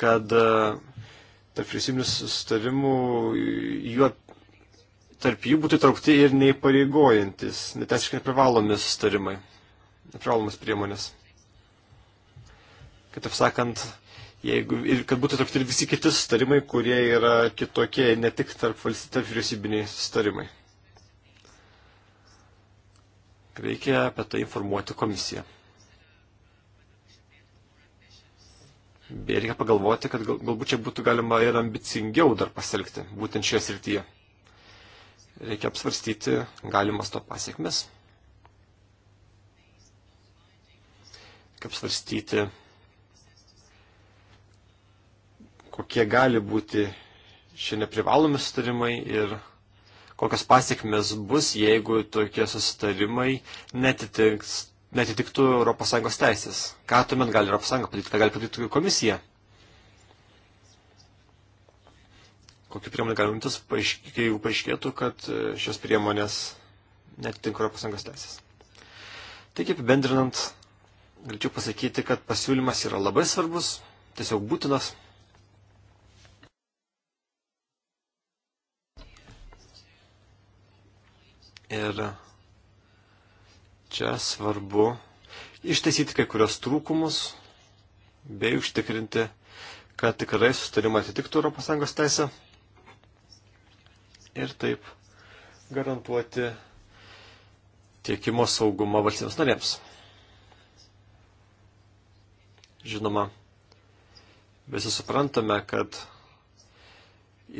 kad tarp prisiminių sustarimų jų tarp jų būtų traukti ir neįpareigojantis, neteisiškai neprivalomi sustarimai, neprivalomas priemonės. Kitaip sakant, jeigu, ir kad būtų traukti ir visi kiti sustarimai, kurie yra kitokie, ne tik tarp, tarp vyriausybiniai sustarimai. Reikia apie tai informuoti komisiją. Bei reikia pagalvoti, kad gal, galbūt čia būtų galima ir ambicingiau dar pasielgti, būtent šioje srityje reikia apsvarstyti galimas to pasiekmes. Kaip svarstyti, kokie gali būti šie neprivalomi sutarimai ir kokios pasiekmes bus, jeigu tokie susitarimai netitiks, netitiktų ES teisės. Ką tuomet gali ES padaryti, ką gali padaryti komisija. kokiu priemonė galima imtis, kai jau paaiškėtų, kad e, šios priemonės netitinka Europos Sąjungos teisės. Taigi, apibendrinant, galėčiau pasakyti, kad pasiūlymas yra labai svarbus, tiesiog būtinas. Ir čia svarbu ištaisyti kai kurios trūkumus, bei užtikrinti, kad tikrai sustarimą atitiktų ES teisę ir taip garantuoti tiekimo saugumą valstybės narėms. Žinoma, visi suprantame, kad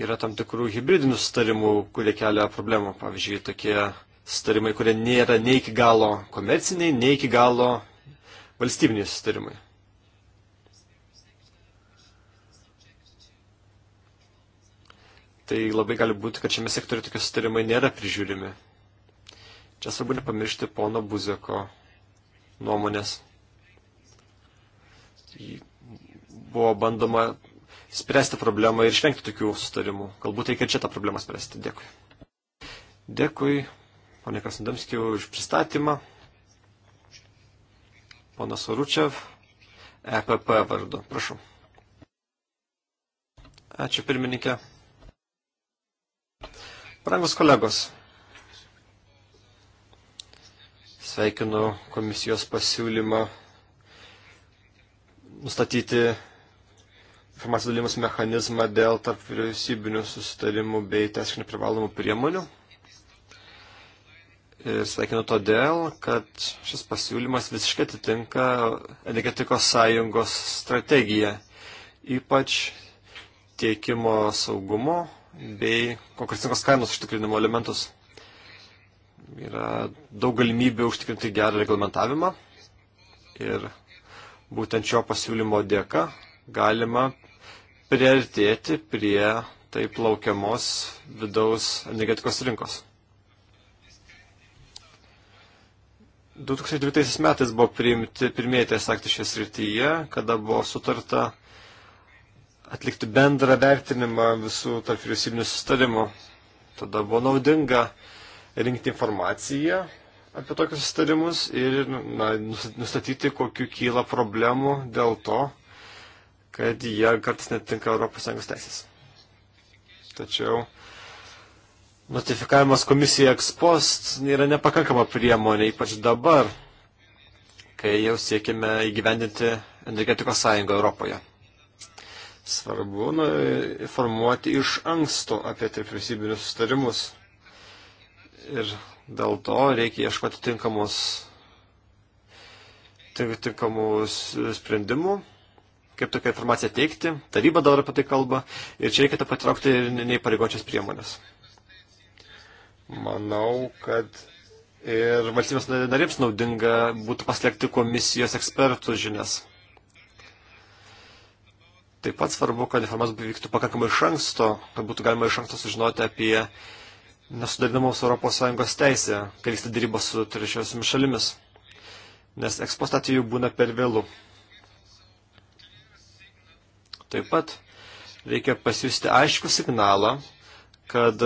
yra tam tikrų hybridinių sustarimų, kurie kelia problemų. Pavyzdžiui, tokie sustarimai, kurie nėra nei iki galo komerciniai, nei iki galo valstybiniai sustarimai. tai labai gali būti, kad šiame sektoriu tokie sutarimai nėra prižiūrimi. Čia svarbu nepamiršti pono Buzeko nuomonės. Buvo bandoma spręsti problemą ir išvengti tokių sutarimų. Galbūt reikia čia tą problemą spręsti. Dėkui. Dėkui, ponė Krasnodamskiu, už pristatymą. Ponas Oručev, EPP vardu. Prašau. Ačiū pirmininkė. Brangus kolegos, sveikinu komisijos pasiūlymą nustatyti informacijos dalymus mechanizmą dėl tarp vyriausybinių susitarimų bei teisinių privalomų priemonių. Ir sveikinu todėl, kad šis pasiūlymas visiškai atitinka energetikos sąjungos strategiją, ypač tiekimo saugumo bei konkurencingos kainos užtikrinimo elementus. Yra daug galimybių užtikrinti gerą reglamentavimą ir būtent šio pasiūlymo dėka galima priartėti prie taip laukiamos vidaus energetikos rinkos. 2012 metais buvo priimti pirmieji teisės aktai šioje srityje, kada buvo sutarta atlikti bendrą vertinimą visų tarp vyriausybinių sustarimų. Tada buvo naudinga rinkti informaciją apie tokius sustarimus ir na, nustatyti, kokiu kyla problemų dėl to, kad jie kartais netinka ES teisės. Tačiau notifikavimas komisija ekspost yra nepakankama priemonė, ypač dabar, kai jau siekime įgyvendinti energetikos sąjungą Europoje. Svarbu nu, informuoti iš anksto apie tarpvyriausybinius sustarimus. Ir dėl to reikia ieškoti tinkamos, tinkamų sprendimų, kaip tokią informaciją teikti. Taryba dabar apie tai kalba ir čia reikia patraukti ir neįpareigočias priemonės. Manau, kad ir valstybės narėms naudinga būtų paslėpti komisijos ekspertų žinias. Taip pat svarbu, kad informacija vyktų pakankamai iš anksto, kad būtų galima iš anksto sužinoti apie nesudarinamos ES teisę, kai vyksta dėrybos su trečiosiomis šalimis, nes ekspos atveju būna per vėlų. Taip pat reikia pasiūsti aiškų signalą, kad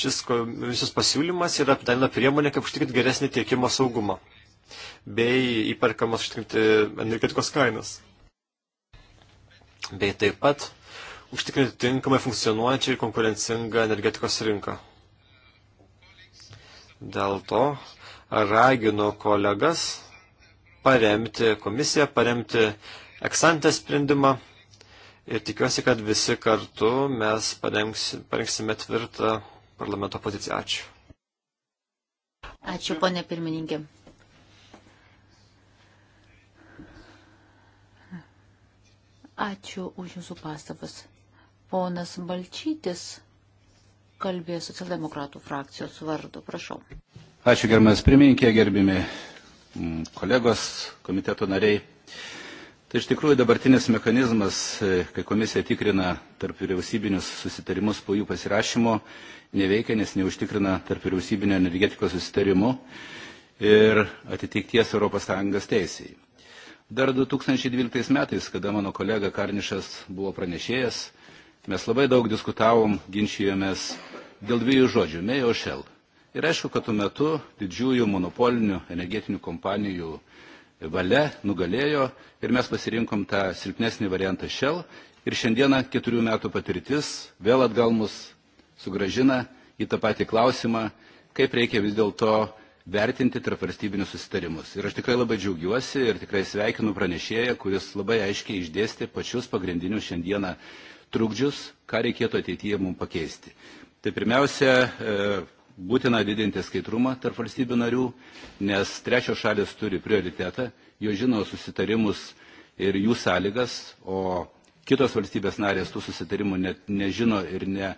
šis visus pasiūlymas yra apdaina priemonė, kaip užtikrinti geresnį tiekimo saugumą bei įperkamas užtikrinti energetikos kainas bei taip pat užtikrinti tinkamai funkcionuojančią ir konkurencingą energetikos rinką. Dėl to raginu kolegas paremti komisiją, paremti eksantę sprendimą ir tikiuosi, kad visi kartu mes parengsime tvirtą parlamento poziciją. Ačiū. Ačiū, ponė pirmininkė. Ačiū už Jūsų pastabas. Ponas Balčytis kalbė socialdemokratų frakcijos vardu. Prašau. Ačiū gerbiamas pirmininkė, gerbimi mm, kolegos, komiteto nariai. Tai iš tikrųjų dabartinis mechanizmas, e, kai komisija tikrina tarp vyriausybinius susitarimus po jų pasirašymo, neveikia, nes neužtikrina tarp vyriausybinio energetikos susitarimų ir atitikties ES teisėjai. Dar 2012 metais, kada mano kolega Karnišas buvo pranešėjęs, mes labai daug diskutavom, ginčijomės dėl dviejų žodžių - May or Shell. Ir aišku, kad tuo metu didžiųjų monopolinių energetinių kompanijų valia nugalėjo ir mes pasirinkom tą silpnesnį variantą Shell. Ir šiandieną keturių metų patirtis vėl atgal mus sugražina į tą patį klausimą, kaip reikia vis dėlto vertinti tarp valstybinius susitarimus. Ir aš tikrai labai džiaugiuosi ir tikrai sveikinu pranešėją, kuris labai aiškiai išdėstė pačius pagrindinius šiandieną trukdžius, ką reikėtų ateityje mums pakeisti. Tai pirmiausia, e, būtina didinti skaidrumą tarp valstybių narių, nes trečios šalis turi prioritetą, jo žino susitarimus ir jų sąlygas, o kitos valstybės narės tų susitarimų net nežino ir ne,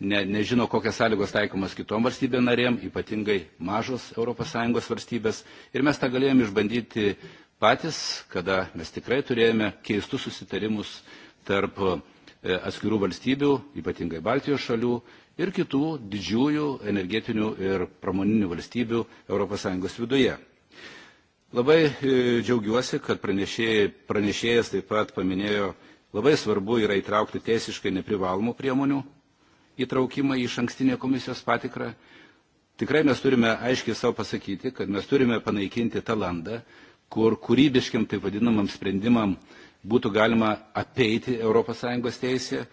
ne, nežino, kokias sąlygos taikomas kitom valstybėm narėm, ypatingai mažos ES valstybės. Ir mes tą galėjome išbandyti patys, kada mes tikrai turėjome keistus susitarimus tarp e, atskirų valstybių, ypatingai Baltijos šalių ir kitų didžiųjų energetinių ir pramoninių valstybių ES viduje. Labai e, džiaugiuosi, kad pranešėjas taip pat paminėjo, labai svarbu yra įtraukti teisiškai neprivalomų priemonių įtraukimą į šankstinę komisijos patikrą. Tikrai mes turime aiškiai savo pasakyti, kad mes turime panaikinti tą landą, kur kūrybiškiam, tai vadinamam sprendimam būtų galima apeiti ES teisę.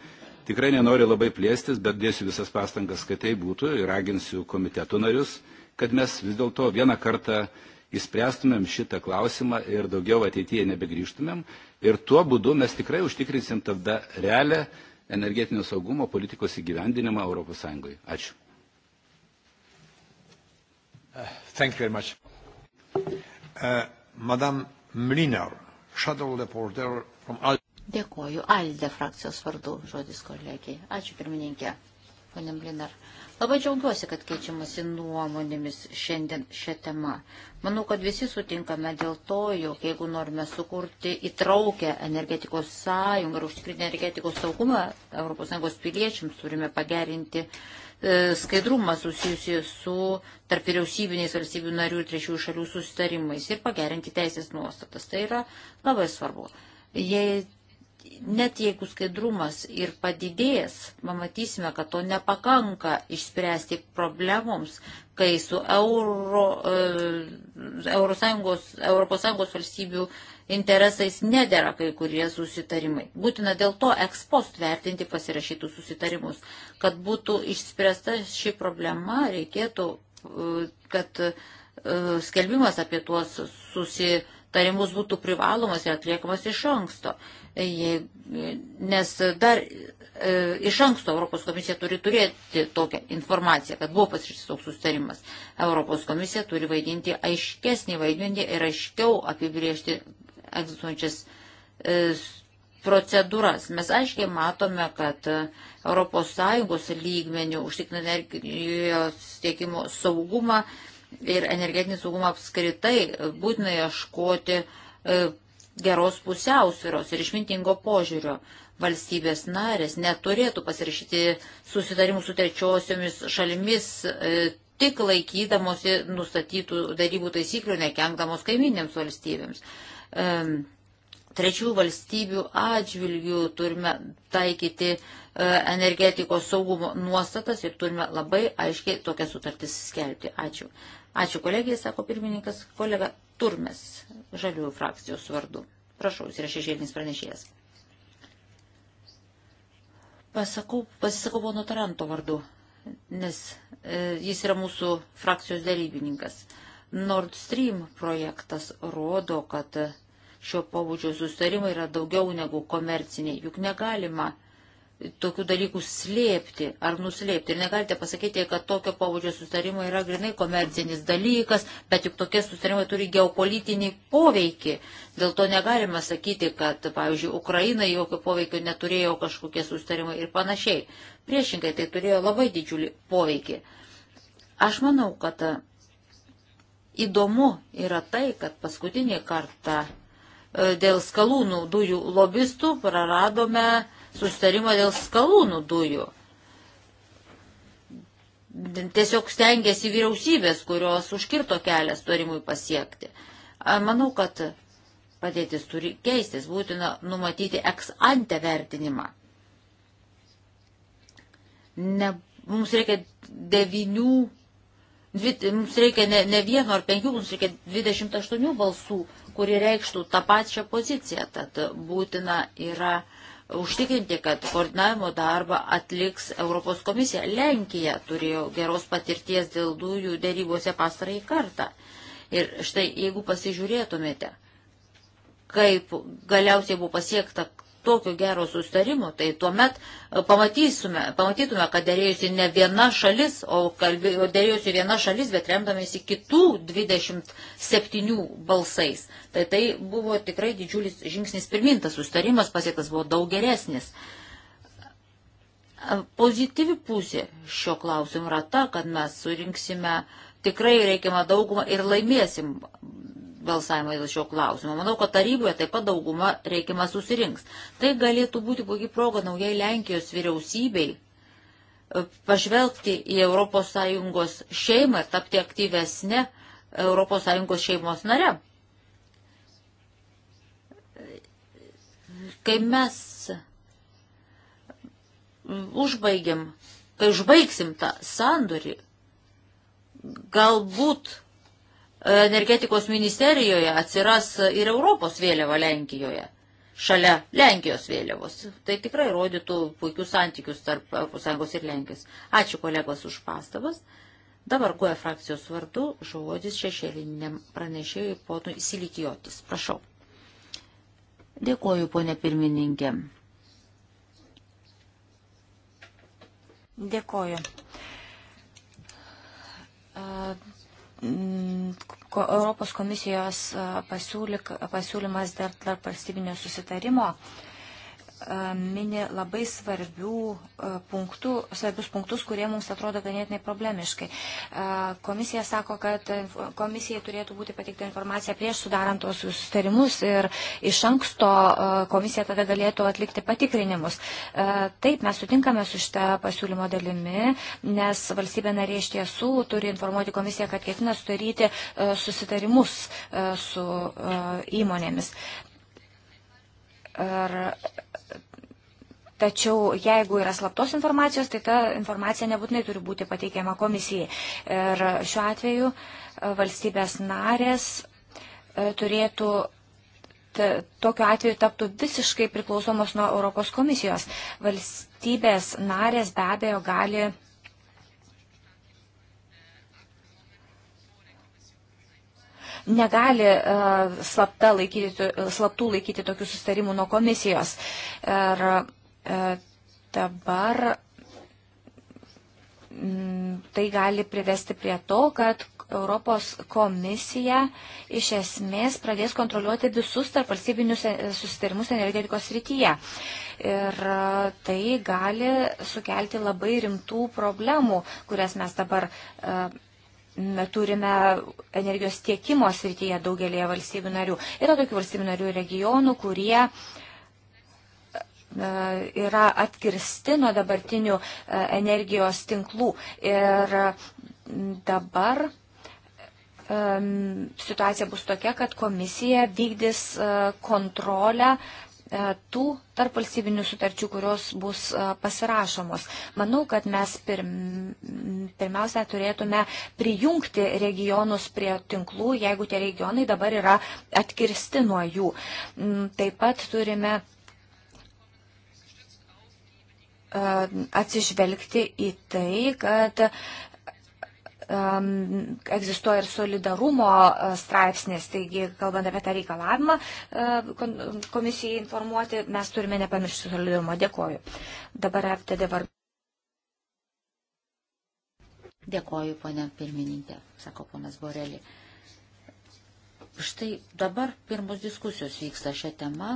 Tikrai nenoriu labai plėstis, bet dėsiu visas pastangas, kad tai būtų ir raginsiu komitetų narius, kad mes vis dėlto vieną kartą įspręstumėm šitą klausimą ir daugiau ateityje nebegrįžtumėm. Ir tuo būdu mes tikrai užtikrinsim tada realią energetinio saugumo politikos įgyvendinimą ES. Ačiū. Uh, thank you very much. Uh, Madam Mlinar, Shadow Reporter from Al. Dėkoju. Alde frakcijos vardu žodis kolegijai. Ačiū pirmininkė, ponė Mlinar. Uh, Labai džiaugiuosi, kad keičiamasi nuomonėmis šiandien šią temą. Manau, kad visi sutinkame dėl to, jog jeigu norime sukurti įtraukę energetikos sąjungą ir užtikrinti energetikos saugumą ES piliečiams, turime pagerinti e, skaidrumą susijusi su tarp vyriausybiniais valstybių narių ir trečiųjų šalių sustarimais ir pagerinti teisės nuostatas. Tai yra labai svarbu. Jei net jeigu skaidrumas ir padidės, pamatysime, kad to nepakanka išspręsti problemoms, kai su Euro, e, Eurosąjungos, ES valstybių interesais nedėra kai kurie susitarimai. Būtina dėl to ekspost vertinti pasirašytų susitarimus. Kad būtų išspręsta ši problema, reikėtų, e, kad e, skelbimas apie tuos susitarimus tarimus būtų privalomas ir atliekamas iš anksto. E, e, nes dar e, iš anksto Europos komisija turi turėti tokią informaciją, kad buvo pasirašytas toks sustarimas. Europos komisija turi vaidinti aiškesnį vaidmenį ir aiškiau apibriežti egzistuojančias procedūras. Mes aiškiai matome, kad ES lygmenių užtikrinant energijos tiekimo saugumą ir energetinį saugumą apskritai būtina ieškoti e, geros pusiausviros ir išmintingo požiūrio. Valstybės narės neturėtų pasirašyti susitarimų su trečiosiomis šalimis e, tik laikydamosi nustatytų darybų taisyklių, nekenkdamos kaiminėms valstybėms. E, trečių valstybių atžvilgių turime taikyti energetikos saugumo nuostatas ir turime labai aiškiai tokias sutartis skelbti. Ačiū. Ačiū kolegijai, sako pirmininkas, kolega Turmes, žaliųjų frakcijos vardu. Prašau, jis yra šešėlinis pranešėjas. Pasakau, pasisakau pono Taranto vardu, nes e, jis yra mūsų frakcijos darybininkas. Nord Stream projektas rodo, kad šio pobūdžio sustarimai yra daugiau negu komerciniai, juk negalima e, tokių dalykų slėpti ar nuslėpti. Ir negalite pasakyti, kad tokio pavudžio sustarimai yra grinai komercinis dalykas, bet juk tokie sustarimai turi geopolitinį poveikį. Dėl to negalima sakyti, kad, pavyzdžiui, Ukraina jokio poveikio neturėjo kažkokie sustarimai ir panašiai. Priešingai, tai turėjo labai didžiulį poveikį. Aš manau, kad įdomu yra tai, kad paskutinį kartą e, dėl skalūnų dujų lobistų praradome sustarimo dėl skalūnų dujų. Tiesiog stengiasi vyriausybės, kurios užkirto kelią starimui pasiekti. Manau, kad padėtis turi keistis, būtina numatyti ex ante vertinimą. Ne, mums reikia devinių, dvi, mums reikia ne, ne vieno ar penkių, mums reikia 28 balsų, kurie reikštų tą pačią poziciją, tad būtina yra uh, užtikrinti, kad koordinavimo darbą atliks Europos komisija. Lenkija turėjo geros patirties dėl dujų dėrybose pastarąjį kartą. Ir štai, jeigu pasižiūrėtumėte, kaip galiausiai buvo pasiekta tokio gero sustarimo, tai tuomet e, pamatysime, pamatytume, kad dėrėjusi ne viena šalis, o kalbėjo, dėrėjusi viena šalis, bet remdamėsi kitų 27 balsais. Tai tai buvo tikrai didžiulis žingsnis pirmintas, sustarimas pasiektas buvo daug geresnis. Pozityvi pusė šio klausimo yra ta, kad mes surinksime tikrai reikiamą daugumą ir laimėsim balsavimą dėl šio klausimo. Manau, kad taryboje taip pat dauguma reikima susirinks. Tai galėtų būti puikiai proga naujai Lenkijos vyriausybei e, pažvelgti į ES šeimą ir tapti aktyvesnė ES šeimos nare. Kai mes užbaigiam, kai užbaigsim tą sandurį, galbūt energetikos ministerijoje atsiras ir Europos vėliava Lenkijoje, šalia Lenkijos vėliavos. Tai tikrai rodytų puikius santykius tarp ES ir Lenkijos. Ačiū kolegos už pastabas. Dabar kuoja e frakcijos vardu žodis šešėliniam pranešėjui ponui Silikijotis. Prašau. Dėkuoju, ponė pirmininkė. Dėkuoju. Uh Mm, Europos komisijos pasiūlymas dėl tarp valstybinio susitarimo uh, E, mini labai svarbių e, punktų, svarbius punktus, kurie mums atrodo ganėtinai problemiškai. E, komisija sako, kad komisijai turėtų būti patikta informacija prieš sudarant tos sustarimus ir iš anksto komisija tada galėtų atlikti patikrinimus. Taip, mes sutinkame su šitą pasiūlymo dalimi, nes valstybė narė iš tiesų turi informuoti komisiją, kad ketina sudaryti susitarimus su įmonėmis. Ir, tačiau jeigu yra slaptos informacijos, tai ta informacija nebūtinai turi būti pateikiama komisijai. Ir šiuo atveju e, valstybės narės e, turėtų tokiu atveju taptų visiškai priklausomos nuo Europos komisijos. Valstybės narės be abejo gali negali e, slapta laikyti, e, slaptų laikyti tokių sustarimų nuo komisijos. Ir e, dabar mm, tai gali privesti prie to, kad Europos komisija iš esmės pradės kontroliuoti visus tarp valstybinius susitarimus energetikos rytyje. Ir tai gali sukelti labai rimtų problemų, kurias mes dabar uh, turime energijos tiekimo srityje daugelėje valstybių narių. Yra tokių valstybių narių regionų, kurie e, yra atkirsti nuo dabartinių e, energijos tinklų. Ir dabar e, situacija bus tokia, kad komisija vykdys kontrolę E, tų tarp valstybinių sutarčių, kurios bus e, pasirašomos. Manau, kad mes pirmiausia turėtume prijungti regionus prie tinklų, jeigu tie regionai dabar yra atkirsti nuo jų. Mm, taip pat turime e, atsižvelgti į tai, kad um, egzistuoja ir solidarumo uh, straipsnis, taigi kalbant apie tą reikalavimą uh, komisijai informuoti, mes turime nepamiršti solidarumo. Dėkoju. Dabar FTD vardu. Dėkoju, ponia pirmininkė, sako ponas Borelį. Štai dabar pirmos diskusijos vyksta šią temą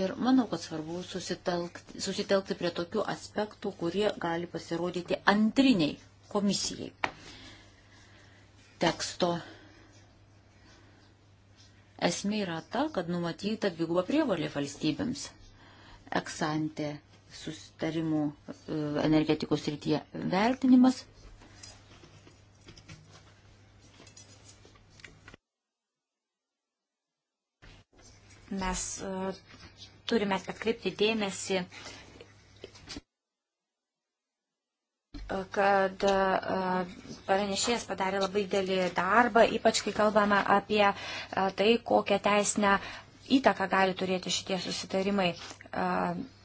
ir manau, kad svarbu susitelkti, susitelkti prie tokių aspektų, kurie gali pasirodyti antriniai komisijai teksto esmė yra ta, kad numatyta dviguba prievalė valstybėms eksantė susitarimų e, energetikos rytyje vertinimas. Mes e, turime atkreipti dėmesį uh, kad e, pranešėjas padarė labai dėlį darbą, ypač kai kalbame apie e, tai, kokią teisinę įtaką gali turėti šitie susitarimai. E,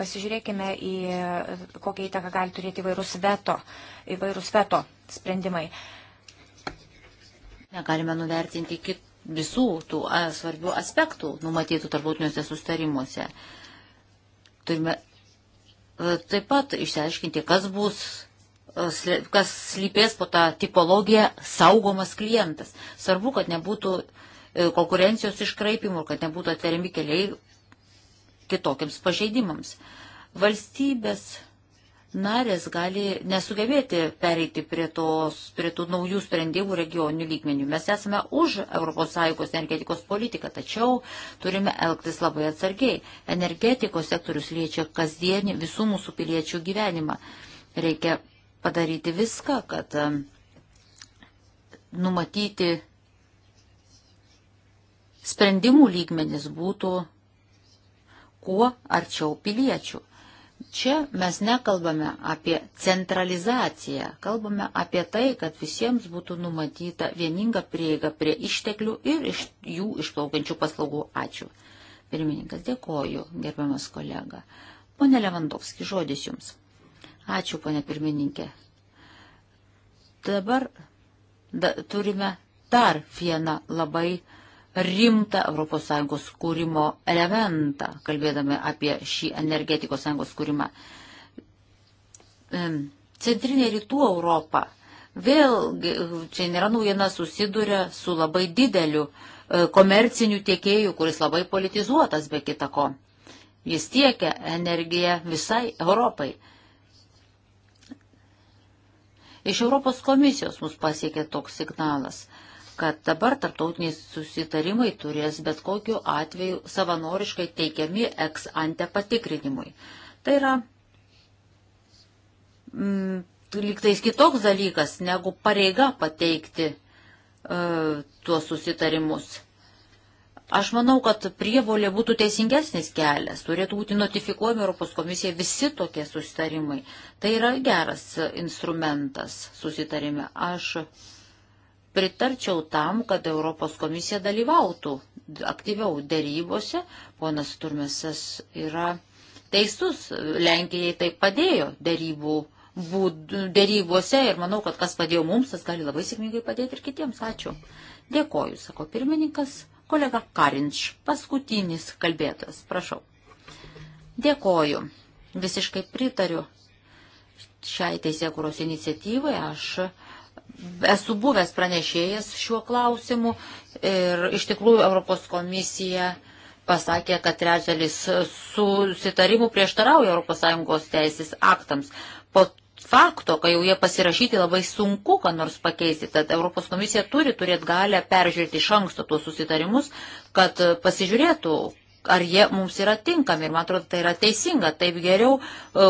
pasižiūrėkime į kokią įtaką gali turėti įvairūs veto, įvairūs veto sprendimai. Negalime nuvertinti kitų visų tų a, svarbių aspektų numatytų tarptautiniuose sustarimuose. Turime E, taip pat išsiaiškinti, kas bus, e, kas slypės po tą tipologiją saugomas klientas. Svarbu, kad nebūtų e, konkurencijos iškraipimų, kad nebūtų atveriami keliai kitokiams pažeidimams. Valstybės narės gali nesugebėti pereiti prie, tos, prie tų naujų sprendimų regioninių lygmenių. Mes esame už ES energetikos politiką, tačiau turime elgtis labai atsargiai. Energetikos sektorius liečia kasdienį visų mūsų piliečių gyvenimą. Reikia padaryti viską, kad um, numatyti sprendimų lygmenis būtų kuo arčiau piliečių. Čia mes nekalbame apie centralizaciją, kalbame apie tai, kad visiems būtų numatyta vieninga prieiga prie išteklių ir iš jų išplaukiančių paslaugų. Ačiū. Pirmininkas, dėkoju, gerbiamas kolega. Pone Levandovski, žodis jums. Ačiū, pone pirmininkė. Dabar da, turime dar vieną labai rimtą ES kūrimo elementą, kalbėdami apie šį energetikos sąjungos kūrimą. Centrinė rytų Europa vėlgi, čia nėra naujiena, susiduria su labai dideliu e, komerciniu tiekėju, kuris labai politizuotas be kitako. Jis tiekia energiją visai Europai. Iš Europos komisijos mus pasiekė toks signalas kad dabar tarptautiniai susitarimai turės bet kokiu atveju savanoriškai teikiami ex ante patikrinimui. Tai yra mm, lygtais kitoks dalykas negu pareiga pateikti e, tuos susitarimus. Aš manau, kad prievolė būtų teisingesnis kelias, turėtų būti notifikuojami Europos komisija visi tokie susitarimai. Tai yra geras instrumentas susitarime. Aš pritarčiau tam, kad Europos komisija dalyvautų aktyviau dėrybose. Ponas Turmesas yra teisus, Lenkijai tai padėjo dėrybų, būd, dėrybose ir manau, kad kas padėjo mums, tas gali labai sėkmingai padėti ir kitiems. Ačiū. Dėkoju, sako pirmininkas, kolega Karinč, paskutinis kalbėtas. Prašau. Dėkoju. Visiškai pritariu šiai teisėkuros iniciatyvai. Aš esu buvęs pranešėjas šiuo klausimu ir iš tikrųjų Europos komisija pasakė, kad trečdalis susitarimų prieštarauja ES teisės aktams. Po fakto, kai jau jie pasirašyti, labai sunku, ką nors pakeisti. Tad Europos komisija turi turėti galę peržiūrėti iš anksto tuos susitarimus, kad pasižiūrėtų, ar jie mums yra tinkami. Ir man atrodo, tai yra teisinga. Taip geriau e,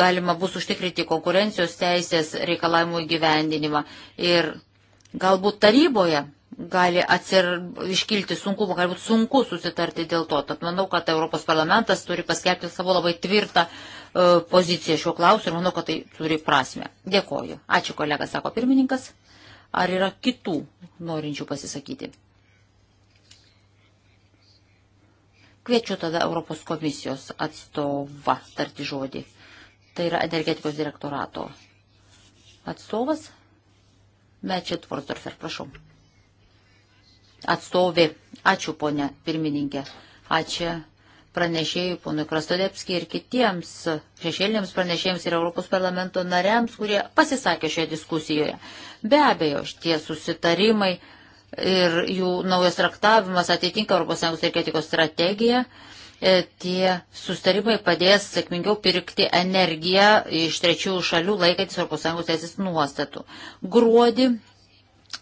galima bus užtikrinti konkurencijos teisės reikalavimų įgyvendinimą. Ir galbūt taryboje gali atsir... iškilti sunkumų, galbūt sunku susitarti dėl to. Tad manau, kad Europos parlamentas turi paskelbti savo labai tvirtą uh, poziciją šiuo klausimu ir manau, kad tai turi prasme. Dėkoju. Ačiū kolega, sako pirmininkas. Ar yra kitų norinčių pasisakyti? Kviečiu tada Europos komisijos atstovą tarti žodį. Tai yra energetikos direktorato atstovas Mečit Vordorfer, prašau. Atstovė, ačiū ponė pirmininkė, ačiū pranešėjų, ponui Krastodepskijai ir kitiems šešėlėms pranešėjams ir Europos parlamento nariams, kurie pasisakė šioje diskusijoje. Be abejo, šitie susitarimai ir jų naujas traktavimas atitinka ES energetikos strategiją. E, tie sustarimai padės sėkmingiau pirkti energiją iš trečiųjų šalių laikantis ES teisės nuostatų. Gruodį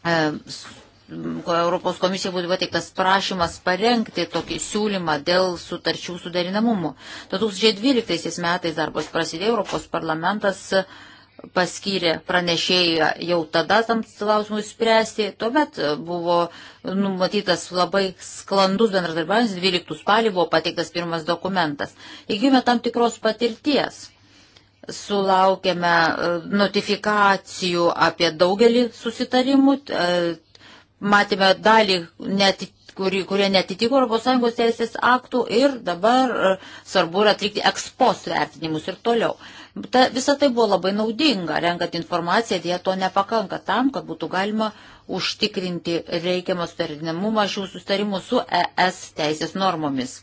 e, Europos komisija būtų pateiktas prašymas parengti tokį siūlymą dėl sutarčių suderinamumo. 2012 metais darbas prasidėjo, Europos parlamentas uh, paskyrė pranešėją jau tada tam klausimui spręsti. Tuomet buvo numatytas labai sklandus bendradarbiavimas, 12 spalį buvo pateiktas pirmas dokumentas. Įgyvome tam tikros patirties. Sulaukėme e, notifikacijų apie daugelį susitarimų, e, matėme dalį net kuri, kurie netitiko ES teisės aktų ir dabar e, svarbu yra atlikti ekspos vertinimus ir toliau. Ta, visa tai buvo labai naudinga, renkant informaciją, jie to nepakanka tam, kad būtų galima užtikrinti reikiamą sutarinamumą šių sustarimų su ES teisės normomis.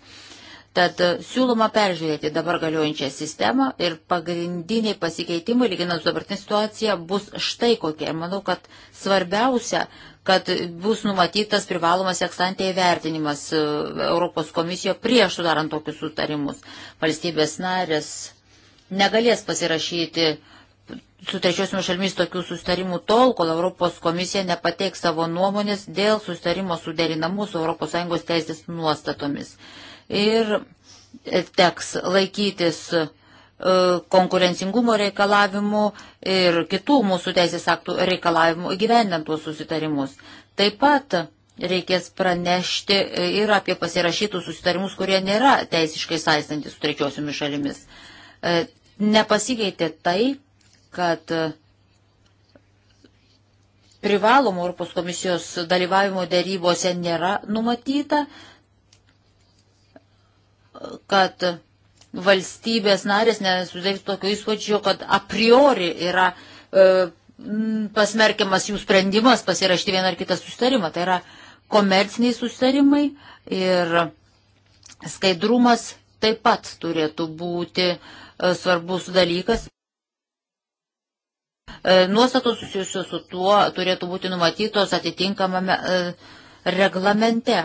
Tad e, siūloma peržiūrėti dabar galiojančią sistemą ir pagrindiniai pasikeitimai, lyginant su dabartinė situacija, bus štai kokie. Manau, kad svarbiausia, kad bus numatytas privalomas ekstantė įvertinimas e, Europos komisijo prieš sudarant tokius sutarimus. Valstybės narės negalės pasirašyti su trečiosiomis šalmis tokių sustarimų tol, kol Europos komisija nepateiks savo nuomonės dėl sustarimo suderinamų su ES teisės nuostatomis. Ir e, teks laikytis e, konkurencingumo reikalavimų ir kitų mūsų teisės aktų reikalavimų įgyvendant tuos susitarimus. Taip pat reikės pranešti e, ir apie pasirašytus susitarimus, kurie nėra teisiškai saistantis su trečiosiomis šalimis nepasikeitė tai, kad privalomo Europos komisijos dalyvavimo dėrybose nėra numatyta, kad valstybės narės nesudarys tokio įspūdžio, kad a priori yra e, pasmerkiamas jų sprendimas pasirašti vieną ar kitą sustarimą. Tai yra komerciniai sustarimai ir skaidrumas taip pat turėtų būti e, E, svarbus dalykas. E, nuostatos susijusios su tuo turėtų būti numatytos atitinkamame e, reglamente.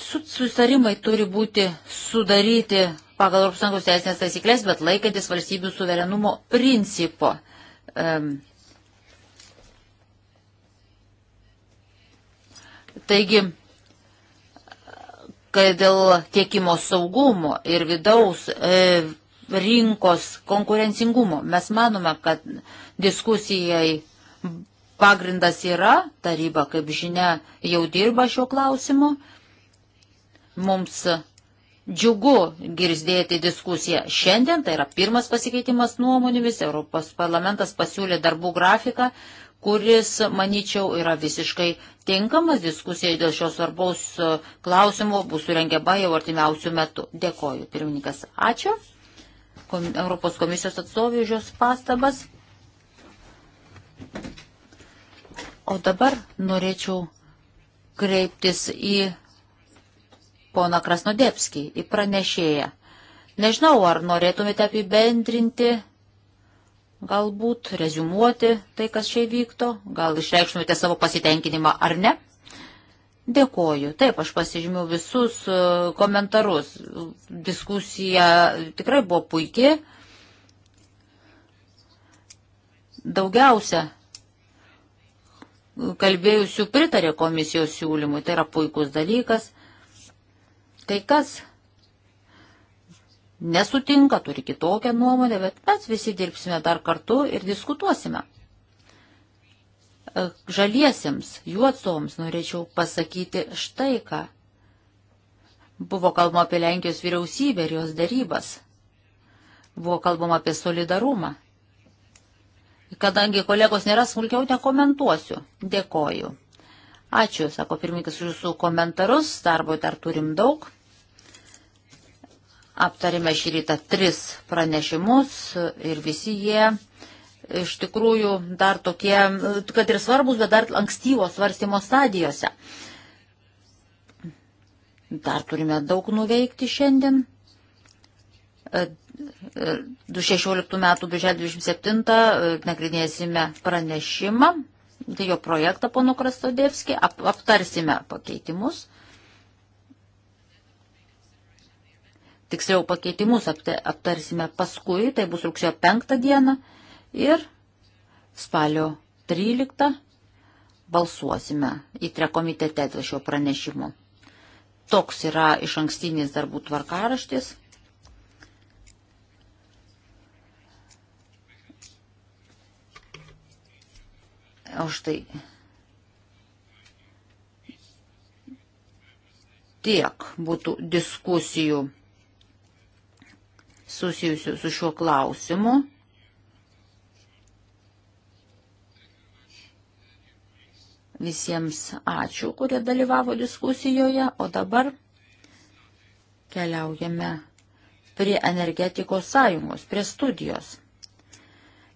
Susitarimai turi būti sudaryti pagal ES teisinės taisyklės, bet laikantis valstybių suverenumo principo. Taigi, kad dėl tiekimo saugumo ir vidaus e, rinkos konkurencingumo. Mes manome, kad diskusijai pagrindas yra, taryba, kaip žinia, jau dirba šiuo klausimu. Mums džiugu girdėti diskusiją šiandien, tai yra pirmas pasikeitimas nuomonėmis, Europos parlamentas pasiūlė darbų grafiką, kuris, manyčiau, yra visiškai tinkamas diskusijai dėl šios svarbaus e, klausimo, bus surengiama jau artimiausių metų. Dėkoju, pirmininkas. Ačiū. Kom, Europos komisijos atstovė už jos pastabas. O dabar norėčiau kreiptis į poną Krasnodepskį, į pranešėją. Nežinau, ar norėtumėte apibendrinti galbūt rezumuoti tai, kas čia vykto, gal išreikštumėte savo pasitenkinimą ar ne. Dėkoju. Taip, aš pasižymiu visus e, komentarus. Diskusija tikrai buvo puikiai. Daugiausia kalbėjusių pritarė komisijos siūlymui. Tai yra puikus dalykas. Kai kas nesutinka, turi kitokią nuomonę, bet mes visi dirbsime dar kartu ir diskutuosime. Žaliesiems, juodsoms norėčiau pasakyti štai ką. Buvo kalbama apie Lenkijos vyriausybę ir jos darybas. Buvo kalbama apie solidarumą. Kadangi kolegos nėra smulkiau, nekomentuosiu. Dėkoju. Ačiū, sako pirmininkas, už jūsų komentarus. Darbo dar turim daug. Aptarėme šį rytą tris pranešimus ir visi jie iš tikrųjų dar tokie, kad ir svarbus, bet dar ankstyvos svarstymo stadijose. Dar turime daug nuveikti šiandien. 2016 metų birželio 27 e, nagrinėsime pranešimą, tai jo projektą pono Krastodėvskį, ap, aptarsime pakeitimus. tiksliau pakeitimus aptarsime paskui, tai bus rugsėjo 5 dieną ir spalio 13 balsuosime į trekomitete dėl šio pranešimo. Toks yra iš ankstinis darbų tvarkaraštis. O štai tiek būtų diskusijų susijusių su šiuo klausimu. Visiems ačiū, kurie dalyvavo diskusijoje, o dabar keliaujame prie energetikos sąjungos, prie studijos.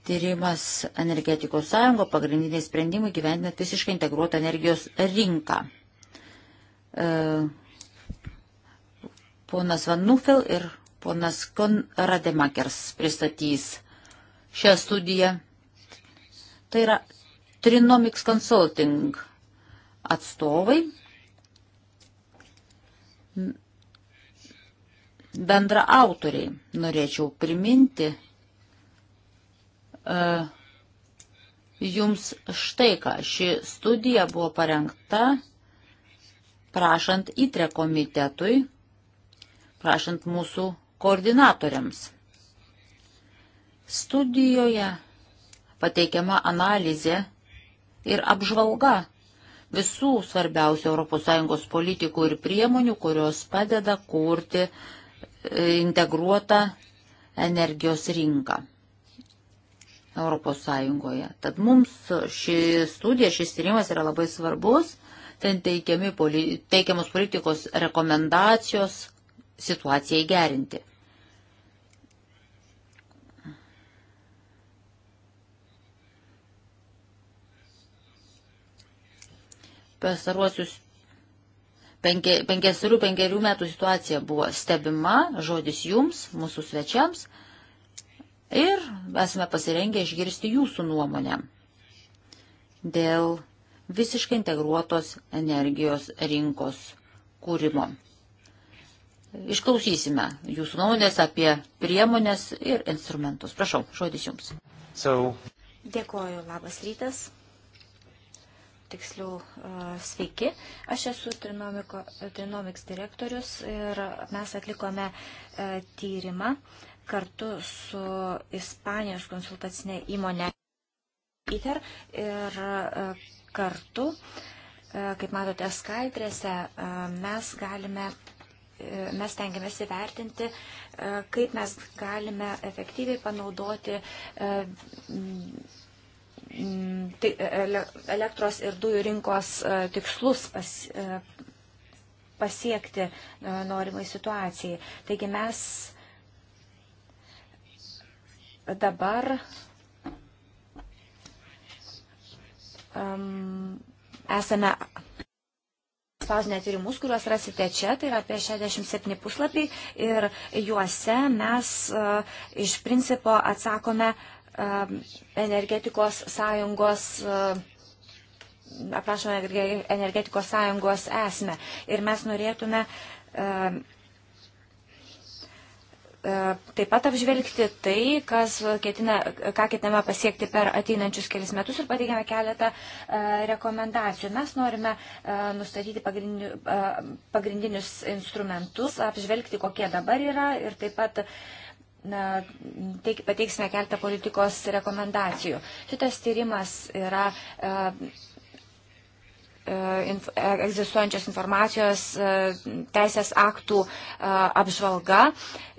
Tyrimas energetikos sąjungo pagrindiniai sprendimai gyvendinant visiškai integruotą energijos rinką. E, ponas Van Nufel ir Ponas Konrademakers pristatys šią studiją. Tai yra Trinomics Consulting atstovai. Bendra autoriai norėčiau priminti uh, jums štai ką. Ši studija buvo parengta prašant įtre komitetui, prašant mūsų koordinatoriams. Studijoje pateikiama analizė ir apžvalga visų svarbiausių ES politikų ir priemonių, kurios padeda kurti e, integruotą energijos rinką ES. Tad mums ši studija, šis tyrimas yra labai svarbus, ten teikiami, teikiamos politikos rekomendacijos situacijai gerinti. pasaruosius penke, penkesrių, penkerių metų situacija buvo stebima, žodis jums, mūsų svečiams, ir esame pasirengę išgirsti jūsų nuomonę dėl visiškai integruotos energijos rinkos kūrimo. Išklausysime jūsų nuomonės apie priemonės ir instrumentus. Prašau, žodis jums. So. Dėkuoju, labas rytas tiksliau e, sveiki. Aš esu Trinomics direktorius ir mes atlikome e, tyrimą kartu su Ispanijos konsultacinė įmonė ITER ir e, kartu, kaip matote, skaidrėse mes galime mes tengiamės įvertinti, kaip mes galime efektyviai panaudoti Mm, e, elektros ir dujų rinkos e, tikslus pas, e, pasiekti norimai situacijai. Taigi mes dabar um, esame spausdinę tyrimus, kuriuos rasite čia, tai yra apie 67 puslapiai ir juose mes uh, iš principo atsakome uh, Um, energetikos sąjungos uh, aprašome energetikos sąjungos esmę. Ir mes norėtume um, uh, taip pat apžvelgti tai, kas ketina, ką ketiname pasiekti per ateinančius kelius metus ir pateikėme keletą uh, rekomendacijų. Mes norime nustatyti pagrindinius instrumentus, apžvelgti, kokie dabar yra ir taip pat na, teik, pateiksime keltą politikos rekomendacijų. Šitas tyrimas yra e, e inf, e, egzistuojančios informacijos e, teisės aktų e, apžvalga.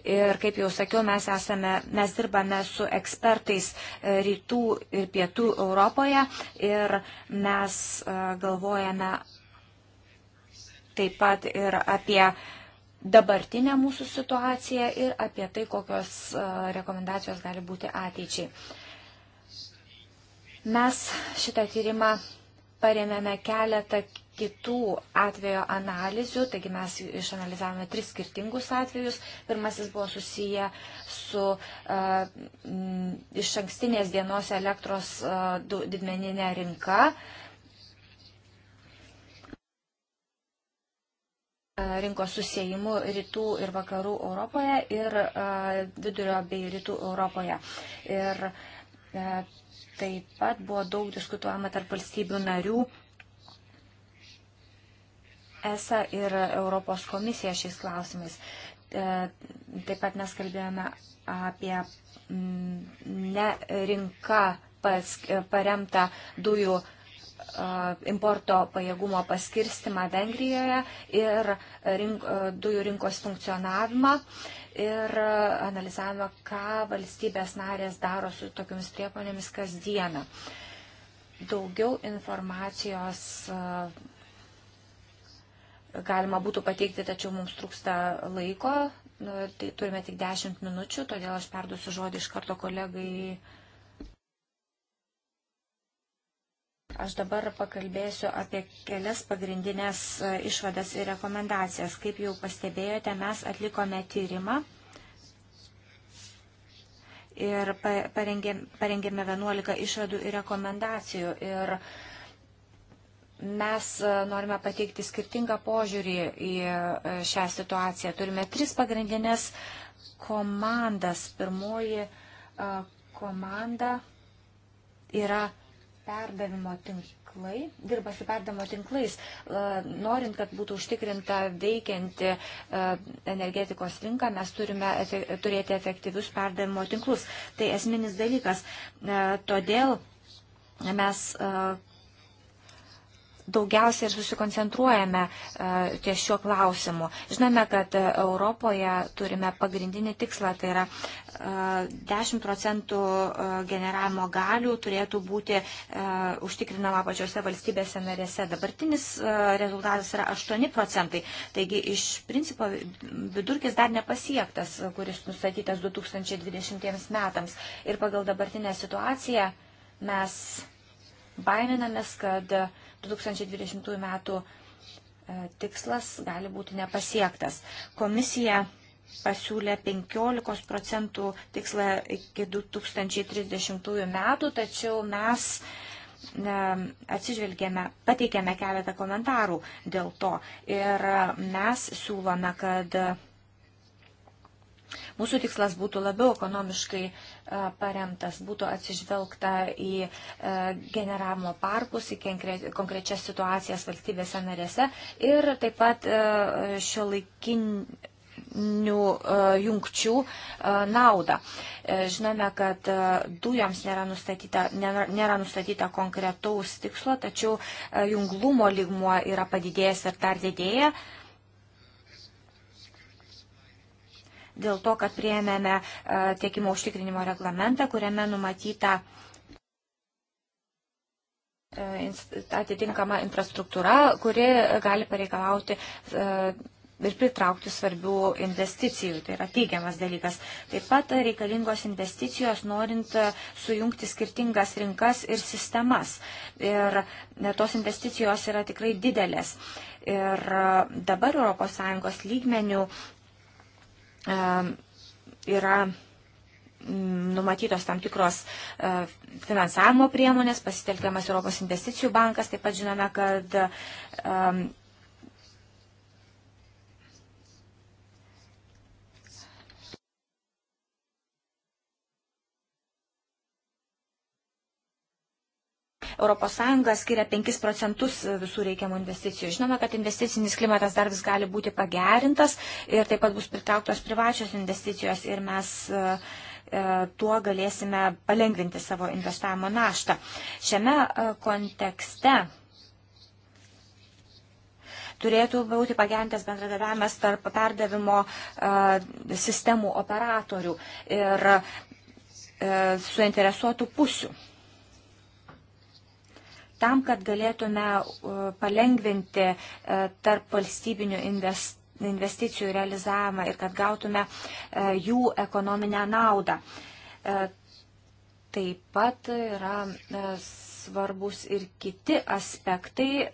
Ir kaip jau sakiau, mes, esame, mes dirbame su ekspertais e, rytų ir pietų Europoje ir mes galvojame taip pat ir apie uh, dabartinę mūsų situaciją ir apie tai, kokios e, rekomendacijos gali būti ateičiai. Mes šitą tyrimą paremėme keletą kitų atvejo analizių, taigi mes išanalizavome tris skirtingus atvejus. Pirmasis buvo susiję su uh, iš ankstinės dienos elektros uh, didmeninė rinka. Uh, E, rinkos susijimu rytų ir vakarų Europoje ir e, vidurio bei rytų Europoje. Ir e, taip pat buvo daug diskutuojama tarp valstybių narių. ESA ir Europos komisija šiais klausimais. Taip pat mes kalbėjome apie mm, ne rinką paremtą dujų uh, importo pajėgumo paskirstimą Vengrijoje ir rink, dujų rinkos funkcionavimą ir analizavimą, ką valstybės narės daro su tokiamis priemonėmis kasdieną. Daugiau informacijos galima būtų pateikti, tačiau mums trūksta laiko. Nu, tai turime tik 10 minučių, todėl aš perduosiu žodį iš karto kolegai uh, Aš dabar pakalbėsiu apie kelias pagrindinės e, išvadas ir rekomendacijas. Kaip jau pastebėjote, mes atlikome tyrimą ir parengėme, parengėme 11 išvadų ir rekomendacijų. Ir mes e, norime pateikti skirtingą požiūrį į e, šią situaciją. Turime tris pagrindinės komandas. Pirmoji komanda yra perdavimo tinklai, dirba su perdavimo tinklais, e, norint, kad būtų užtikrinta veikianti e, energetikos rinka, mes turime turėti efektyvius perdavimo tinklus. Tai esminis dalykas. E, todėl mes daugiausiai ir susikoncentruojame e, ties šiuo klausimu. Žinome, kad Europoje turime pagrindinį tikslą, tai yra 10 e, procentų e, generavimo galių turėtų būti užtikrinama pačiose valstybėse narėse. Dabartinis rezultatas yra 8 procentai. Taigi iš principo vidurkis dar nepasiektas, kuris nustatytas 2020 metams. Ir pagal dabartinę situaciją mes baiminamės, kad uh, 2020 metų e, tikslas gali būti nepasiektas. Komisija pasiūlė 15 procentų tikslą iki 2030 metų, tačiau mes e, atsižvelgėme, pateikėme keletą komentarų dėl to ir e, mes siūlome, kad Mūsų tikslas būtų labiau ekonomiškai e, paremtas, būtų atsižvelgta į e, generavimo parkus, į konkrečias situacijas valstybėse narėse ir taip pat e, šio laikinių jungčių naudą. Žinome, kad dujoms nėra nustatyta, nėra nustatyta konkretaus tikslo, tačiau junglumo lygmuo yra padidėjęs ir dar didėja. dėl to, kad prieėmėme e, tiekimo užtikrinimo reglamentą, kuriame numatyta e, atitinkama infrastruktūra, kuri gali pareikalauti e, ir pritraukti svarbių investicijų. Tai yra teigiamas dalykas. Taip pat reikalingos investicijos, norint sujungti skirtingas rinkas ir sistemas. Ir tos investicijos yra tikrai didelės. Ir dabar ES lygmenių E, yra mm, numatytos tam tikros e, finansavimo priemonės, pasitelkiamas Europos investicijų bankas, taip pat žinome, kad e, ES skiria 5 procentus visų reikiamų investicijų. Žinoma, kad investicinis klimatas dar vis gali būti pagerintas ir taip pat bus pritrauktos privačios investicijos ir mes e, e, tuo galėsime palengvinti savo investavimo naštą. Šiame e, kontekste turėtų būti pagerintas bendradarbiavimas tarp perdavimo sistemų operatorių ir suinteresuotų pusių tam, kad galėtume palengventi e, tarp valstybinių investicijų realizavimą ir kad gautume e, jų ekonominę naudą. E, taip pat yra svarbus ir kiti aspektai,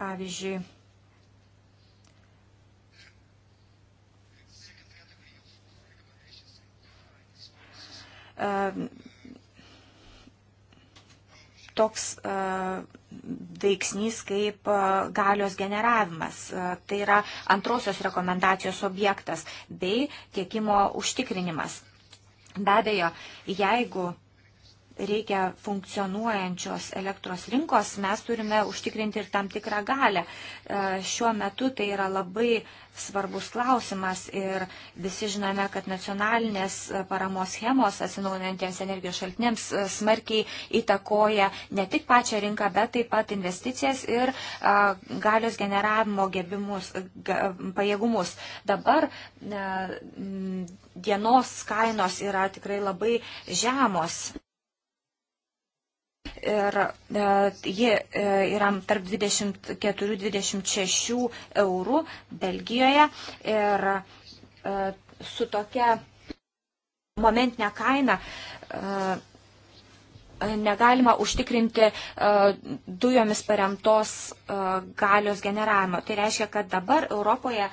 pavyzdžiui, toks e, veiksnys kaip e, galios generavimas. E, tai yra antrosios rekomendacijos objektas bei tiekimo užtikrinimas. Be abejo, jeigu reikia funkcionuojančios elektros rinkos, mes turime užtikrinti ir tam tikrą galę. E, šiuo metu tai yra labai svarbus klausimas ir visi žinome, kad nacionalinės e, paramos schemos atsinaujinantiems energijos šaltiniams e, smarkiai įtakoja ne tik pačią rinką, bet taip pat investicijas ir galios generavimo gebimus, pajėgumus. Dabar dienos kainos yra tikrai labai žemos ir e, ji e, yra tarp 24-26 eurų Belgijoje ir e, su tokia momentinė kaina negalima užtikrinti dujomis paremtos galios generavimo. Tai reiškia, kad dabar Europoje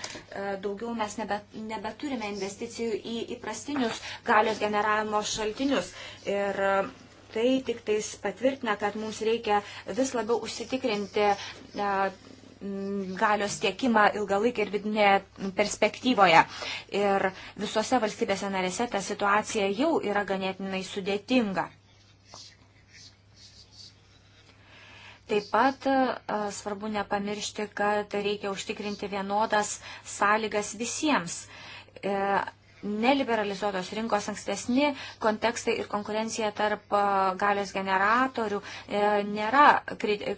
daugiau mes nebeturime investicijų į įprastinius galios generavimo šaltinius. Ir tai tik tais patvirtina, kad mums reikia vis labiau užsitikrinti galios tiekimą ilgalaikį ir vidinėje perspektyvoje. Ir visose valstybėse narėse ta situacija jau yra ganėtinai sudėtinga. Taip pat svarbu nepamiršti, kad reikia užtikrinti vienodas sąlygas visiems e, neliberalizuotos rinkos ankstesni kontekstai ir konkurencija tarp galios generatorių e, nėra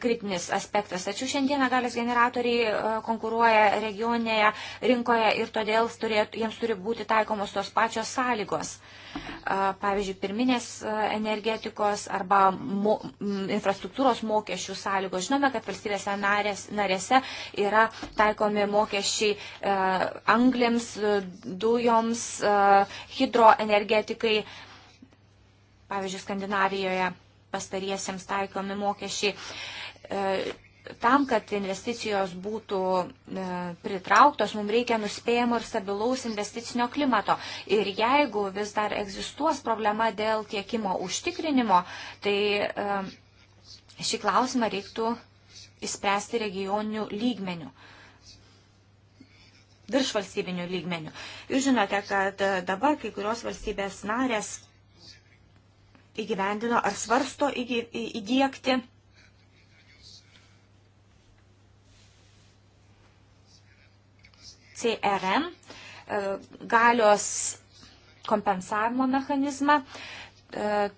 kritinis aspektas. Tačiau šiandieną galios generatoriai konkuruoja regioninėje rinkoje ir todėl turėtų, jiems turi būti taikomos tos pačios sąlygos. Pavyzdžiui, pirminės energetikos arba mo, infrastruktūros mokesčių sąlygos. Žinome, kad valstybėse narės, narėse yra taikomi mokesčiai e, anglėms, dujoms, E, hidroenergetikai, pavyzdžiui, Skandinavijoje pastariesiems taikomi mokesčiai. E, tam, kad investicijos būtų e, pritrauktos, mums reikia nuspėjimo ir stabilaus investicinio klimato. Ir jeigu vis dar egzistuos problema dėl tiekimo užtikrinimo, tai šį klausimą reiktų įspręsti regioninių lygmenių virš valstybinių lygmenių. Jūs žinote, kad e, dabar kai kurios valstybės narės įgyvendino ar svarsto įdėkti CRM e, galios kompensavimo mechanizmą. E,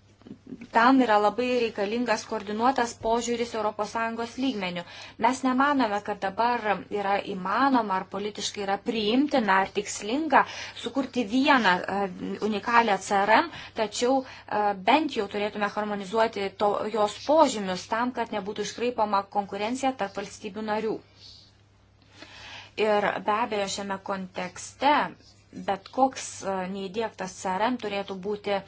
tam yra labai reikalingas koordinuotas požiūris ES lygmenių. Mes nemanome, kad dabar yra įmanoma ar politiškai yra priimtina ar tikslinga sukurti vieną e, unikalią CRM, tačiau e, bent jau turėtume harmonizuoti to, jos požymius tam, kad nebūtų iškraipama konkurencija tarp valstybių narių. Ir be abejo šiame kontekste bet koks e, neįdėktas CRM turėtų būti uh,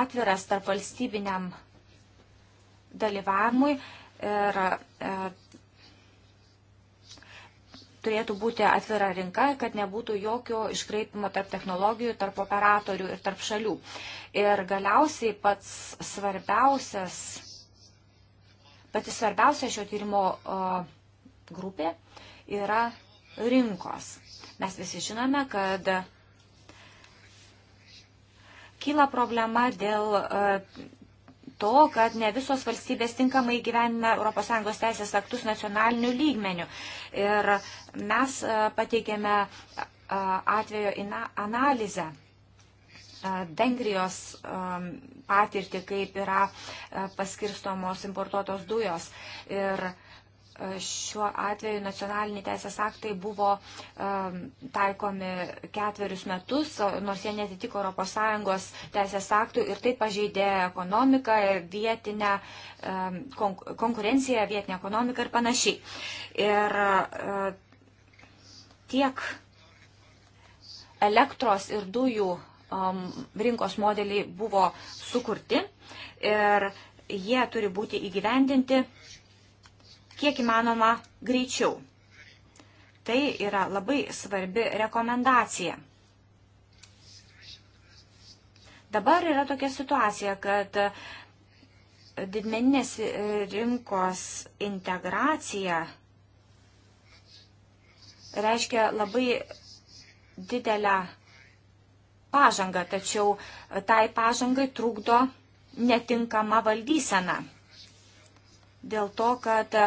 atviras tarp valstybiniam dalyvavimui ir e, turėtų būti atvira rinka, kad nebūtų jokio iškreipimo tarp technologijų, tarp operatorių ir tarp šalių. Ir galiausiai pats svarbiausias, pati svarbiausia šio tyrimo o, e, grupė yra rinkos. Mes visi žinome, kad Kyla problema dėl e, to, kad ne visos valstybės tinkamai gyvenina ES teisės aktus nacionaliniu lygmeniu. Ir mes e, pateikėme e, atvejo analizę. Vengrijos patirtį, kaip yra paskirstomos importuotos dujos. Ir uh, šiuo atveju nacionaliniai teisės aktai buvo um, taikomi ketverius metus, nors jie netitiko ES teisės aktų ir tai pažeidė ekonomiką, vietinę um, konkurenciją, vietinę ekonomiką ir panašiai. Ir uh, tiek elektros ir dujų um, rinkos modeliai buvo sukurti ir jie turi būti įgyvendinti kiek įmanoma greičiau. Tai yra labai svarbi rekomendacija. Dabar yra tokia situacija, kad didmeninės rinkos integracija reiškia labai didelę pažangą, tačiau tai pažangai trukdo netinkama valdysena. Dėl to, kad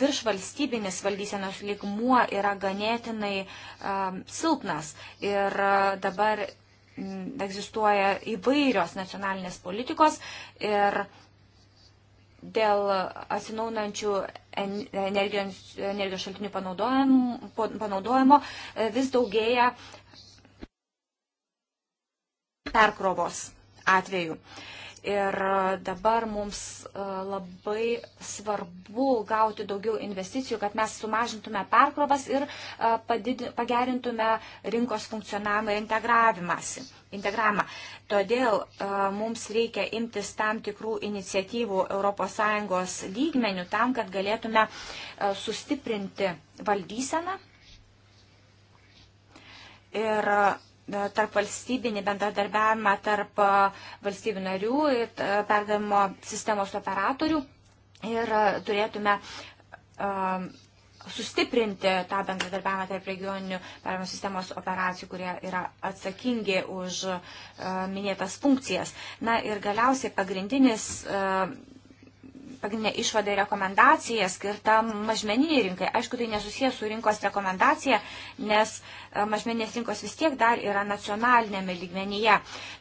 viršvalstybinis valdysenos lygmuo yra ganėtinai um, silpnas ir uh, dabar m, mm, egzistuoja įvairios nacionalinės politikos ir dėl atsinaunančių energijos, energijos šaltinių panaudojimo, panaudojimo uh, vis daugėja perkrovos atveju. Uh, Ir e, dabar mums e, labai svarbu gauti daugiau investicijų, kad mes sumažintume perkrovas ir e, padidin, pagerintume rinkos funkcionavimą ir integravimą. Todėl mums reikia imtis tam tikrų iniciatyvų ES lygmenių tam, kad galėtume sustiprinti valdyseną. Ir E, tarp valstybinį bendradarbiavimą tarp e, valstybių narių ir e, perdavimo sistemos operatorių ir turėtume sustiprinti tą bendradarbiavimą tarp regioninių perdavimo sistemos operacijų, kurie yra atsakingi už minėtas funkcijas. Na ir galiausiai pagrindinis pagrindinė išvada ir rekomendacija skirta mažmeniniai rinkai. Aišku, tai nesusijęs su rinkos rekomendacija, nes e, mažmeninės rinkos vis tiek dar yra nacionalinėme lygmenyje.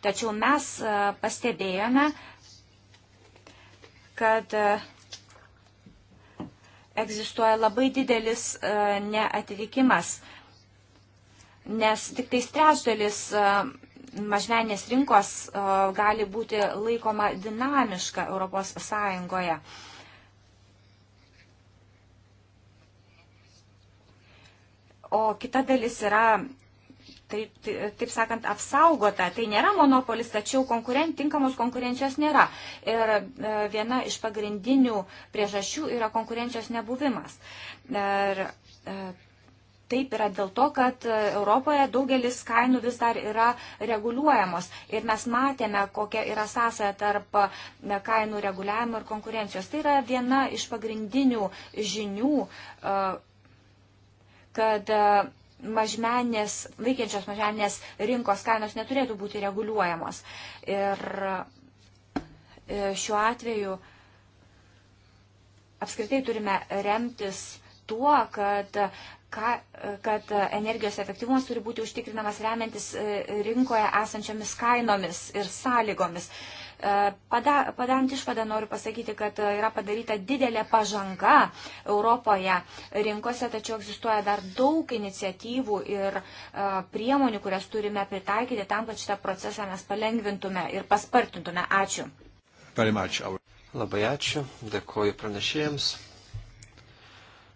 Tačiau mes e, pastebėjome, kad e, egzistuoja labai didelis neatitikimas, nes tik tai trečdalis mažmenės rinkos e, gali būti laikoma dinamiška Europos Sąjungoje. O kita dalis yra, taip, taip, taip sakant, apsaugota. Tai nėra monopolis, tačiau konkurent, tinkamos konkurencijos nėra. Ir e, viena iš pagrindinių priežasčių yra konkurencijos nebuvimas. Ir, e, Taip yra dėl to, kad e, Europoje daugelis kainų vis dar yra reguliuojamos. Ir mes matėme, kokia yra sąsaja tarp e, kainų reguliavimo ir konkurencijos. Tai yra viena iš pagrindinių žinių, e, kad mažmenės, veikiančios mažmenės rinkos kainos neturėtų būti reguliuojamos. Ir šiuo atveju apskritai turime remtis tuo, kad ka, kad energijos efektyvumas turi būti užtikrinamas remiantis e, rinkoje esančiomis kainomis ir sąlygomis. E, pada, padarant išvadą noriu pasakyti, kad yra padaryta didelė pažanga Europoje rinkose, tačiau egzistuoja dar daug iniciatyvų ir e, priemonių, kurias turime pritaikyti tam, kad šitą procesą mes palengvintume ir paspartintume. Ačiū. Labai ačiū. Dėkuoju pranešėjams.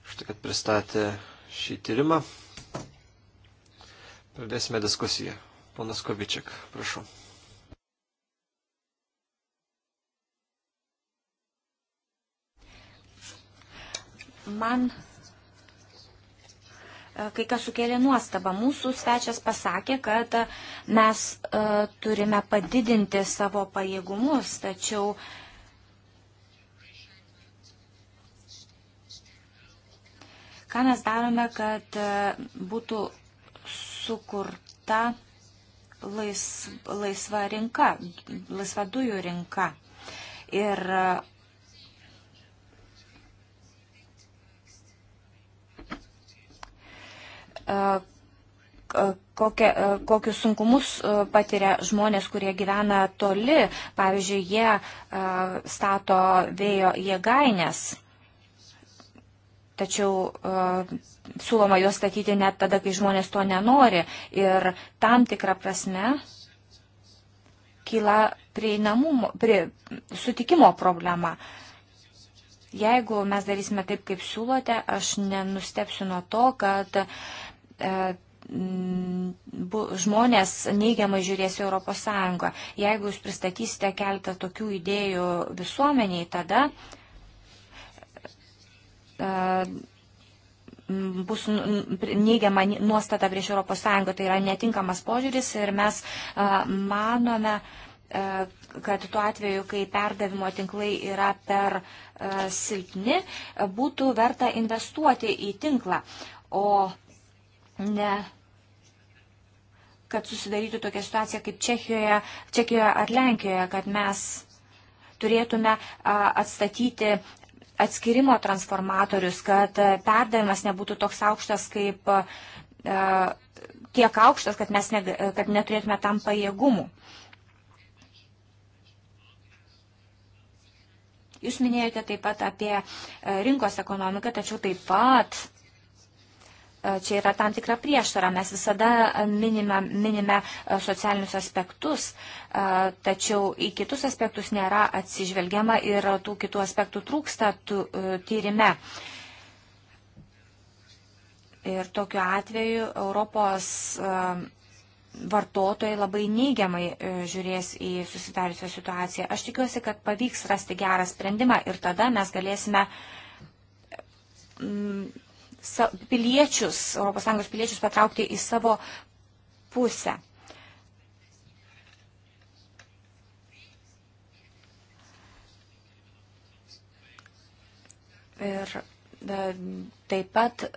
Štai, kad pristatė šį tyrimą. Pradėsime diskusiją. Ponas Kovičiak, prašau. Man e, kai kas sukėlė nuostabą. Mūsų svečias pasakė, kad mes e, turime padidinti savo pajėgumus, tačiau uh, Ką mes darome, kad e, būtų sukurta lais, laisva rinka, laisva dujų rinka. Ir e, kokie, kokius sunkumus e, patiria žmonės, kurie gyvena toli. Pavyzdžiui, jie stato vėjo jėgainės tačiau uh, siūloma juos statyti net tada, kai žmonės to nenori. Ir tam tikrą prasme kyla prieinamumo, prie sutikimo problema. Jeigu mes darysime taip, kaip siūlote, aš nenustepsiu nuo to, kad uh, žmonės neigiamai žiūrės į Europos Sąjungą. Jeigu jūs pristatysite keletą tokių idėjų visuomeniai, tada uh, E, bus neigiama nuostata prieš ES, tai yra netinkamas požiūris ir mes e, manome, e, kad tuo atveju, kai perdavimo tinklai yra per silpni, būtų verta investuoti į tinklą, o ne kad susidarytų tokia situacija kaip Čekijoje, Čekijoje ar Lenkijoje, kad mes turėtume atstatyti atskirimo transformatorius, kad e, perdavimas nebūtų toks aukštas kaip e, tiek aukštas, kad mes ne, kad neturėtume tam pajėgumų. Jūs minėjote taip pat apie e, rinkos ekonomiką, tačiau taip pat čia yra tam tikra prieštara. Mes visada minime, minime socialinius aspektus, tačiau į kitus aspektus nėra atsižvelgiama ir tų kitų aspektų trūksta tų, tyrime. Ir tokiu atveju Europos vartotojai labai neigiamai e, žiūrės į susidariusią situaciją. Aš tikiuosi, kad pavyks rasti gerą sprendimą ir tada mes galėsime piliečius, ES piliečius patraukti į savo pusę. Ir e, taip pat e,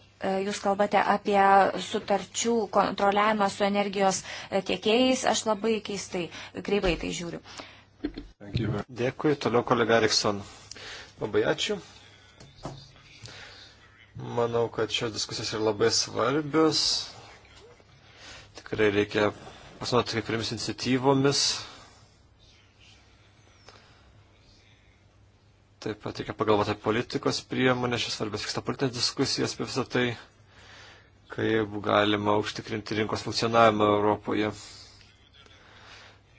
jūs kalbate apie sutarčių kontroliavimą su energijos e, tiekėjais. Aš labai keistai, kreivai tai žiūriu. Dėkui, toliau kolega Erikson. Labai ačiū. Manau, kad šios diskusijos yra labai svarbios. Tikrai reikia pasinaudoti kai kuriamis iniciatyvomis. Taip pat reikia pagalvoti apie politikos priemonę, šias svarbės vyksta politinės diskusijas apie visą tai, kaip galima užtikrinti rinkos funkcionavimą Europoje.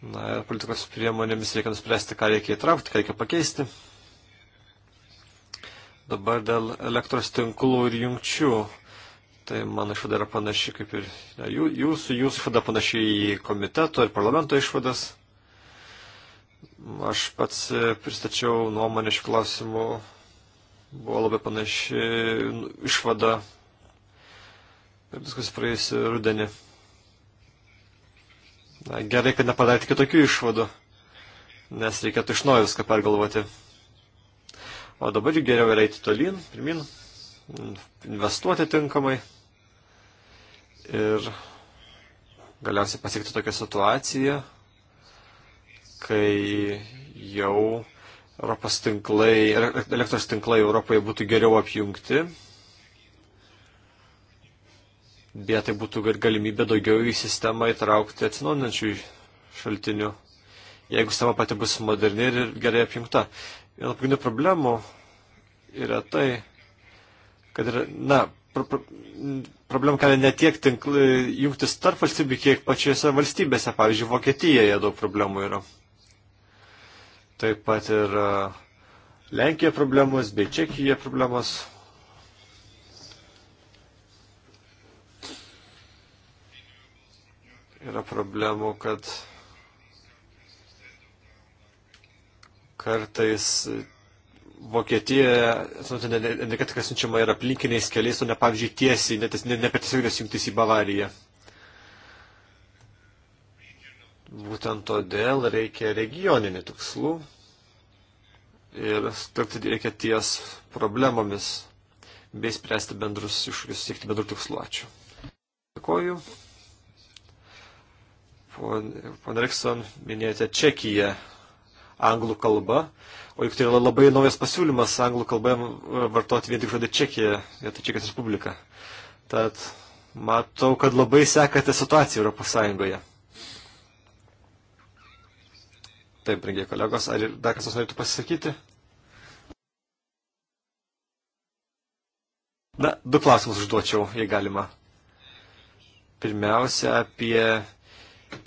Na ir politikos priemonėmis reikia nuspręsti, ką reikia įtraukti, ką reikia pakeisti. Dabar dėl elektros tinklų ir jungčių. Tai mano išvada yra panaši kaip ir na, jūsų, jūsų išvada panaši į komiteto ir parlamento išvadas. Aš pats e, pristačiau nuomonę iš klausimų, buvo labai panaši išvada ir viskas praėjusi rudenį. Na, gerai, kad nepadarėte kitokių išvadų, nes reikėtų iš naujo viską pergalvoti. O dabar geriau yra eiti tolyn, pirmin, investuoti tinkamai ir galiausiai pasiekti tokią situaciją, kai jau Europos tinklai, elektros tinklai Europoje būtų geriau apjungti, bet tai būtų galimybė daugiau į sistemą įtraukti atsinaujinančių šaltinių, jeigu sistema pati bus moderni ir gerai apjungta. Viena pagrindinių problemų yra tai, kad yra, na, pro, pro, problemų kelia ne tiek tinklai jungtis tarp valstybių, kiek pačiose valstybėse. Pavyzdžiui, Vokietijoje daug problemų yra. Taip pat ir Lenkija problemos, bei Čekija problemos. Yra problemų, kad Kartais Vokietijoje energetika siunčiama ir aplinkiniais keliais, o ne pavyzdžiui tiesiai, net ne, ne per tiesioginės jungtis į Bavariją. Būtent todėl reikia regioninių tikslų ir stelkti reikia ties problemomis bei spręsti bendrus iššūkius, siekti bendrų tikslų. Ačiū. Dėkoju. Pone Rikson, minėjote Čekiją anglų kalba, o juk tai yra labai naujas pasiūlymas anglų kalboje vartoti vien tik žodį Čekija, vietoj Čekijos Respublika. Tad matau, kad labai sekate situaciją Europos Sąjungoje. Taip, brangiai kolegos, ar dar kas nors norėtų pasisakyti? Na, du klausimus užduočiau, jei galima. Pirmiausia, apie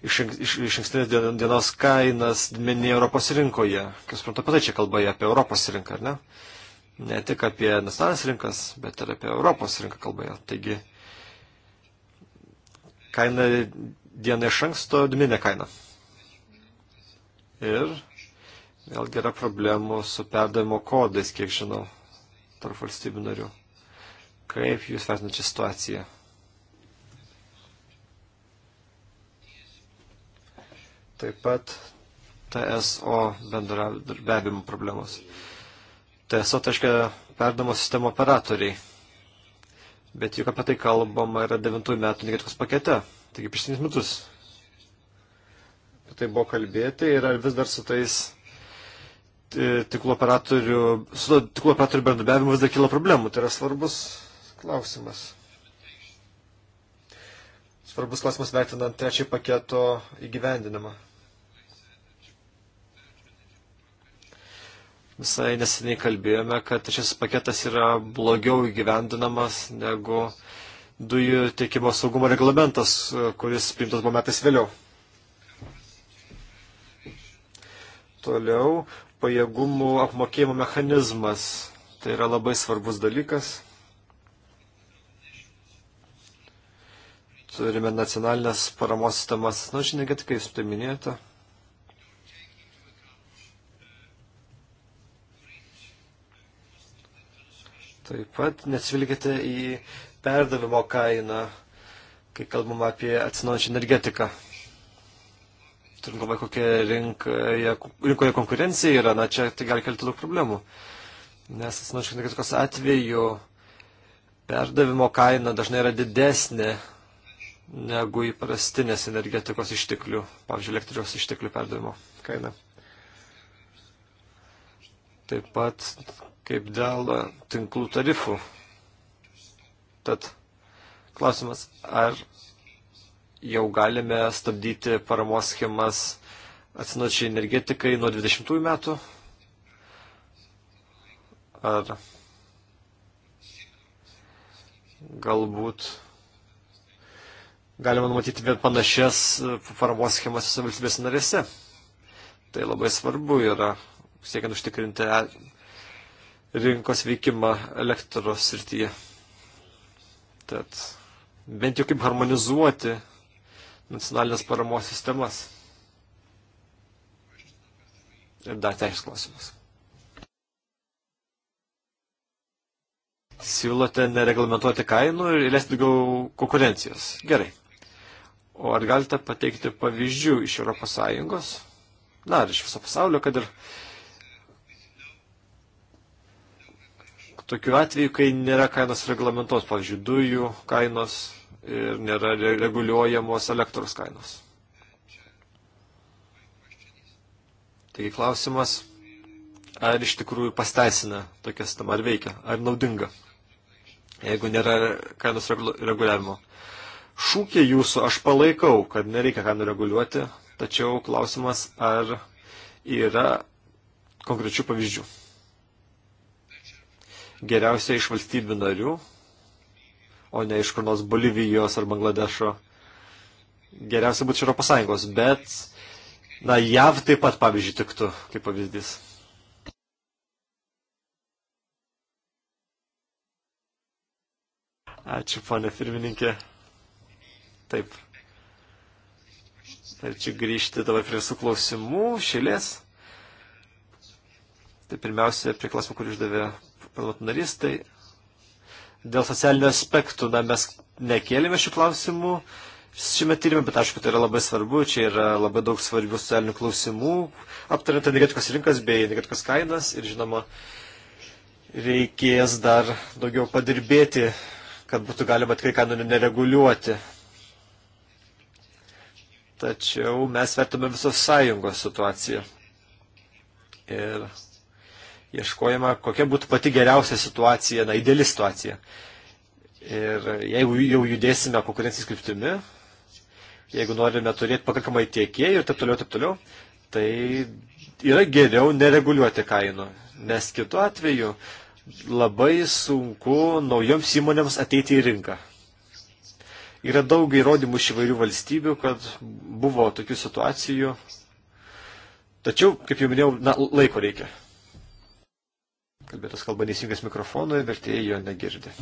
iš, iš, iš ankstinės dienos kainas minėjo Europos rinkoje. Kaip suprantu, apie tai čia kalba apie Europos rinką, ar ne? Ne tik apie nacionalinės rinkas, bet ir apie Europos rinką kalbėjo. Taigi, kaina diena iš anksto dminė kaina. Ir vėlgi yra problemų su perdavimo kodais, kiek žinau, tarp valstybių narių. Kaip jūs vertinate situaciją? Taip pat TSO bendradarbiavimo problemos. TSO tai reiškia perdamo sistemo operatoriai. Bet juk apie tai kalbama yra 9 metų energetikos pakete, taigi prieš 7 metus. Apie tai buvo kalbėti ir ar vis dar su tais e, tiklų operatorių, su tiklų operatorių bendradarbiavimu vis dar kyla problemų. Tai yra svarbus klausimas. Svarbus klausimas vertinant trečią paketo įgyvendinimą. Visai neseniai kalbėjome, kad šis paketas yra blogiau įgyvendinamas negu dujų tiekimo saugumo reglamentas, kuris priimtas buvo metais vėliau. Toliau pajėgumų apmokėjimo mechanizmas. Tai yra labai svarbus dalykas. Turime nacionalinės paramos sistemas. Na, žinai, kad kaip jūs tai minėjote. Taip pat neatsvilgite į perdavimo kainą, kai kalbam apie atsinaujančią energetiką. Turim galvoje, kokia rinkoje, rinkoje konkurencija yra, na čia tai gali kelti daug problemų. Nes atsinaujančios energetikos atveju perdavimo kaina dažnai yra didesnė negu įprastinės energetikos išteklių, pavyzdžiui, elektrijos išteklių perdavimo kaina. Taip pat kaip dėl tinklų tarifų. Tad klausimas, ar jau galime stabdyti paramos schemas atsinačiai energetikai nuo 20 metų? Ar galbūt galima numatyti vien panašias paramos schemas visose valstybės narėse? Tai labai svarbu yra siekiant užtikrinti rinkos veikimą elektros srityje. Tad bent jau kaip harmonizuoti nacionalinės paramos sistemas. Ir dar teisės klausimas. Siūlote nereglamentuoti kainų ir įleisti daugiau konkurencijos. Gerai. O ar galite pateikti pavyzdžių iš ES, na, ar iš viso pasaulio, kad ir tokių atvejų, kai nėra kainos reglamentos, pavyzdžiui, dujų kainos ir nėra reguliuojamos elektros kainos. Taigi klausimas, ar iš tikrųjų pasteisina tokia sistema, ar veikia, ar naudinga, jeigu nėra kainos reguliavimo. Šūkį jūsų aš palaikau, kad nereikia kainų reguliuoti, tačiau klausimas, ar yra konkrečių pavyzdžių geriausia iš valstybių narių, o ne iš kur nors Bolivijos ar Bangladešo. Geriausia būtų iš Europos Sąjungos, bet, na, JAV taip pat, pavyzdžiui, tiktų, kaip pavyzdys. Ačiū, ponė pirmininkė. Taip. Verčiu grįžti dabar prie visų klausimų, šilės. Tai pirmiausia, prie klausimų, kur išdavė parlamento narys, tai dėl socialinių aspektų, na, mes nekėlėme šių klausimų šiame tyrimė, bet aišku, tai yra labai svarbu, čia yra labai daug svarbių socialinių klausimų, aptariant energetikos rinkas bei energetikos kainas ir, žinoma, reikės dar daugiau padirbėti, kad būtų galima tikrai kainų nereguliuoti. Tačiau mes vertame visos sąjungos situaciją. Ir ieškojama, kokia būtų pati geriausia situacija, na, ideali situacija. Ir jeigu jau judėsime konkurencijos kryptimi, jeigu norime turėti pakankamai tiekėjų ir taip toliau, taip toliau, tai yra geriau nereguliuoti kainų, nes kitu atveju labai sunku naujoms įmonėms ateiti į rinką. Yra daug įrodymų iš įvairių valstybių, kad buvo tokių situacijų. Tačiau, kaip jau minėjau, na, laiko reikia. Kalbėtas kalba neįsijungęs mikrofono ir vertėjai jo negirdi.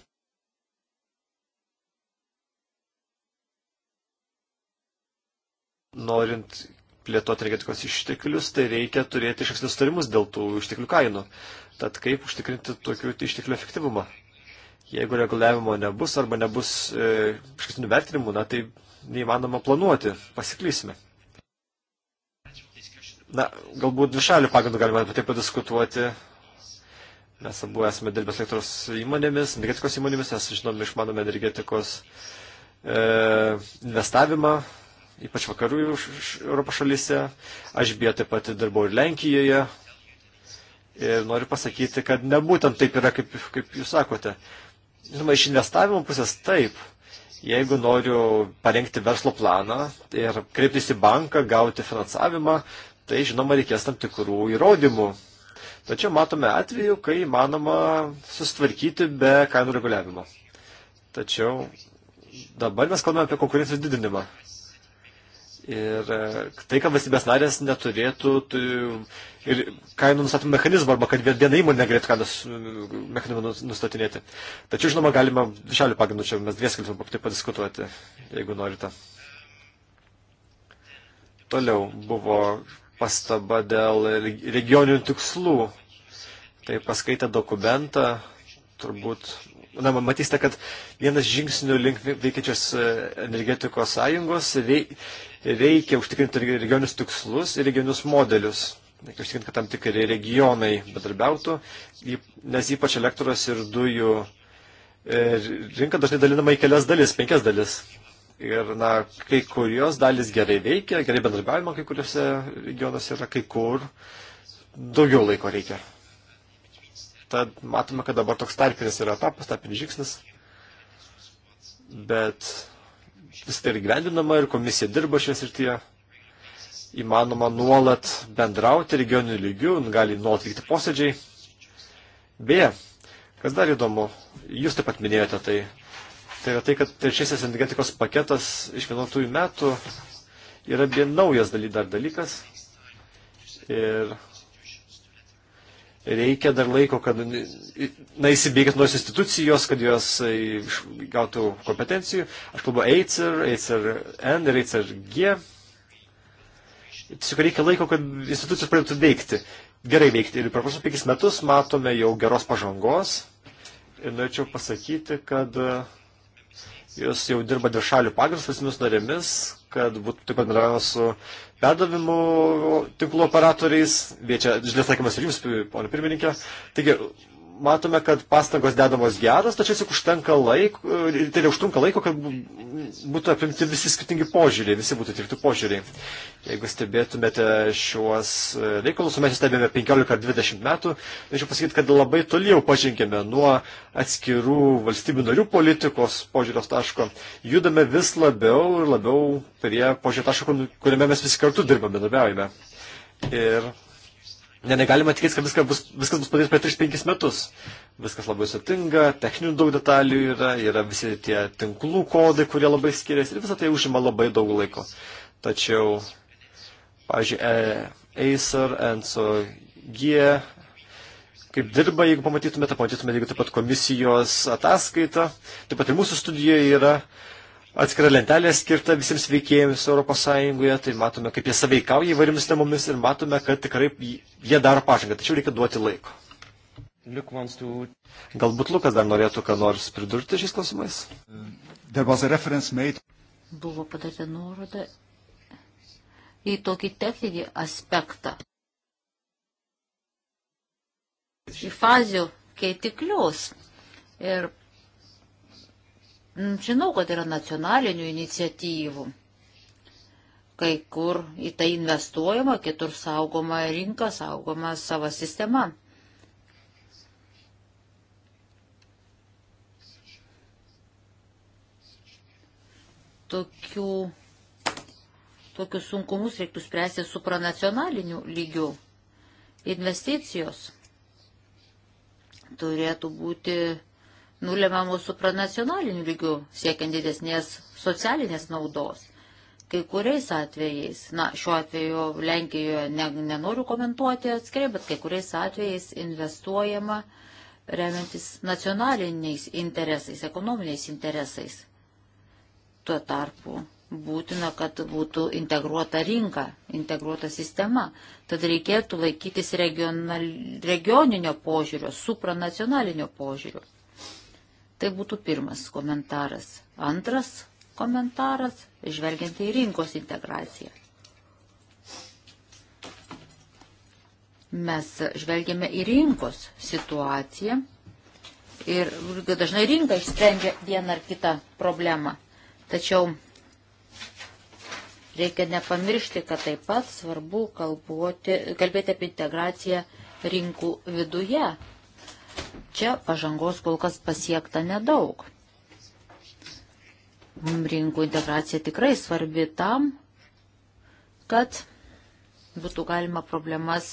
Norint plėtoti energetikos išteklius, tai reikia turėti iš ankstinius tarimus dėl tų išteklių kainų. Tad kaip užtikrinti tokių išteklių efektyvumą? Jeigu reguliavimo nebus arba nebus e, iškastinių vertinimų, na, tai neįmanoma planuoti, pasiklysime. Na, galbūt dvišalių pagrindų galima apie tai padiskutuoti, Mes abu esame dirbę elektros įmonėmis, energetikos įmonėmis, nes žinome, išmanome energetikos e, investavimą, ypač vakarų Europos šalyse. Aš bijo taip pat dirbau ir Lenkijoje. Ir noriu pasakyti, kad nebūtent taip yra, kaip, kaip jūs sakote. Žinoma, iš investavimo pusės taip. Jeigu noriu parengti verslo planą ir kreiptis į banką, gauti finansavimą, tai žinoma reikės tam tikrų įrodymų, Tačiau matome atveju, kai manoma sustvarkyti be kainų reguliavimo. Tačiau dabar mes kalbame apie konkurencijos didinimą. Ir e, tai, kad valstybės narės neturėtų tai, ir kainų nustatymų mechanizmą, arba kad viena įmonė negalėtų kainos mechanizmą nustatinėti. Tačiau, žinoma, galima šalių pagrindų čia mes dvies galime taip padiskutuoti, jeigu norite. Toliau buvo pastaba dėl regioninių tikslų tai paskaitę dokumentą, turbūt, na, matysite, kad vienas žingsnių link veikiančios e, energetikos sąjungos reikia užtikrinti regionius tikslus ir regionius modelius. Reikia užtikrinti, kad tam tikri regionai bedarbiautų, nes ypač elektros ir dujų e, rinka dažnai dalinama į kelias dalis, penkias dalis. Ir, na, kai kurios dalis gerai veikia, gerai bendradarbiavimo kai kuriuose regionuose yra, kai kur daugiau laiko reikia. Tad matome, kad dabar toks tarpinis yra etapas, tarpinis žingsnis. Bet vis tai ir gyvendinama ir komisija dirba šios ir tie. Įmanoma nuolat bendrauti regionių lygių, gali nuolat vykti posėdžiai. Beje, kas dar įdomu, jūs taip pat minėjote tai, tai yra tai, kad trečiasis energetikos paketas iš 11 metų yra vien naujas daly, dar dalykas. Ir reikia dar laiko, kad na, įsibėgėt nuos institucijos, kad jos e, gautų kompetencijų. Aš kalbu ACER, ACER N ir ACER G. Tiesiog reikia laiko, kad institucijos pradėtų veikti. Gerai veikti. Ir per pasus penkis metus matome jau geros pažangos. Ir norėčiau pasakyti, kad e, jos jau dirba dvišalių pagrindus valstybės narėmis, kad būtų taip pat bendravimas su perdavimo tinklų operatoriais, bei čia žinias taikymas ir jums, ponė pirmininkė. Taigi, matome, kad pastangos dedamos geros, tačiau tiesiog užtenka laiko, e, tai užtrunka laiko, kad būtų apimti visi skirtingi požiūriai, visi būtų tirti požiūriai. Jeigu stebėtumėte šiuos e, reikalus, mes stebėjome 15 ar 20 metų, norėčiau pasakyti, kad labai toli jau pažengėme nuo atskirų valstybių narių politikos požiūrios taško. Judame vis labiau ir labiau prie požiūrio taško, kuriame mes visi kartu dirbame, darbiaujame. Ir Ne, negalima tikėtis, kad viskas bus, viskas bus padaryta per 3-5 metus. Viskas labai sutinga, techninių daug detalių yra, yra visi tie tinklų kodai, kurie labai skiriasi ir visą tai užima labai daug laiko. Tačiau, pavyzdžiui, e, Acer, Enso, G, e, kaip dirba, jeigu pamatytumėte, pamatytumėte, jeigu taip pat komisijos ataskaita, taip pat ir mūsų studijoje yra atskira lentelė skirta visiems veikėjams ES, tai matome, kaip jie saveikauja įvairiomis temomis ir matome, kad tikrai jie daro pažangą, tačiau reikia duoti laiko. Galbūt Lukas dar norėtų ką nors pridurti šiais klausimais? Buvo padaryta nuoroda į tokį techninį aspektą. Į fazių keitiklius. Ir Mm, žinau, kad yra nacionalinių iniciatyvų. Kai kur į tai investuojama, kitur saugoma rinka, saugoma sava sistema. Tokių, tokius sunkumus reiktų spręsti supranacionaliniu lygiu. Investicijos turėtų būti nulemiamų supranacionalinių lygių siekiant didesnės socialinės naudos. Kai kuriais atvejais, na, šiuo atveju Lenkijoje ne, nenoriu komentuoti atskirai, bet kai kuriais atvejais investuojama remiantis nacionaliniais interesais, ekonominiais interesais. Tuo tarpu būtina, kad būtų integruota rinka, integruota sistema. Tad reikėtų laikytis regional, regioninio požiūrio, supranacionalinio požiūrio. Tai būtų pirmas komentaras. Antras komentaras, žvelgiant į rinkos integraciją. Mes žvelgiame į rinkos situaciją ir dažnai rinka išsprendžia vieną ar kitą problemą. Tačiau reikia nepamiršti, kad taip pat svarbu kalbuoti, kalbėti apie integraciją rinkų viduje Čia pažangos kol kas pasiekta nedaug. Rinkų integracija tikrai svarbi tam, kad būtų galima problemas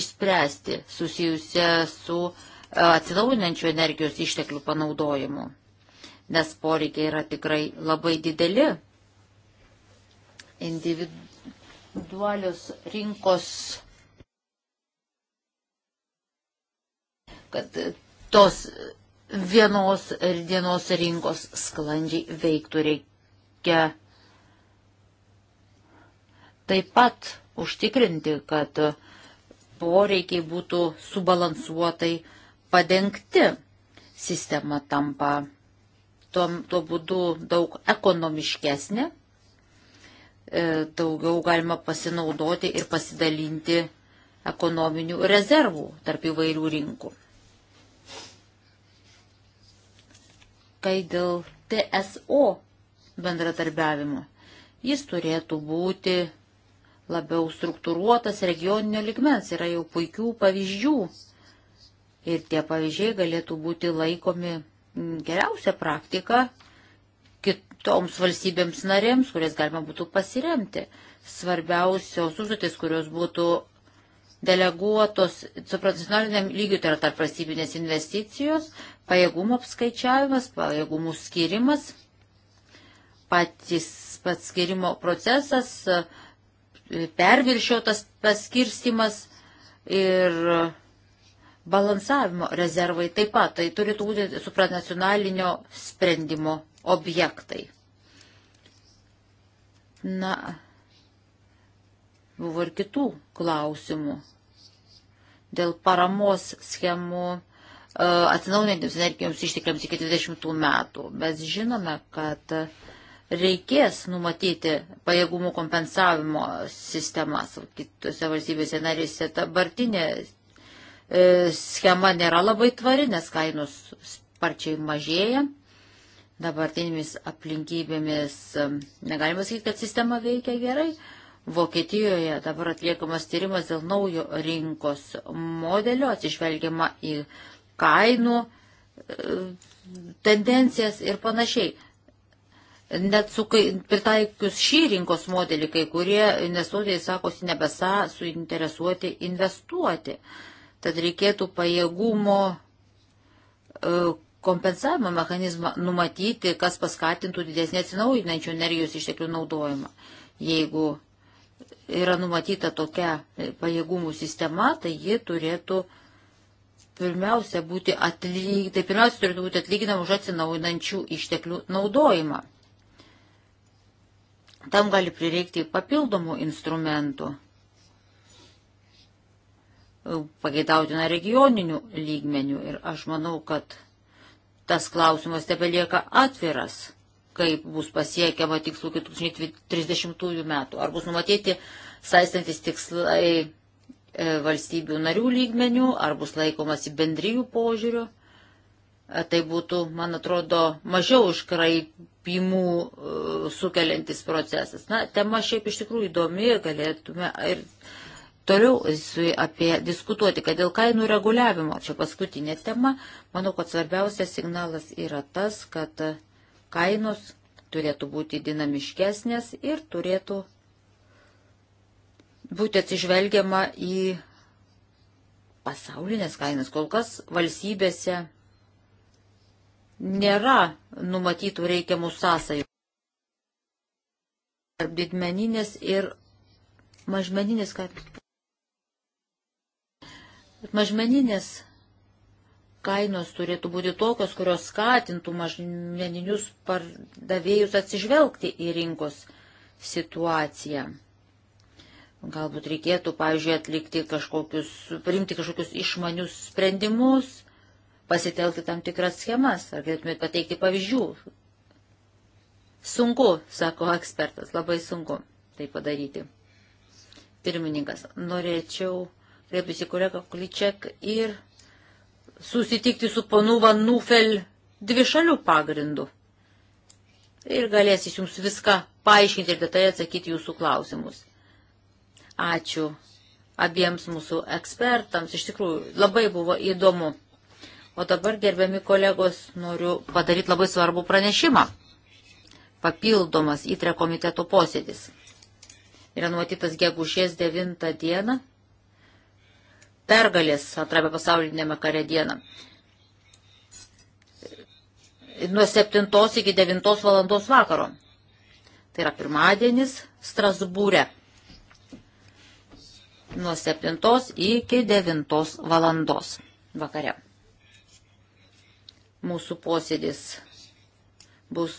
išspręsti susijusią su e, atsinaujinančių energijos išteklių panaudojimu, nes poreikiai yra tikrai labai dideli. Individualios rinkos kad tos vienos dienos rinkos sklandžiai veiktų reikia taip pat užtikrinti, kad poreikiai būtų subalansuotai padengti. Sistema tampa tuo, tuo būdu daug ekonomiškesnė, e, daugiau galima pasinaudoti ir pasidalinti ekonominių rezervų tarp įvairių rinkų. kai dėl TSO bendradarbiavimo. Jis turėtų būti labiau struktūruotas regioninio ligmens, yra jau puikių pavyzdžių. Ir tie pavyzdžiai galėtų būti laikomi mm, geriausia praktika kitoms valstybėms narėms, kurias galima būtų pasiremti. Svarbiausios užduotis, kurios būtų deleguotos, su profesionaliniam lygiu tai yra tarp valstybinės investicijos, pajėgumo apskaičiavimas, pajėgumų skirimas, patys pats skirimo procesas, perviršiotas paskirstimas ir balansavimo rezervai taip pat, tai turėtų būti supranacionalinio sprendimo objektai. Na, Buvo ir kitų klausimų dėl paramos schemų e, atsinaujantiems energijoms ištikliams iki 20 metų. Mes žinome, kad reikės numatyti pajėgumų kompensavimo sistemas kitose valstybėse narėse. Dabartinė e, schema nėra labai tvari, nes kainos sparčiai mažėja. Dabartinėmis aplinkybėmis e, negalima sakyti, kad sistema veikia gerai. Vokietijoje dabar atliekamas tyrimas dėl naujo rinkos modelio, atsižvelgiama į kainų e, tendencijas ir panašiai. Net su, kai, pritaikius šį rinkos modelį, kai kurie investuotojai sakosi nebesą suinteresuoti investuoti. Tad reikėtų pajėgumo e, kompensavimo mechanizmą numatyti, kas paskatintų didesnį atsinaujinančių energijos išteklių naudojimą. Jeigu yra numatyta tokia pajėgumų sistema, tai ji turėtų pirmiausia būti, atlyg... tai pirmiausia turėtų būti atlyginama už atsinaujinančių išteklių naudojimą. Tam gali prireikti papildomų instrumentų, pageidautina regioninių lygmenių ir aš manau, kad tas klausimas tebelieka atviras kaip bus pasiekiama tikslų 2030 metų, ar bus numatyti saistantis tikslai e, valstybių narių lygmenių, ar bus laikomasi bendrijų požiūrių. E, tai būtų, man atrodo, mažiau iškraipimų e, sukeliantis procesas. Na, tema šiaip iš tikrųjų įdomi, galėtume ir toliau su apie diskutuoti, kad dėl kainų reguliavimo, čia paskutinė tema, manau, kad svarbiausias signalas yra tas, kad kainos turėtų būti dinamiškesnės ir turėtų būti atsižvelgiama į pasaulinės kainas. Kol kas valstybėse nėra numatytų reikiamų sąsajų tarp didmeninės ir mažmeninės kainos. Mažmeninės kainos turėtų būti tokios, kurios skatintų mažmeninius pardavėjus atsižvelgti į rinkos situaciją. Galbūt reikėtų, pavyzdžiui, atlikti kažkokius, priimti kažkokius išmanius sprendimus, pasitelkti tam tikras schemas. Ar galėtumėte pateikti pavyzdžių? Sunku, sako ekspertas, labai sunku tai padaryti. Pirmininkas, norėčiau kreiptis į kolegą Kličiak ir susitikti su ponu Van Nufel dvi šalių pagrindų. Ir galės jis jums viską paaiškinti ir detaliai atsakyti jūsų klausimus. Ačiū abiems mūsų ekspertams. Iš tikrųjų, labai buvo įdomu. O dabar, gerbiami kolegos, noriu padaryti labai svarbų pranešimą. Papildomas įtre komiteto posėdis. Yra numatytas gegužės 9 dieną pergalės antrame pasaulinėme kare dieną. Nuo 7 iki 9 valandos vakaro. Tai yra pirmadienis Strasbūre. Nuo 7 iki 9 valandos vakare. Mūsų posėdis bus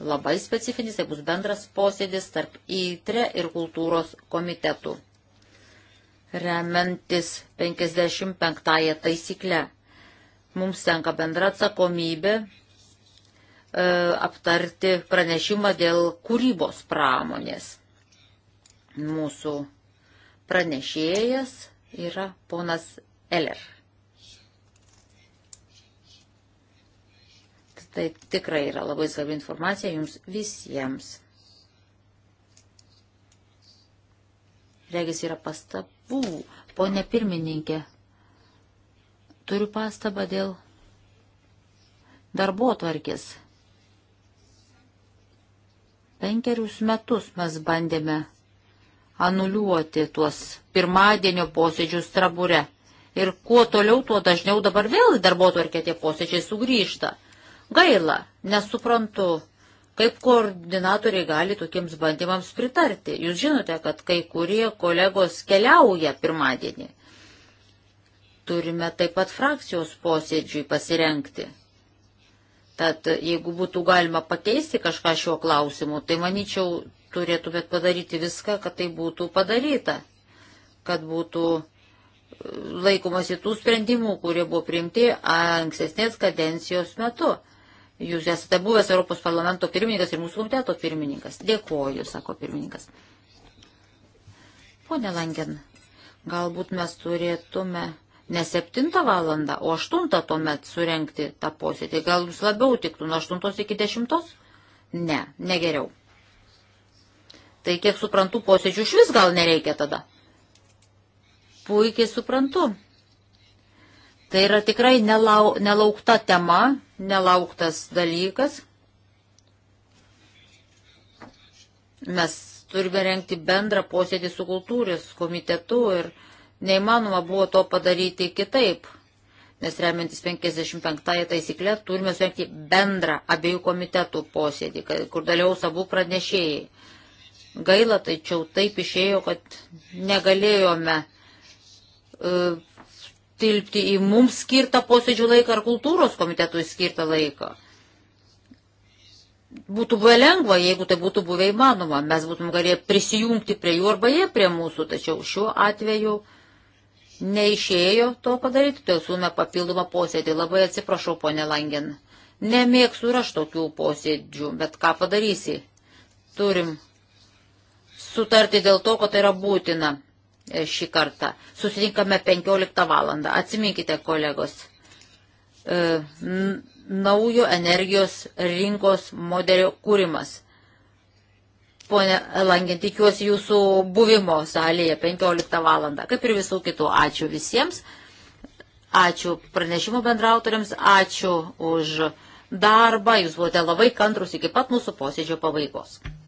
labai specifinis, tai bus bendras posėdis tarp įtre ir kultūros komitetų remiantis 55 taisykle. Mums tenka bendra atsakomybė e, aptarti pranešimą dėl kūrybos pramonės. Mūsų pranešėjas yra ponas Eller. Tai tikrai yra labai svarbi informacija jums visiems. Regis yra pastab, laivų. Pone pirmininkė, turiu pastabą dėl darbo tvarkės. Penkerius metus mes bandėme anuliuoti tuos pirmadienio posėdžius trabure. Ir kuo toliau, tuo dažniau dabar vėl darbo tvarkė tie posėdžiai sugrįžta. Gaila, nesuprantu Kaip koordinatoriai gali tokiems bandymams pritarti? Jūs žinote, kad kai kurie kolegos keliauja pirmadienį. Turime taip pat frakcijos posėdžiui pasirenkti. Tad jeigu būtų galima pakeisti kažką šiuo klausimu, tai manyčiau, turėtumėt padaryti viską, kad tai būtų padaryta, kad būtų e, laikomasi tų sprendimų, kurie buvo priimti ankstesnės kadencijos metu. Jūs esate buvęs Europos parlamento pirmininkas ir mūsų komiteto pirmininkas. Dėkoju, sako pirmininkas. Pone Langen, galbūt mes turėtume ne 7 valandą, o 8 tuomet surenkti tą posėdį. Gal jūs labiau tiktų nuo 8 iki 10? Ne, negeriau. Tai kiek suprantu, posėdžių iš vis gal nereikia tada. Puikiai suprantu. Tai yra tikrai nelau, nelaukta tema, nelauktas dalykas. Mes turime renkti bendrą posėdį su kultūris komitetu ir neįmanoma buvo to padaryti kitaip, nes remiantis 55 taisyklė turime surenkti bendrą abiejų komitetų posėdį, kur dalyvaus abu pranešėjai. Gaila, tačiau taip išėjo, kad negalėjome uh, tilpti į mums skirtą posėdžių laiką ar kultūros komitetui skirtą laiką. Būtų buvę lengva, jeigu tai būtų buvę įmanoma. Mes būtum galėję prisijungti prie jų arba jie prie mūsų, tačiau šiuo atveju neišėjo to padaryti, tai siūlome papildomą posėdį. Labai atsiprašau, ponė Langin. Nemėgsiu ir aš tokių posėdžių, bet ką padarysi? Turim sutarti dėl to, kad tai yra būtina. E, šį kartą. Susitinkame 15 valandą. Atsiminkite, kolegos, e, naujo energijos rinkos modelio kūrimas. Pone Langin, tikiuosi jūsų buvimo salėje 15 valandą. Kaip ir visų kitų, ačiū visiems. Ačiū pranešimų bendrautoriams, ačiū už darbą. Jūs buvote labai kantrus iki pat mūsų posėdžio pabaigos.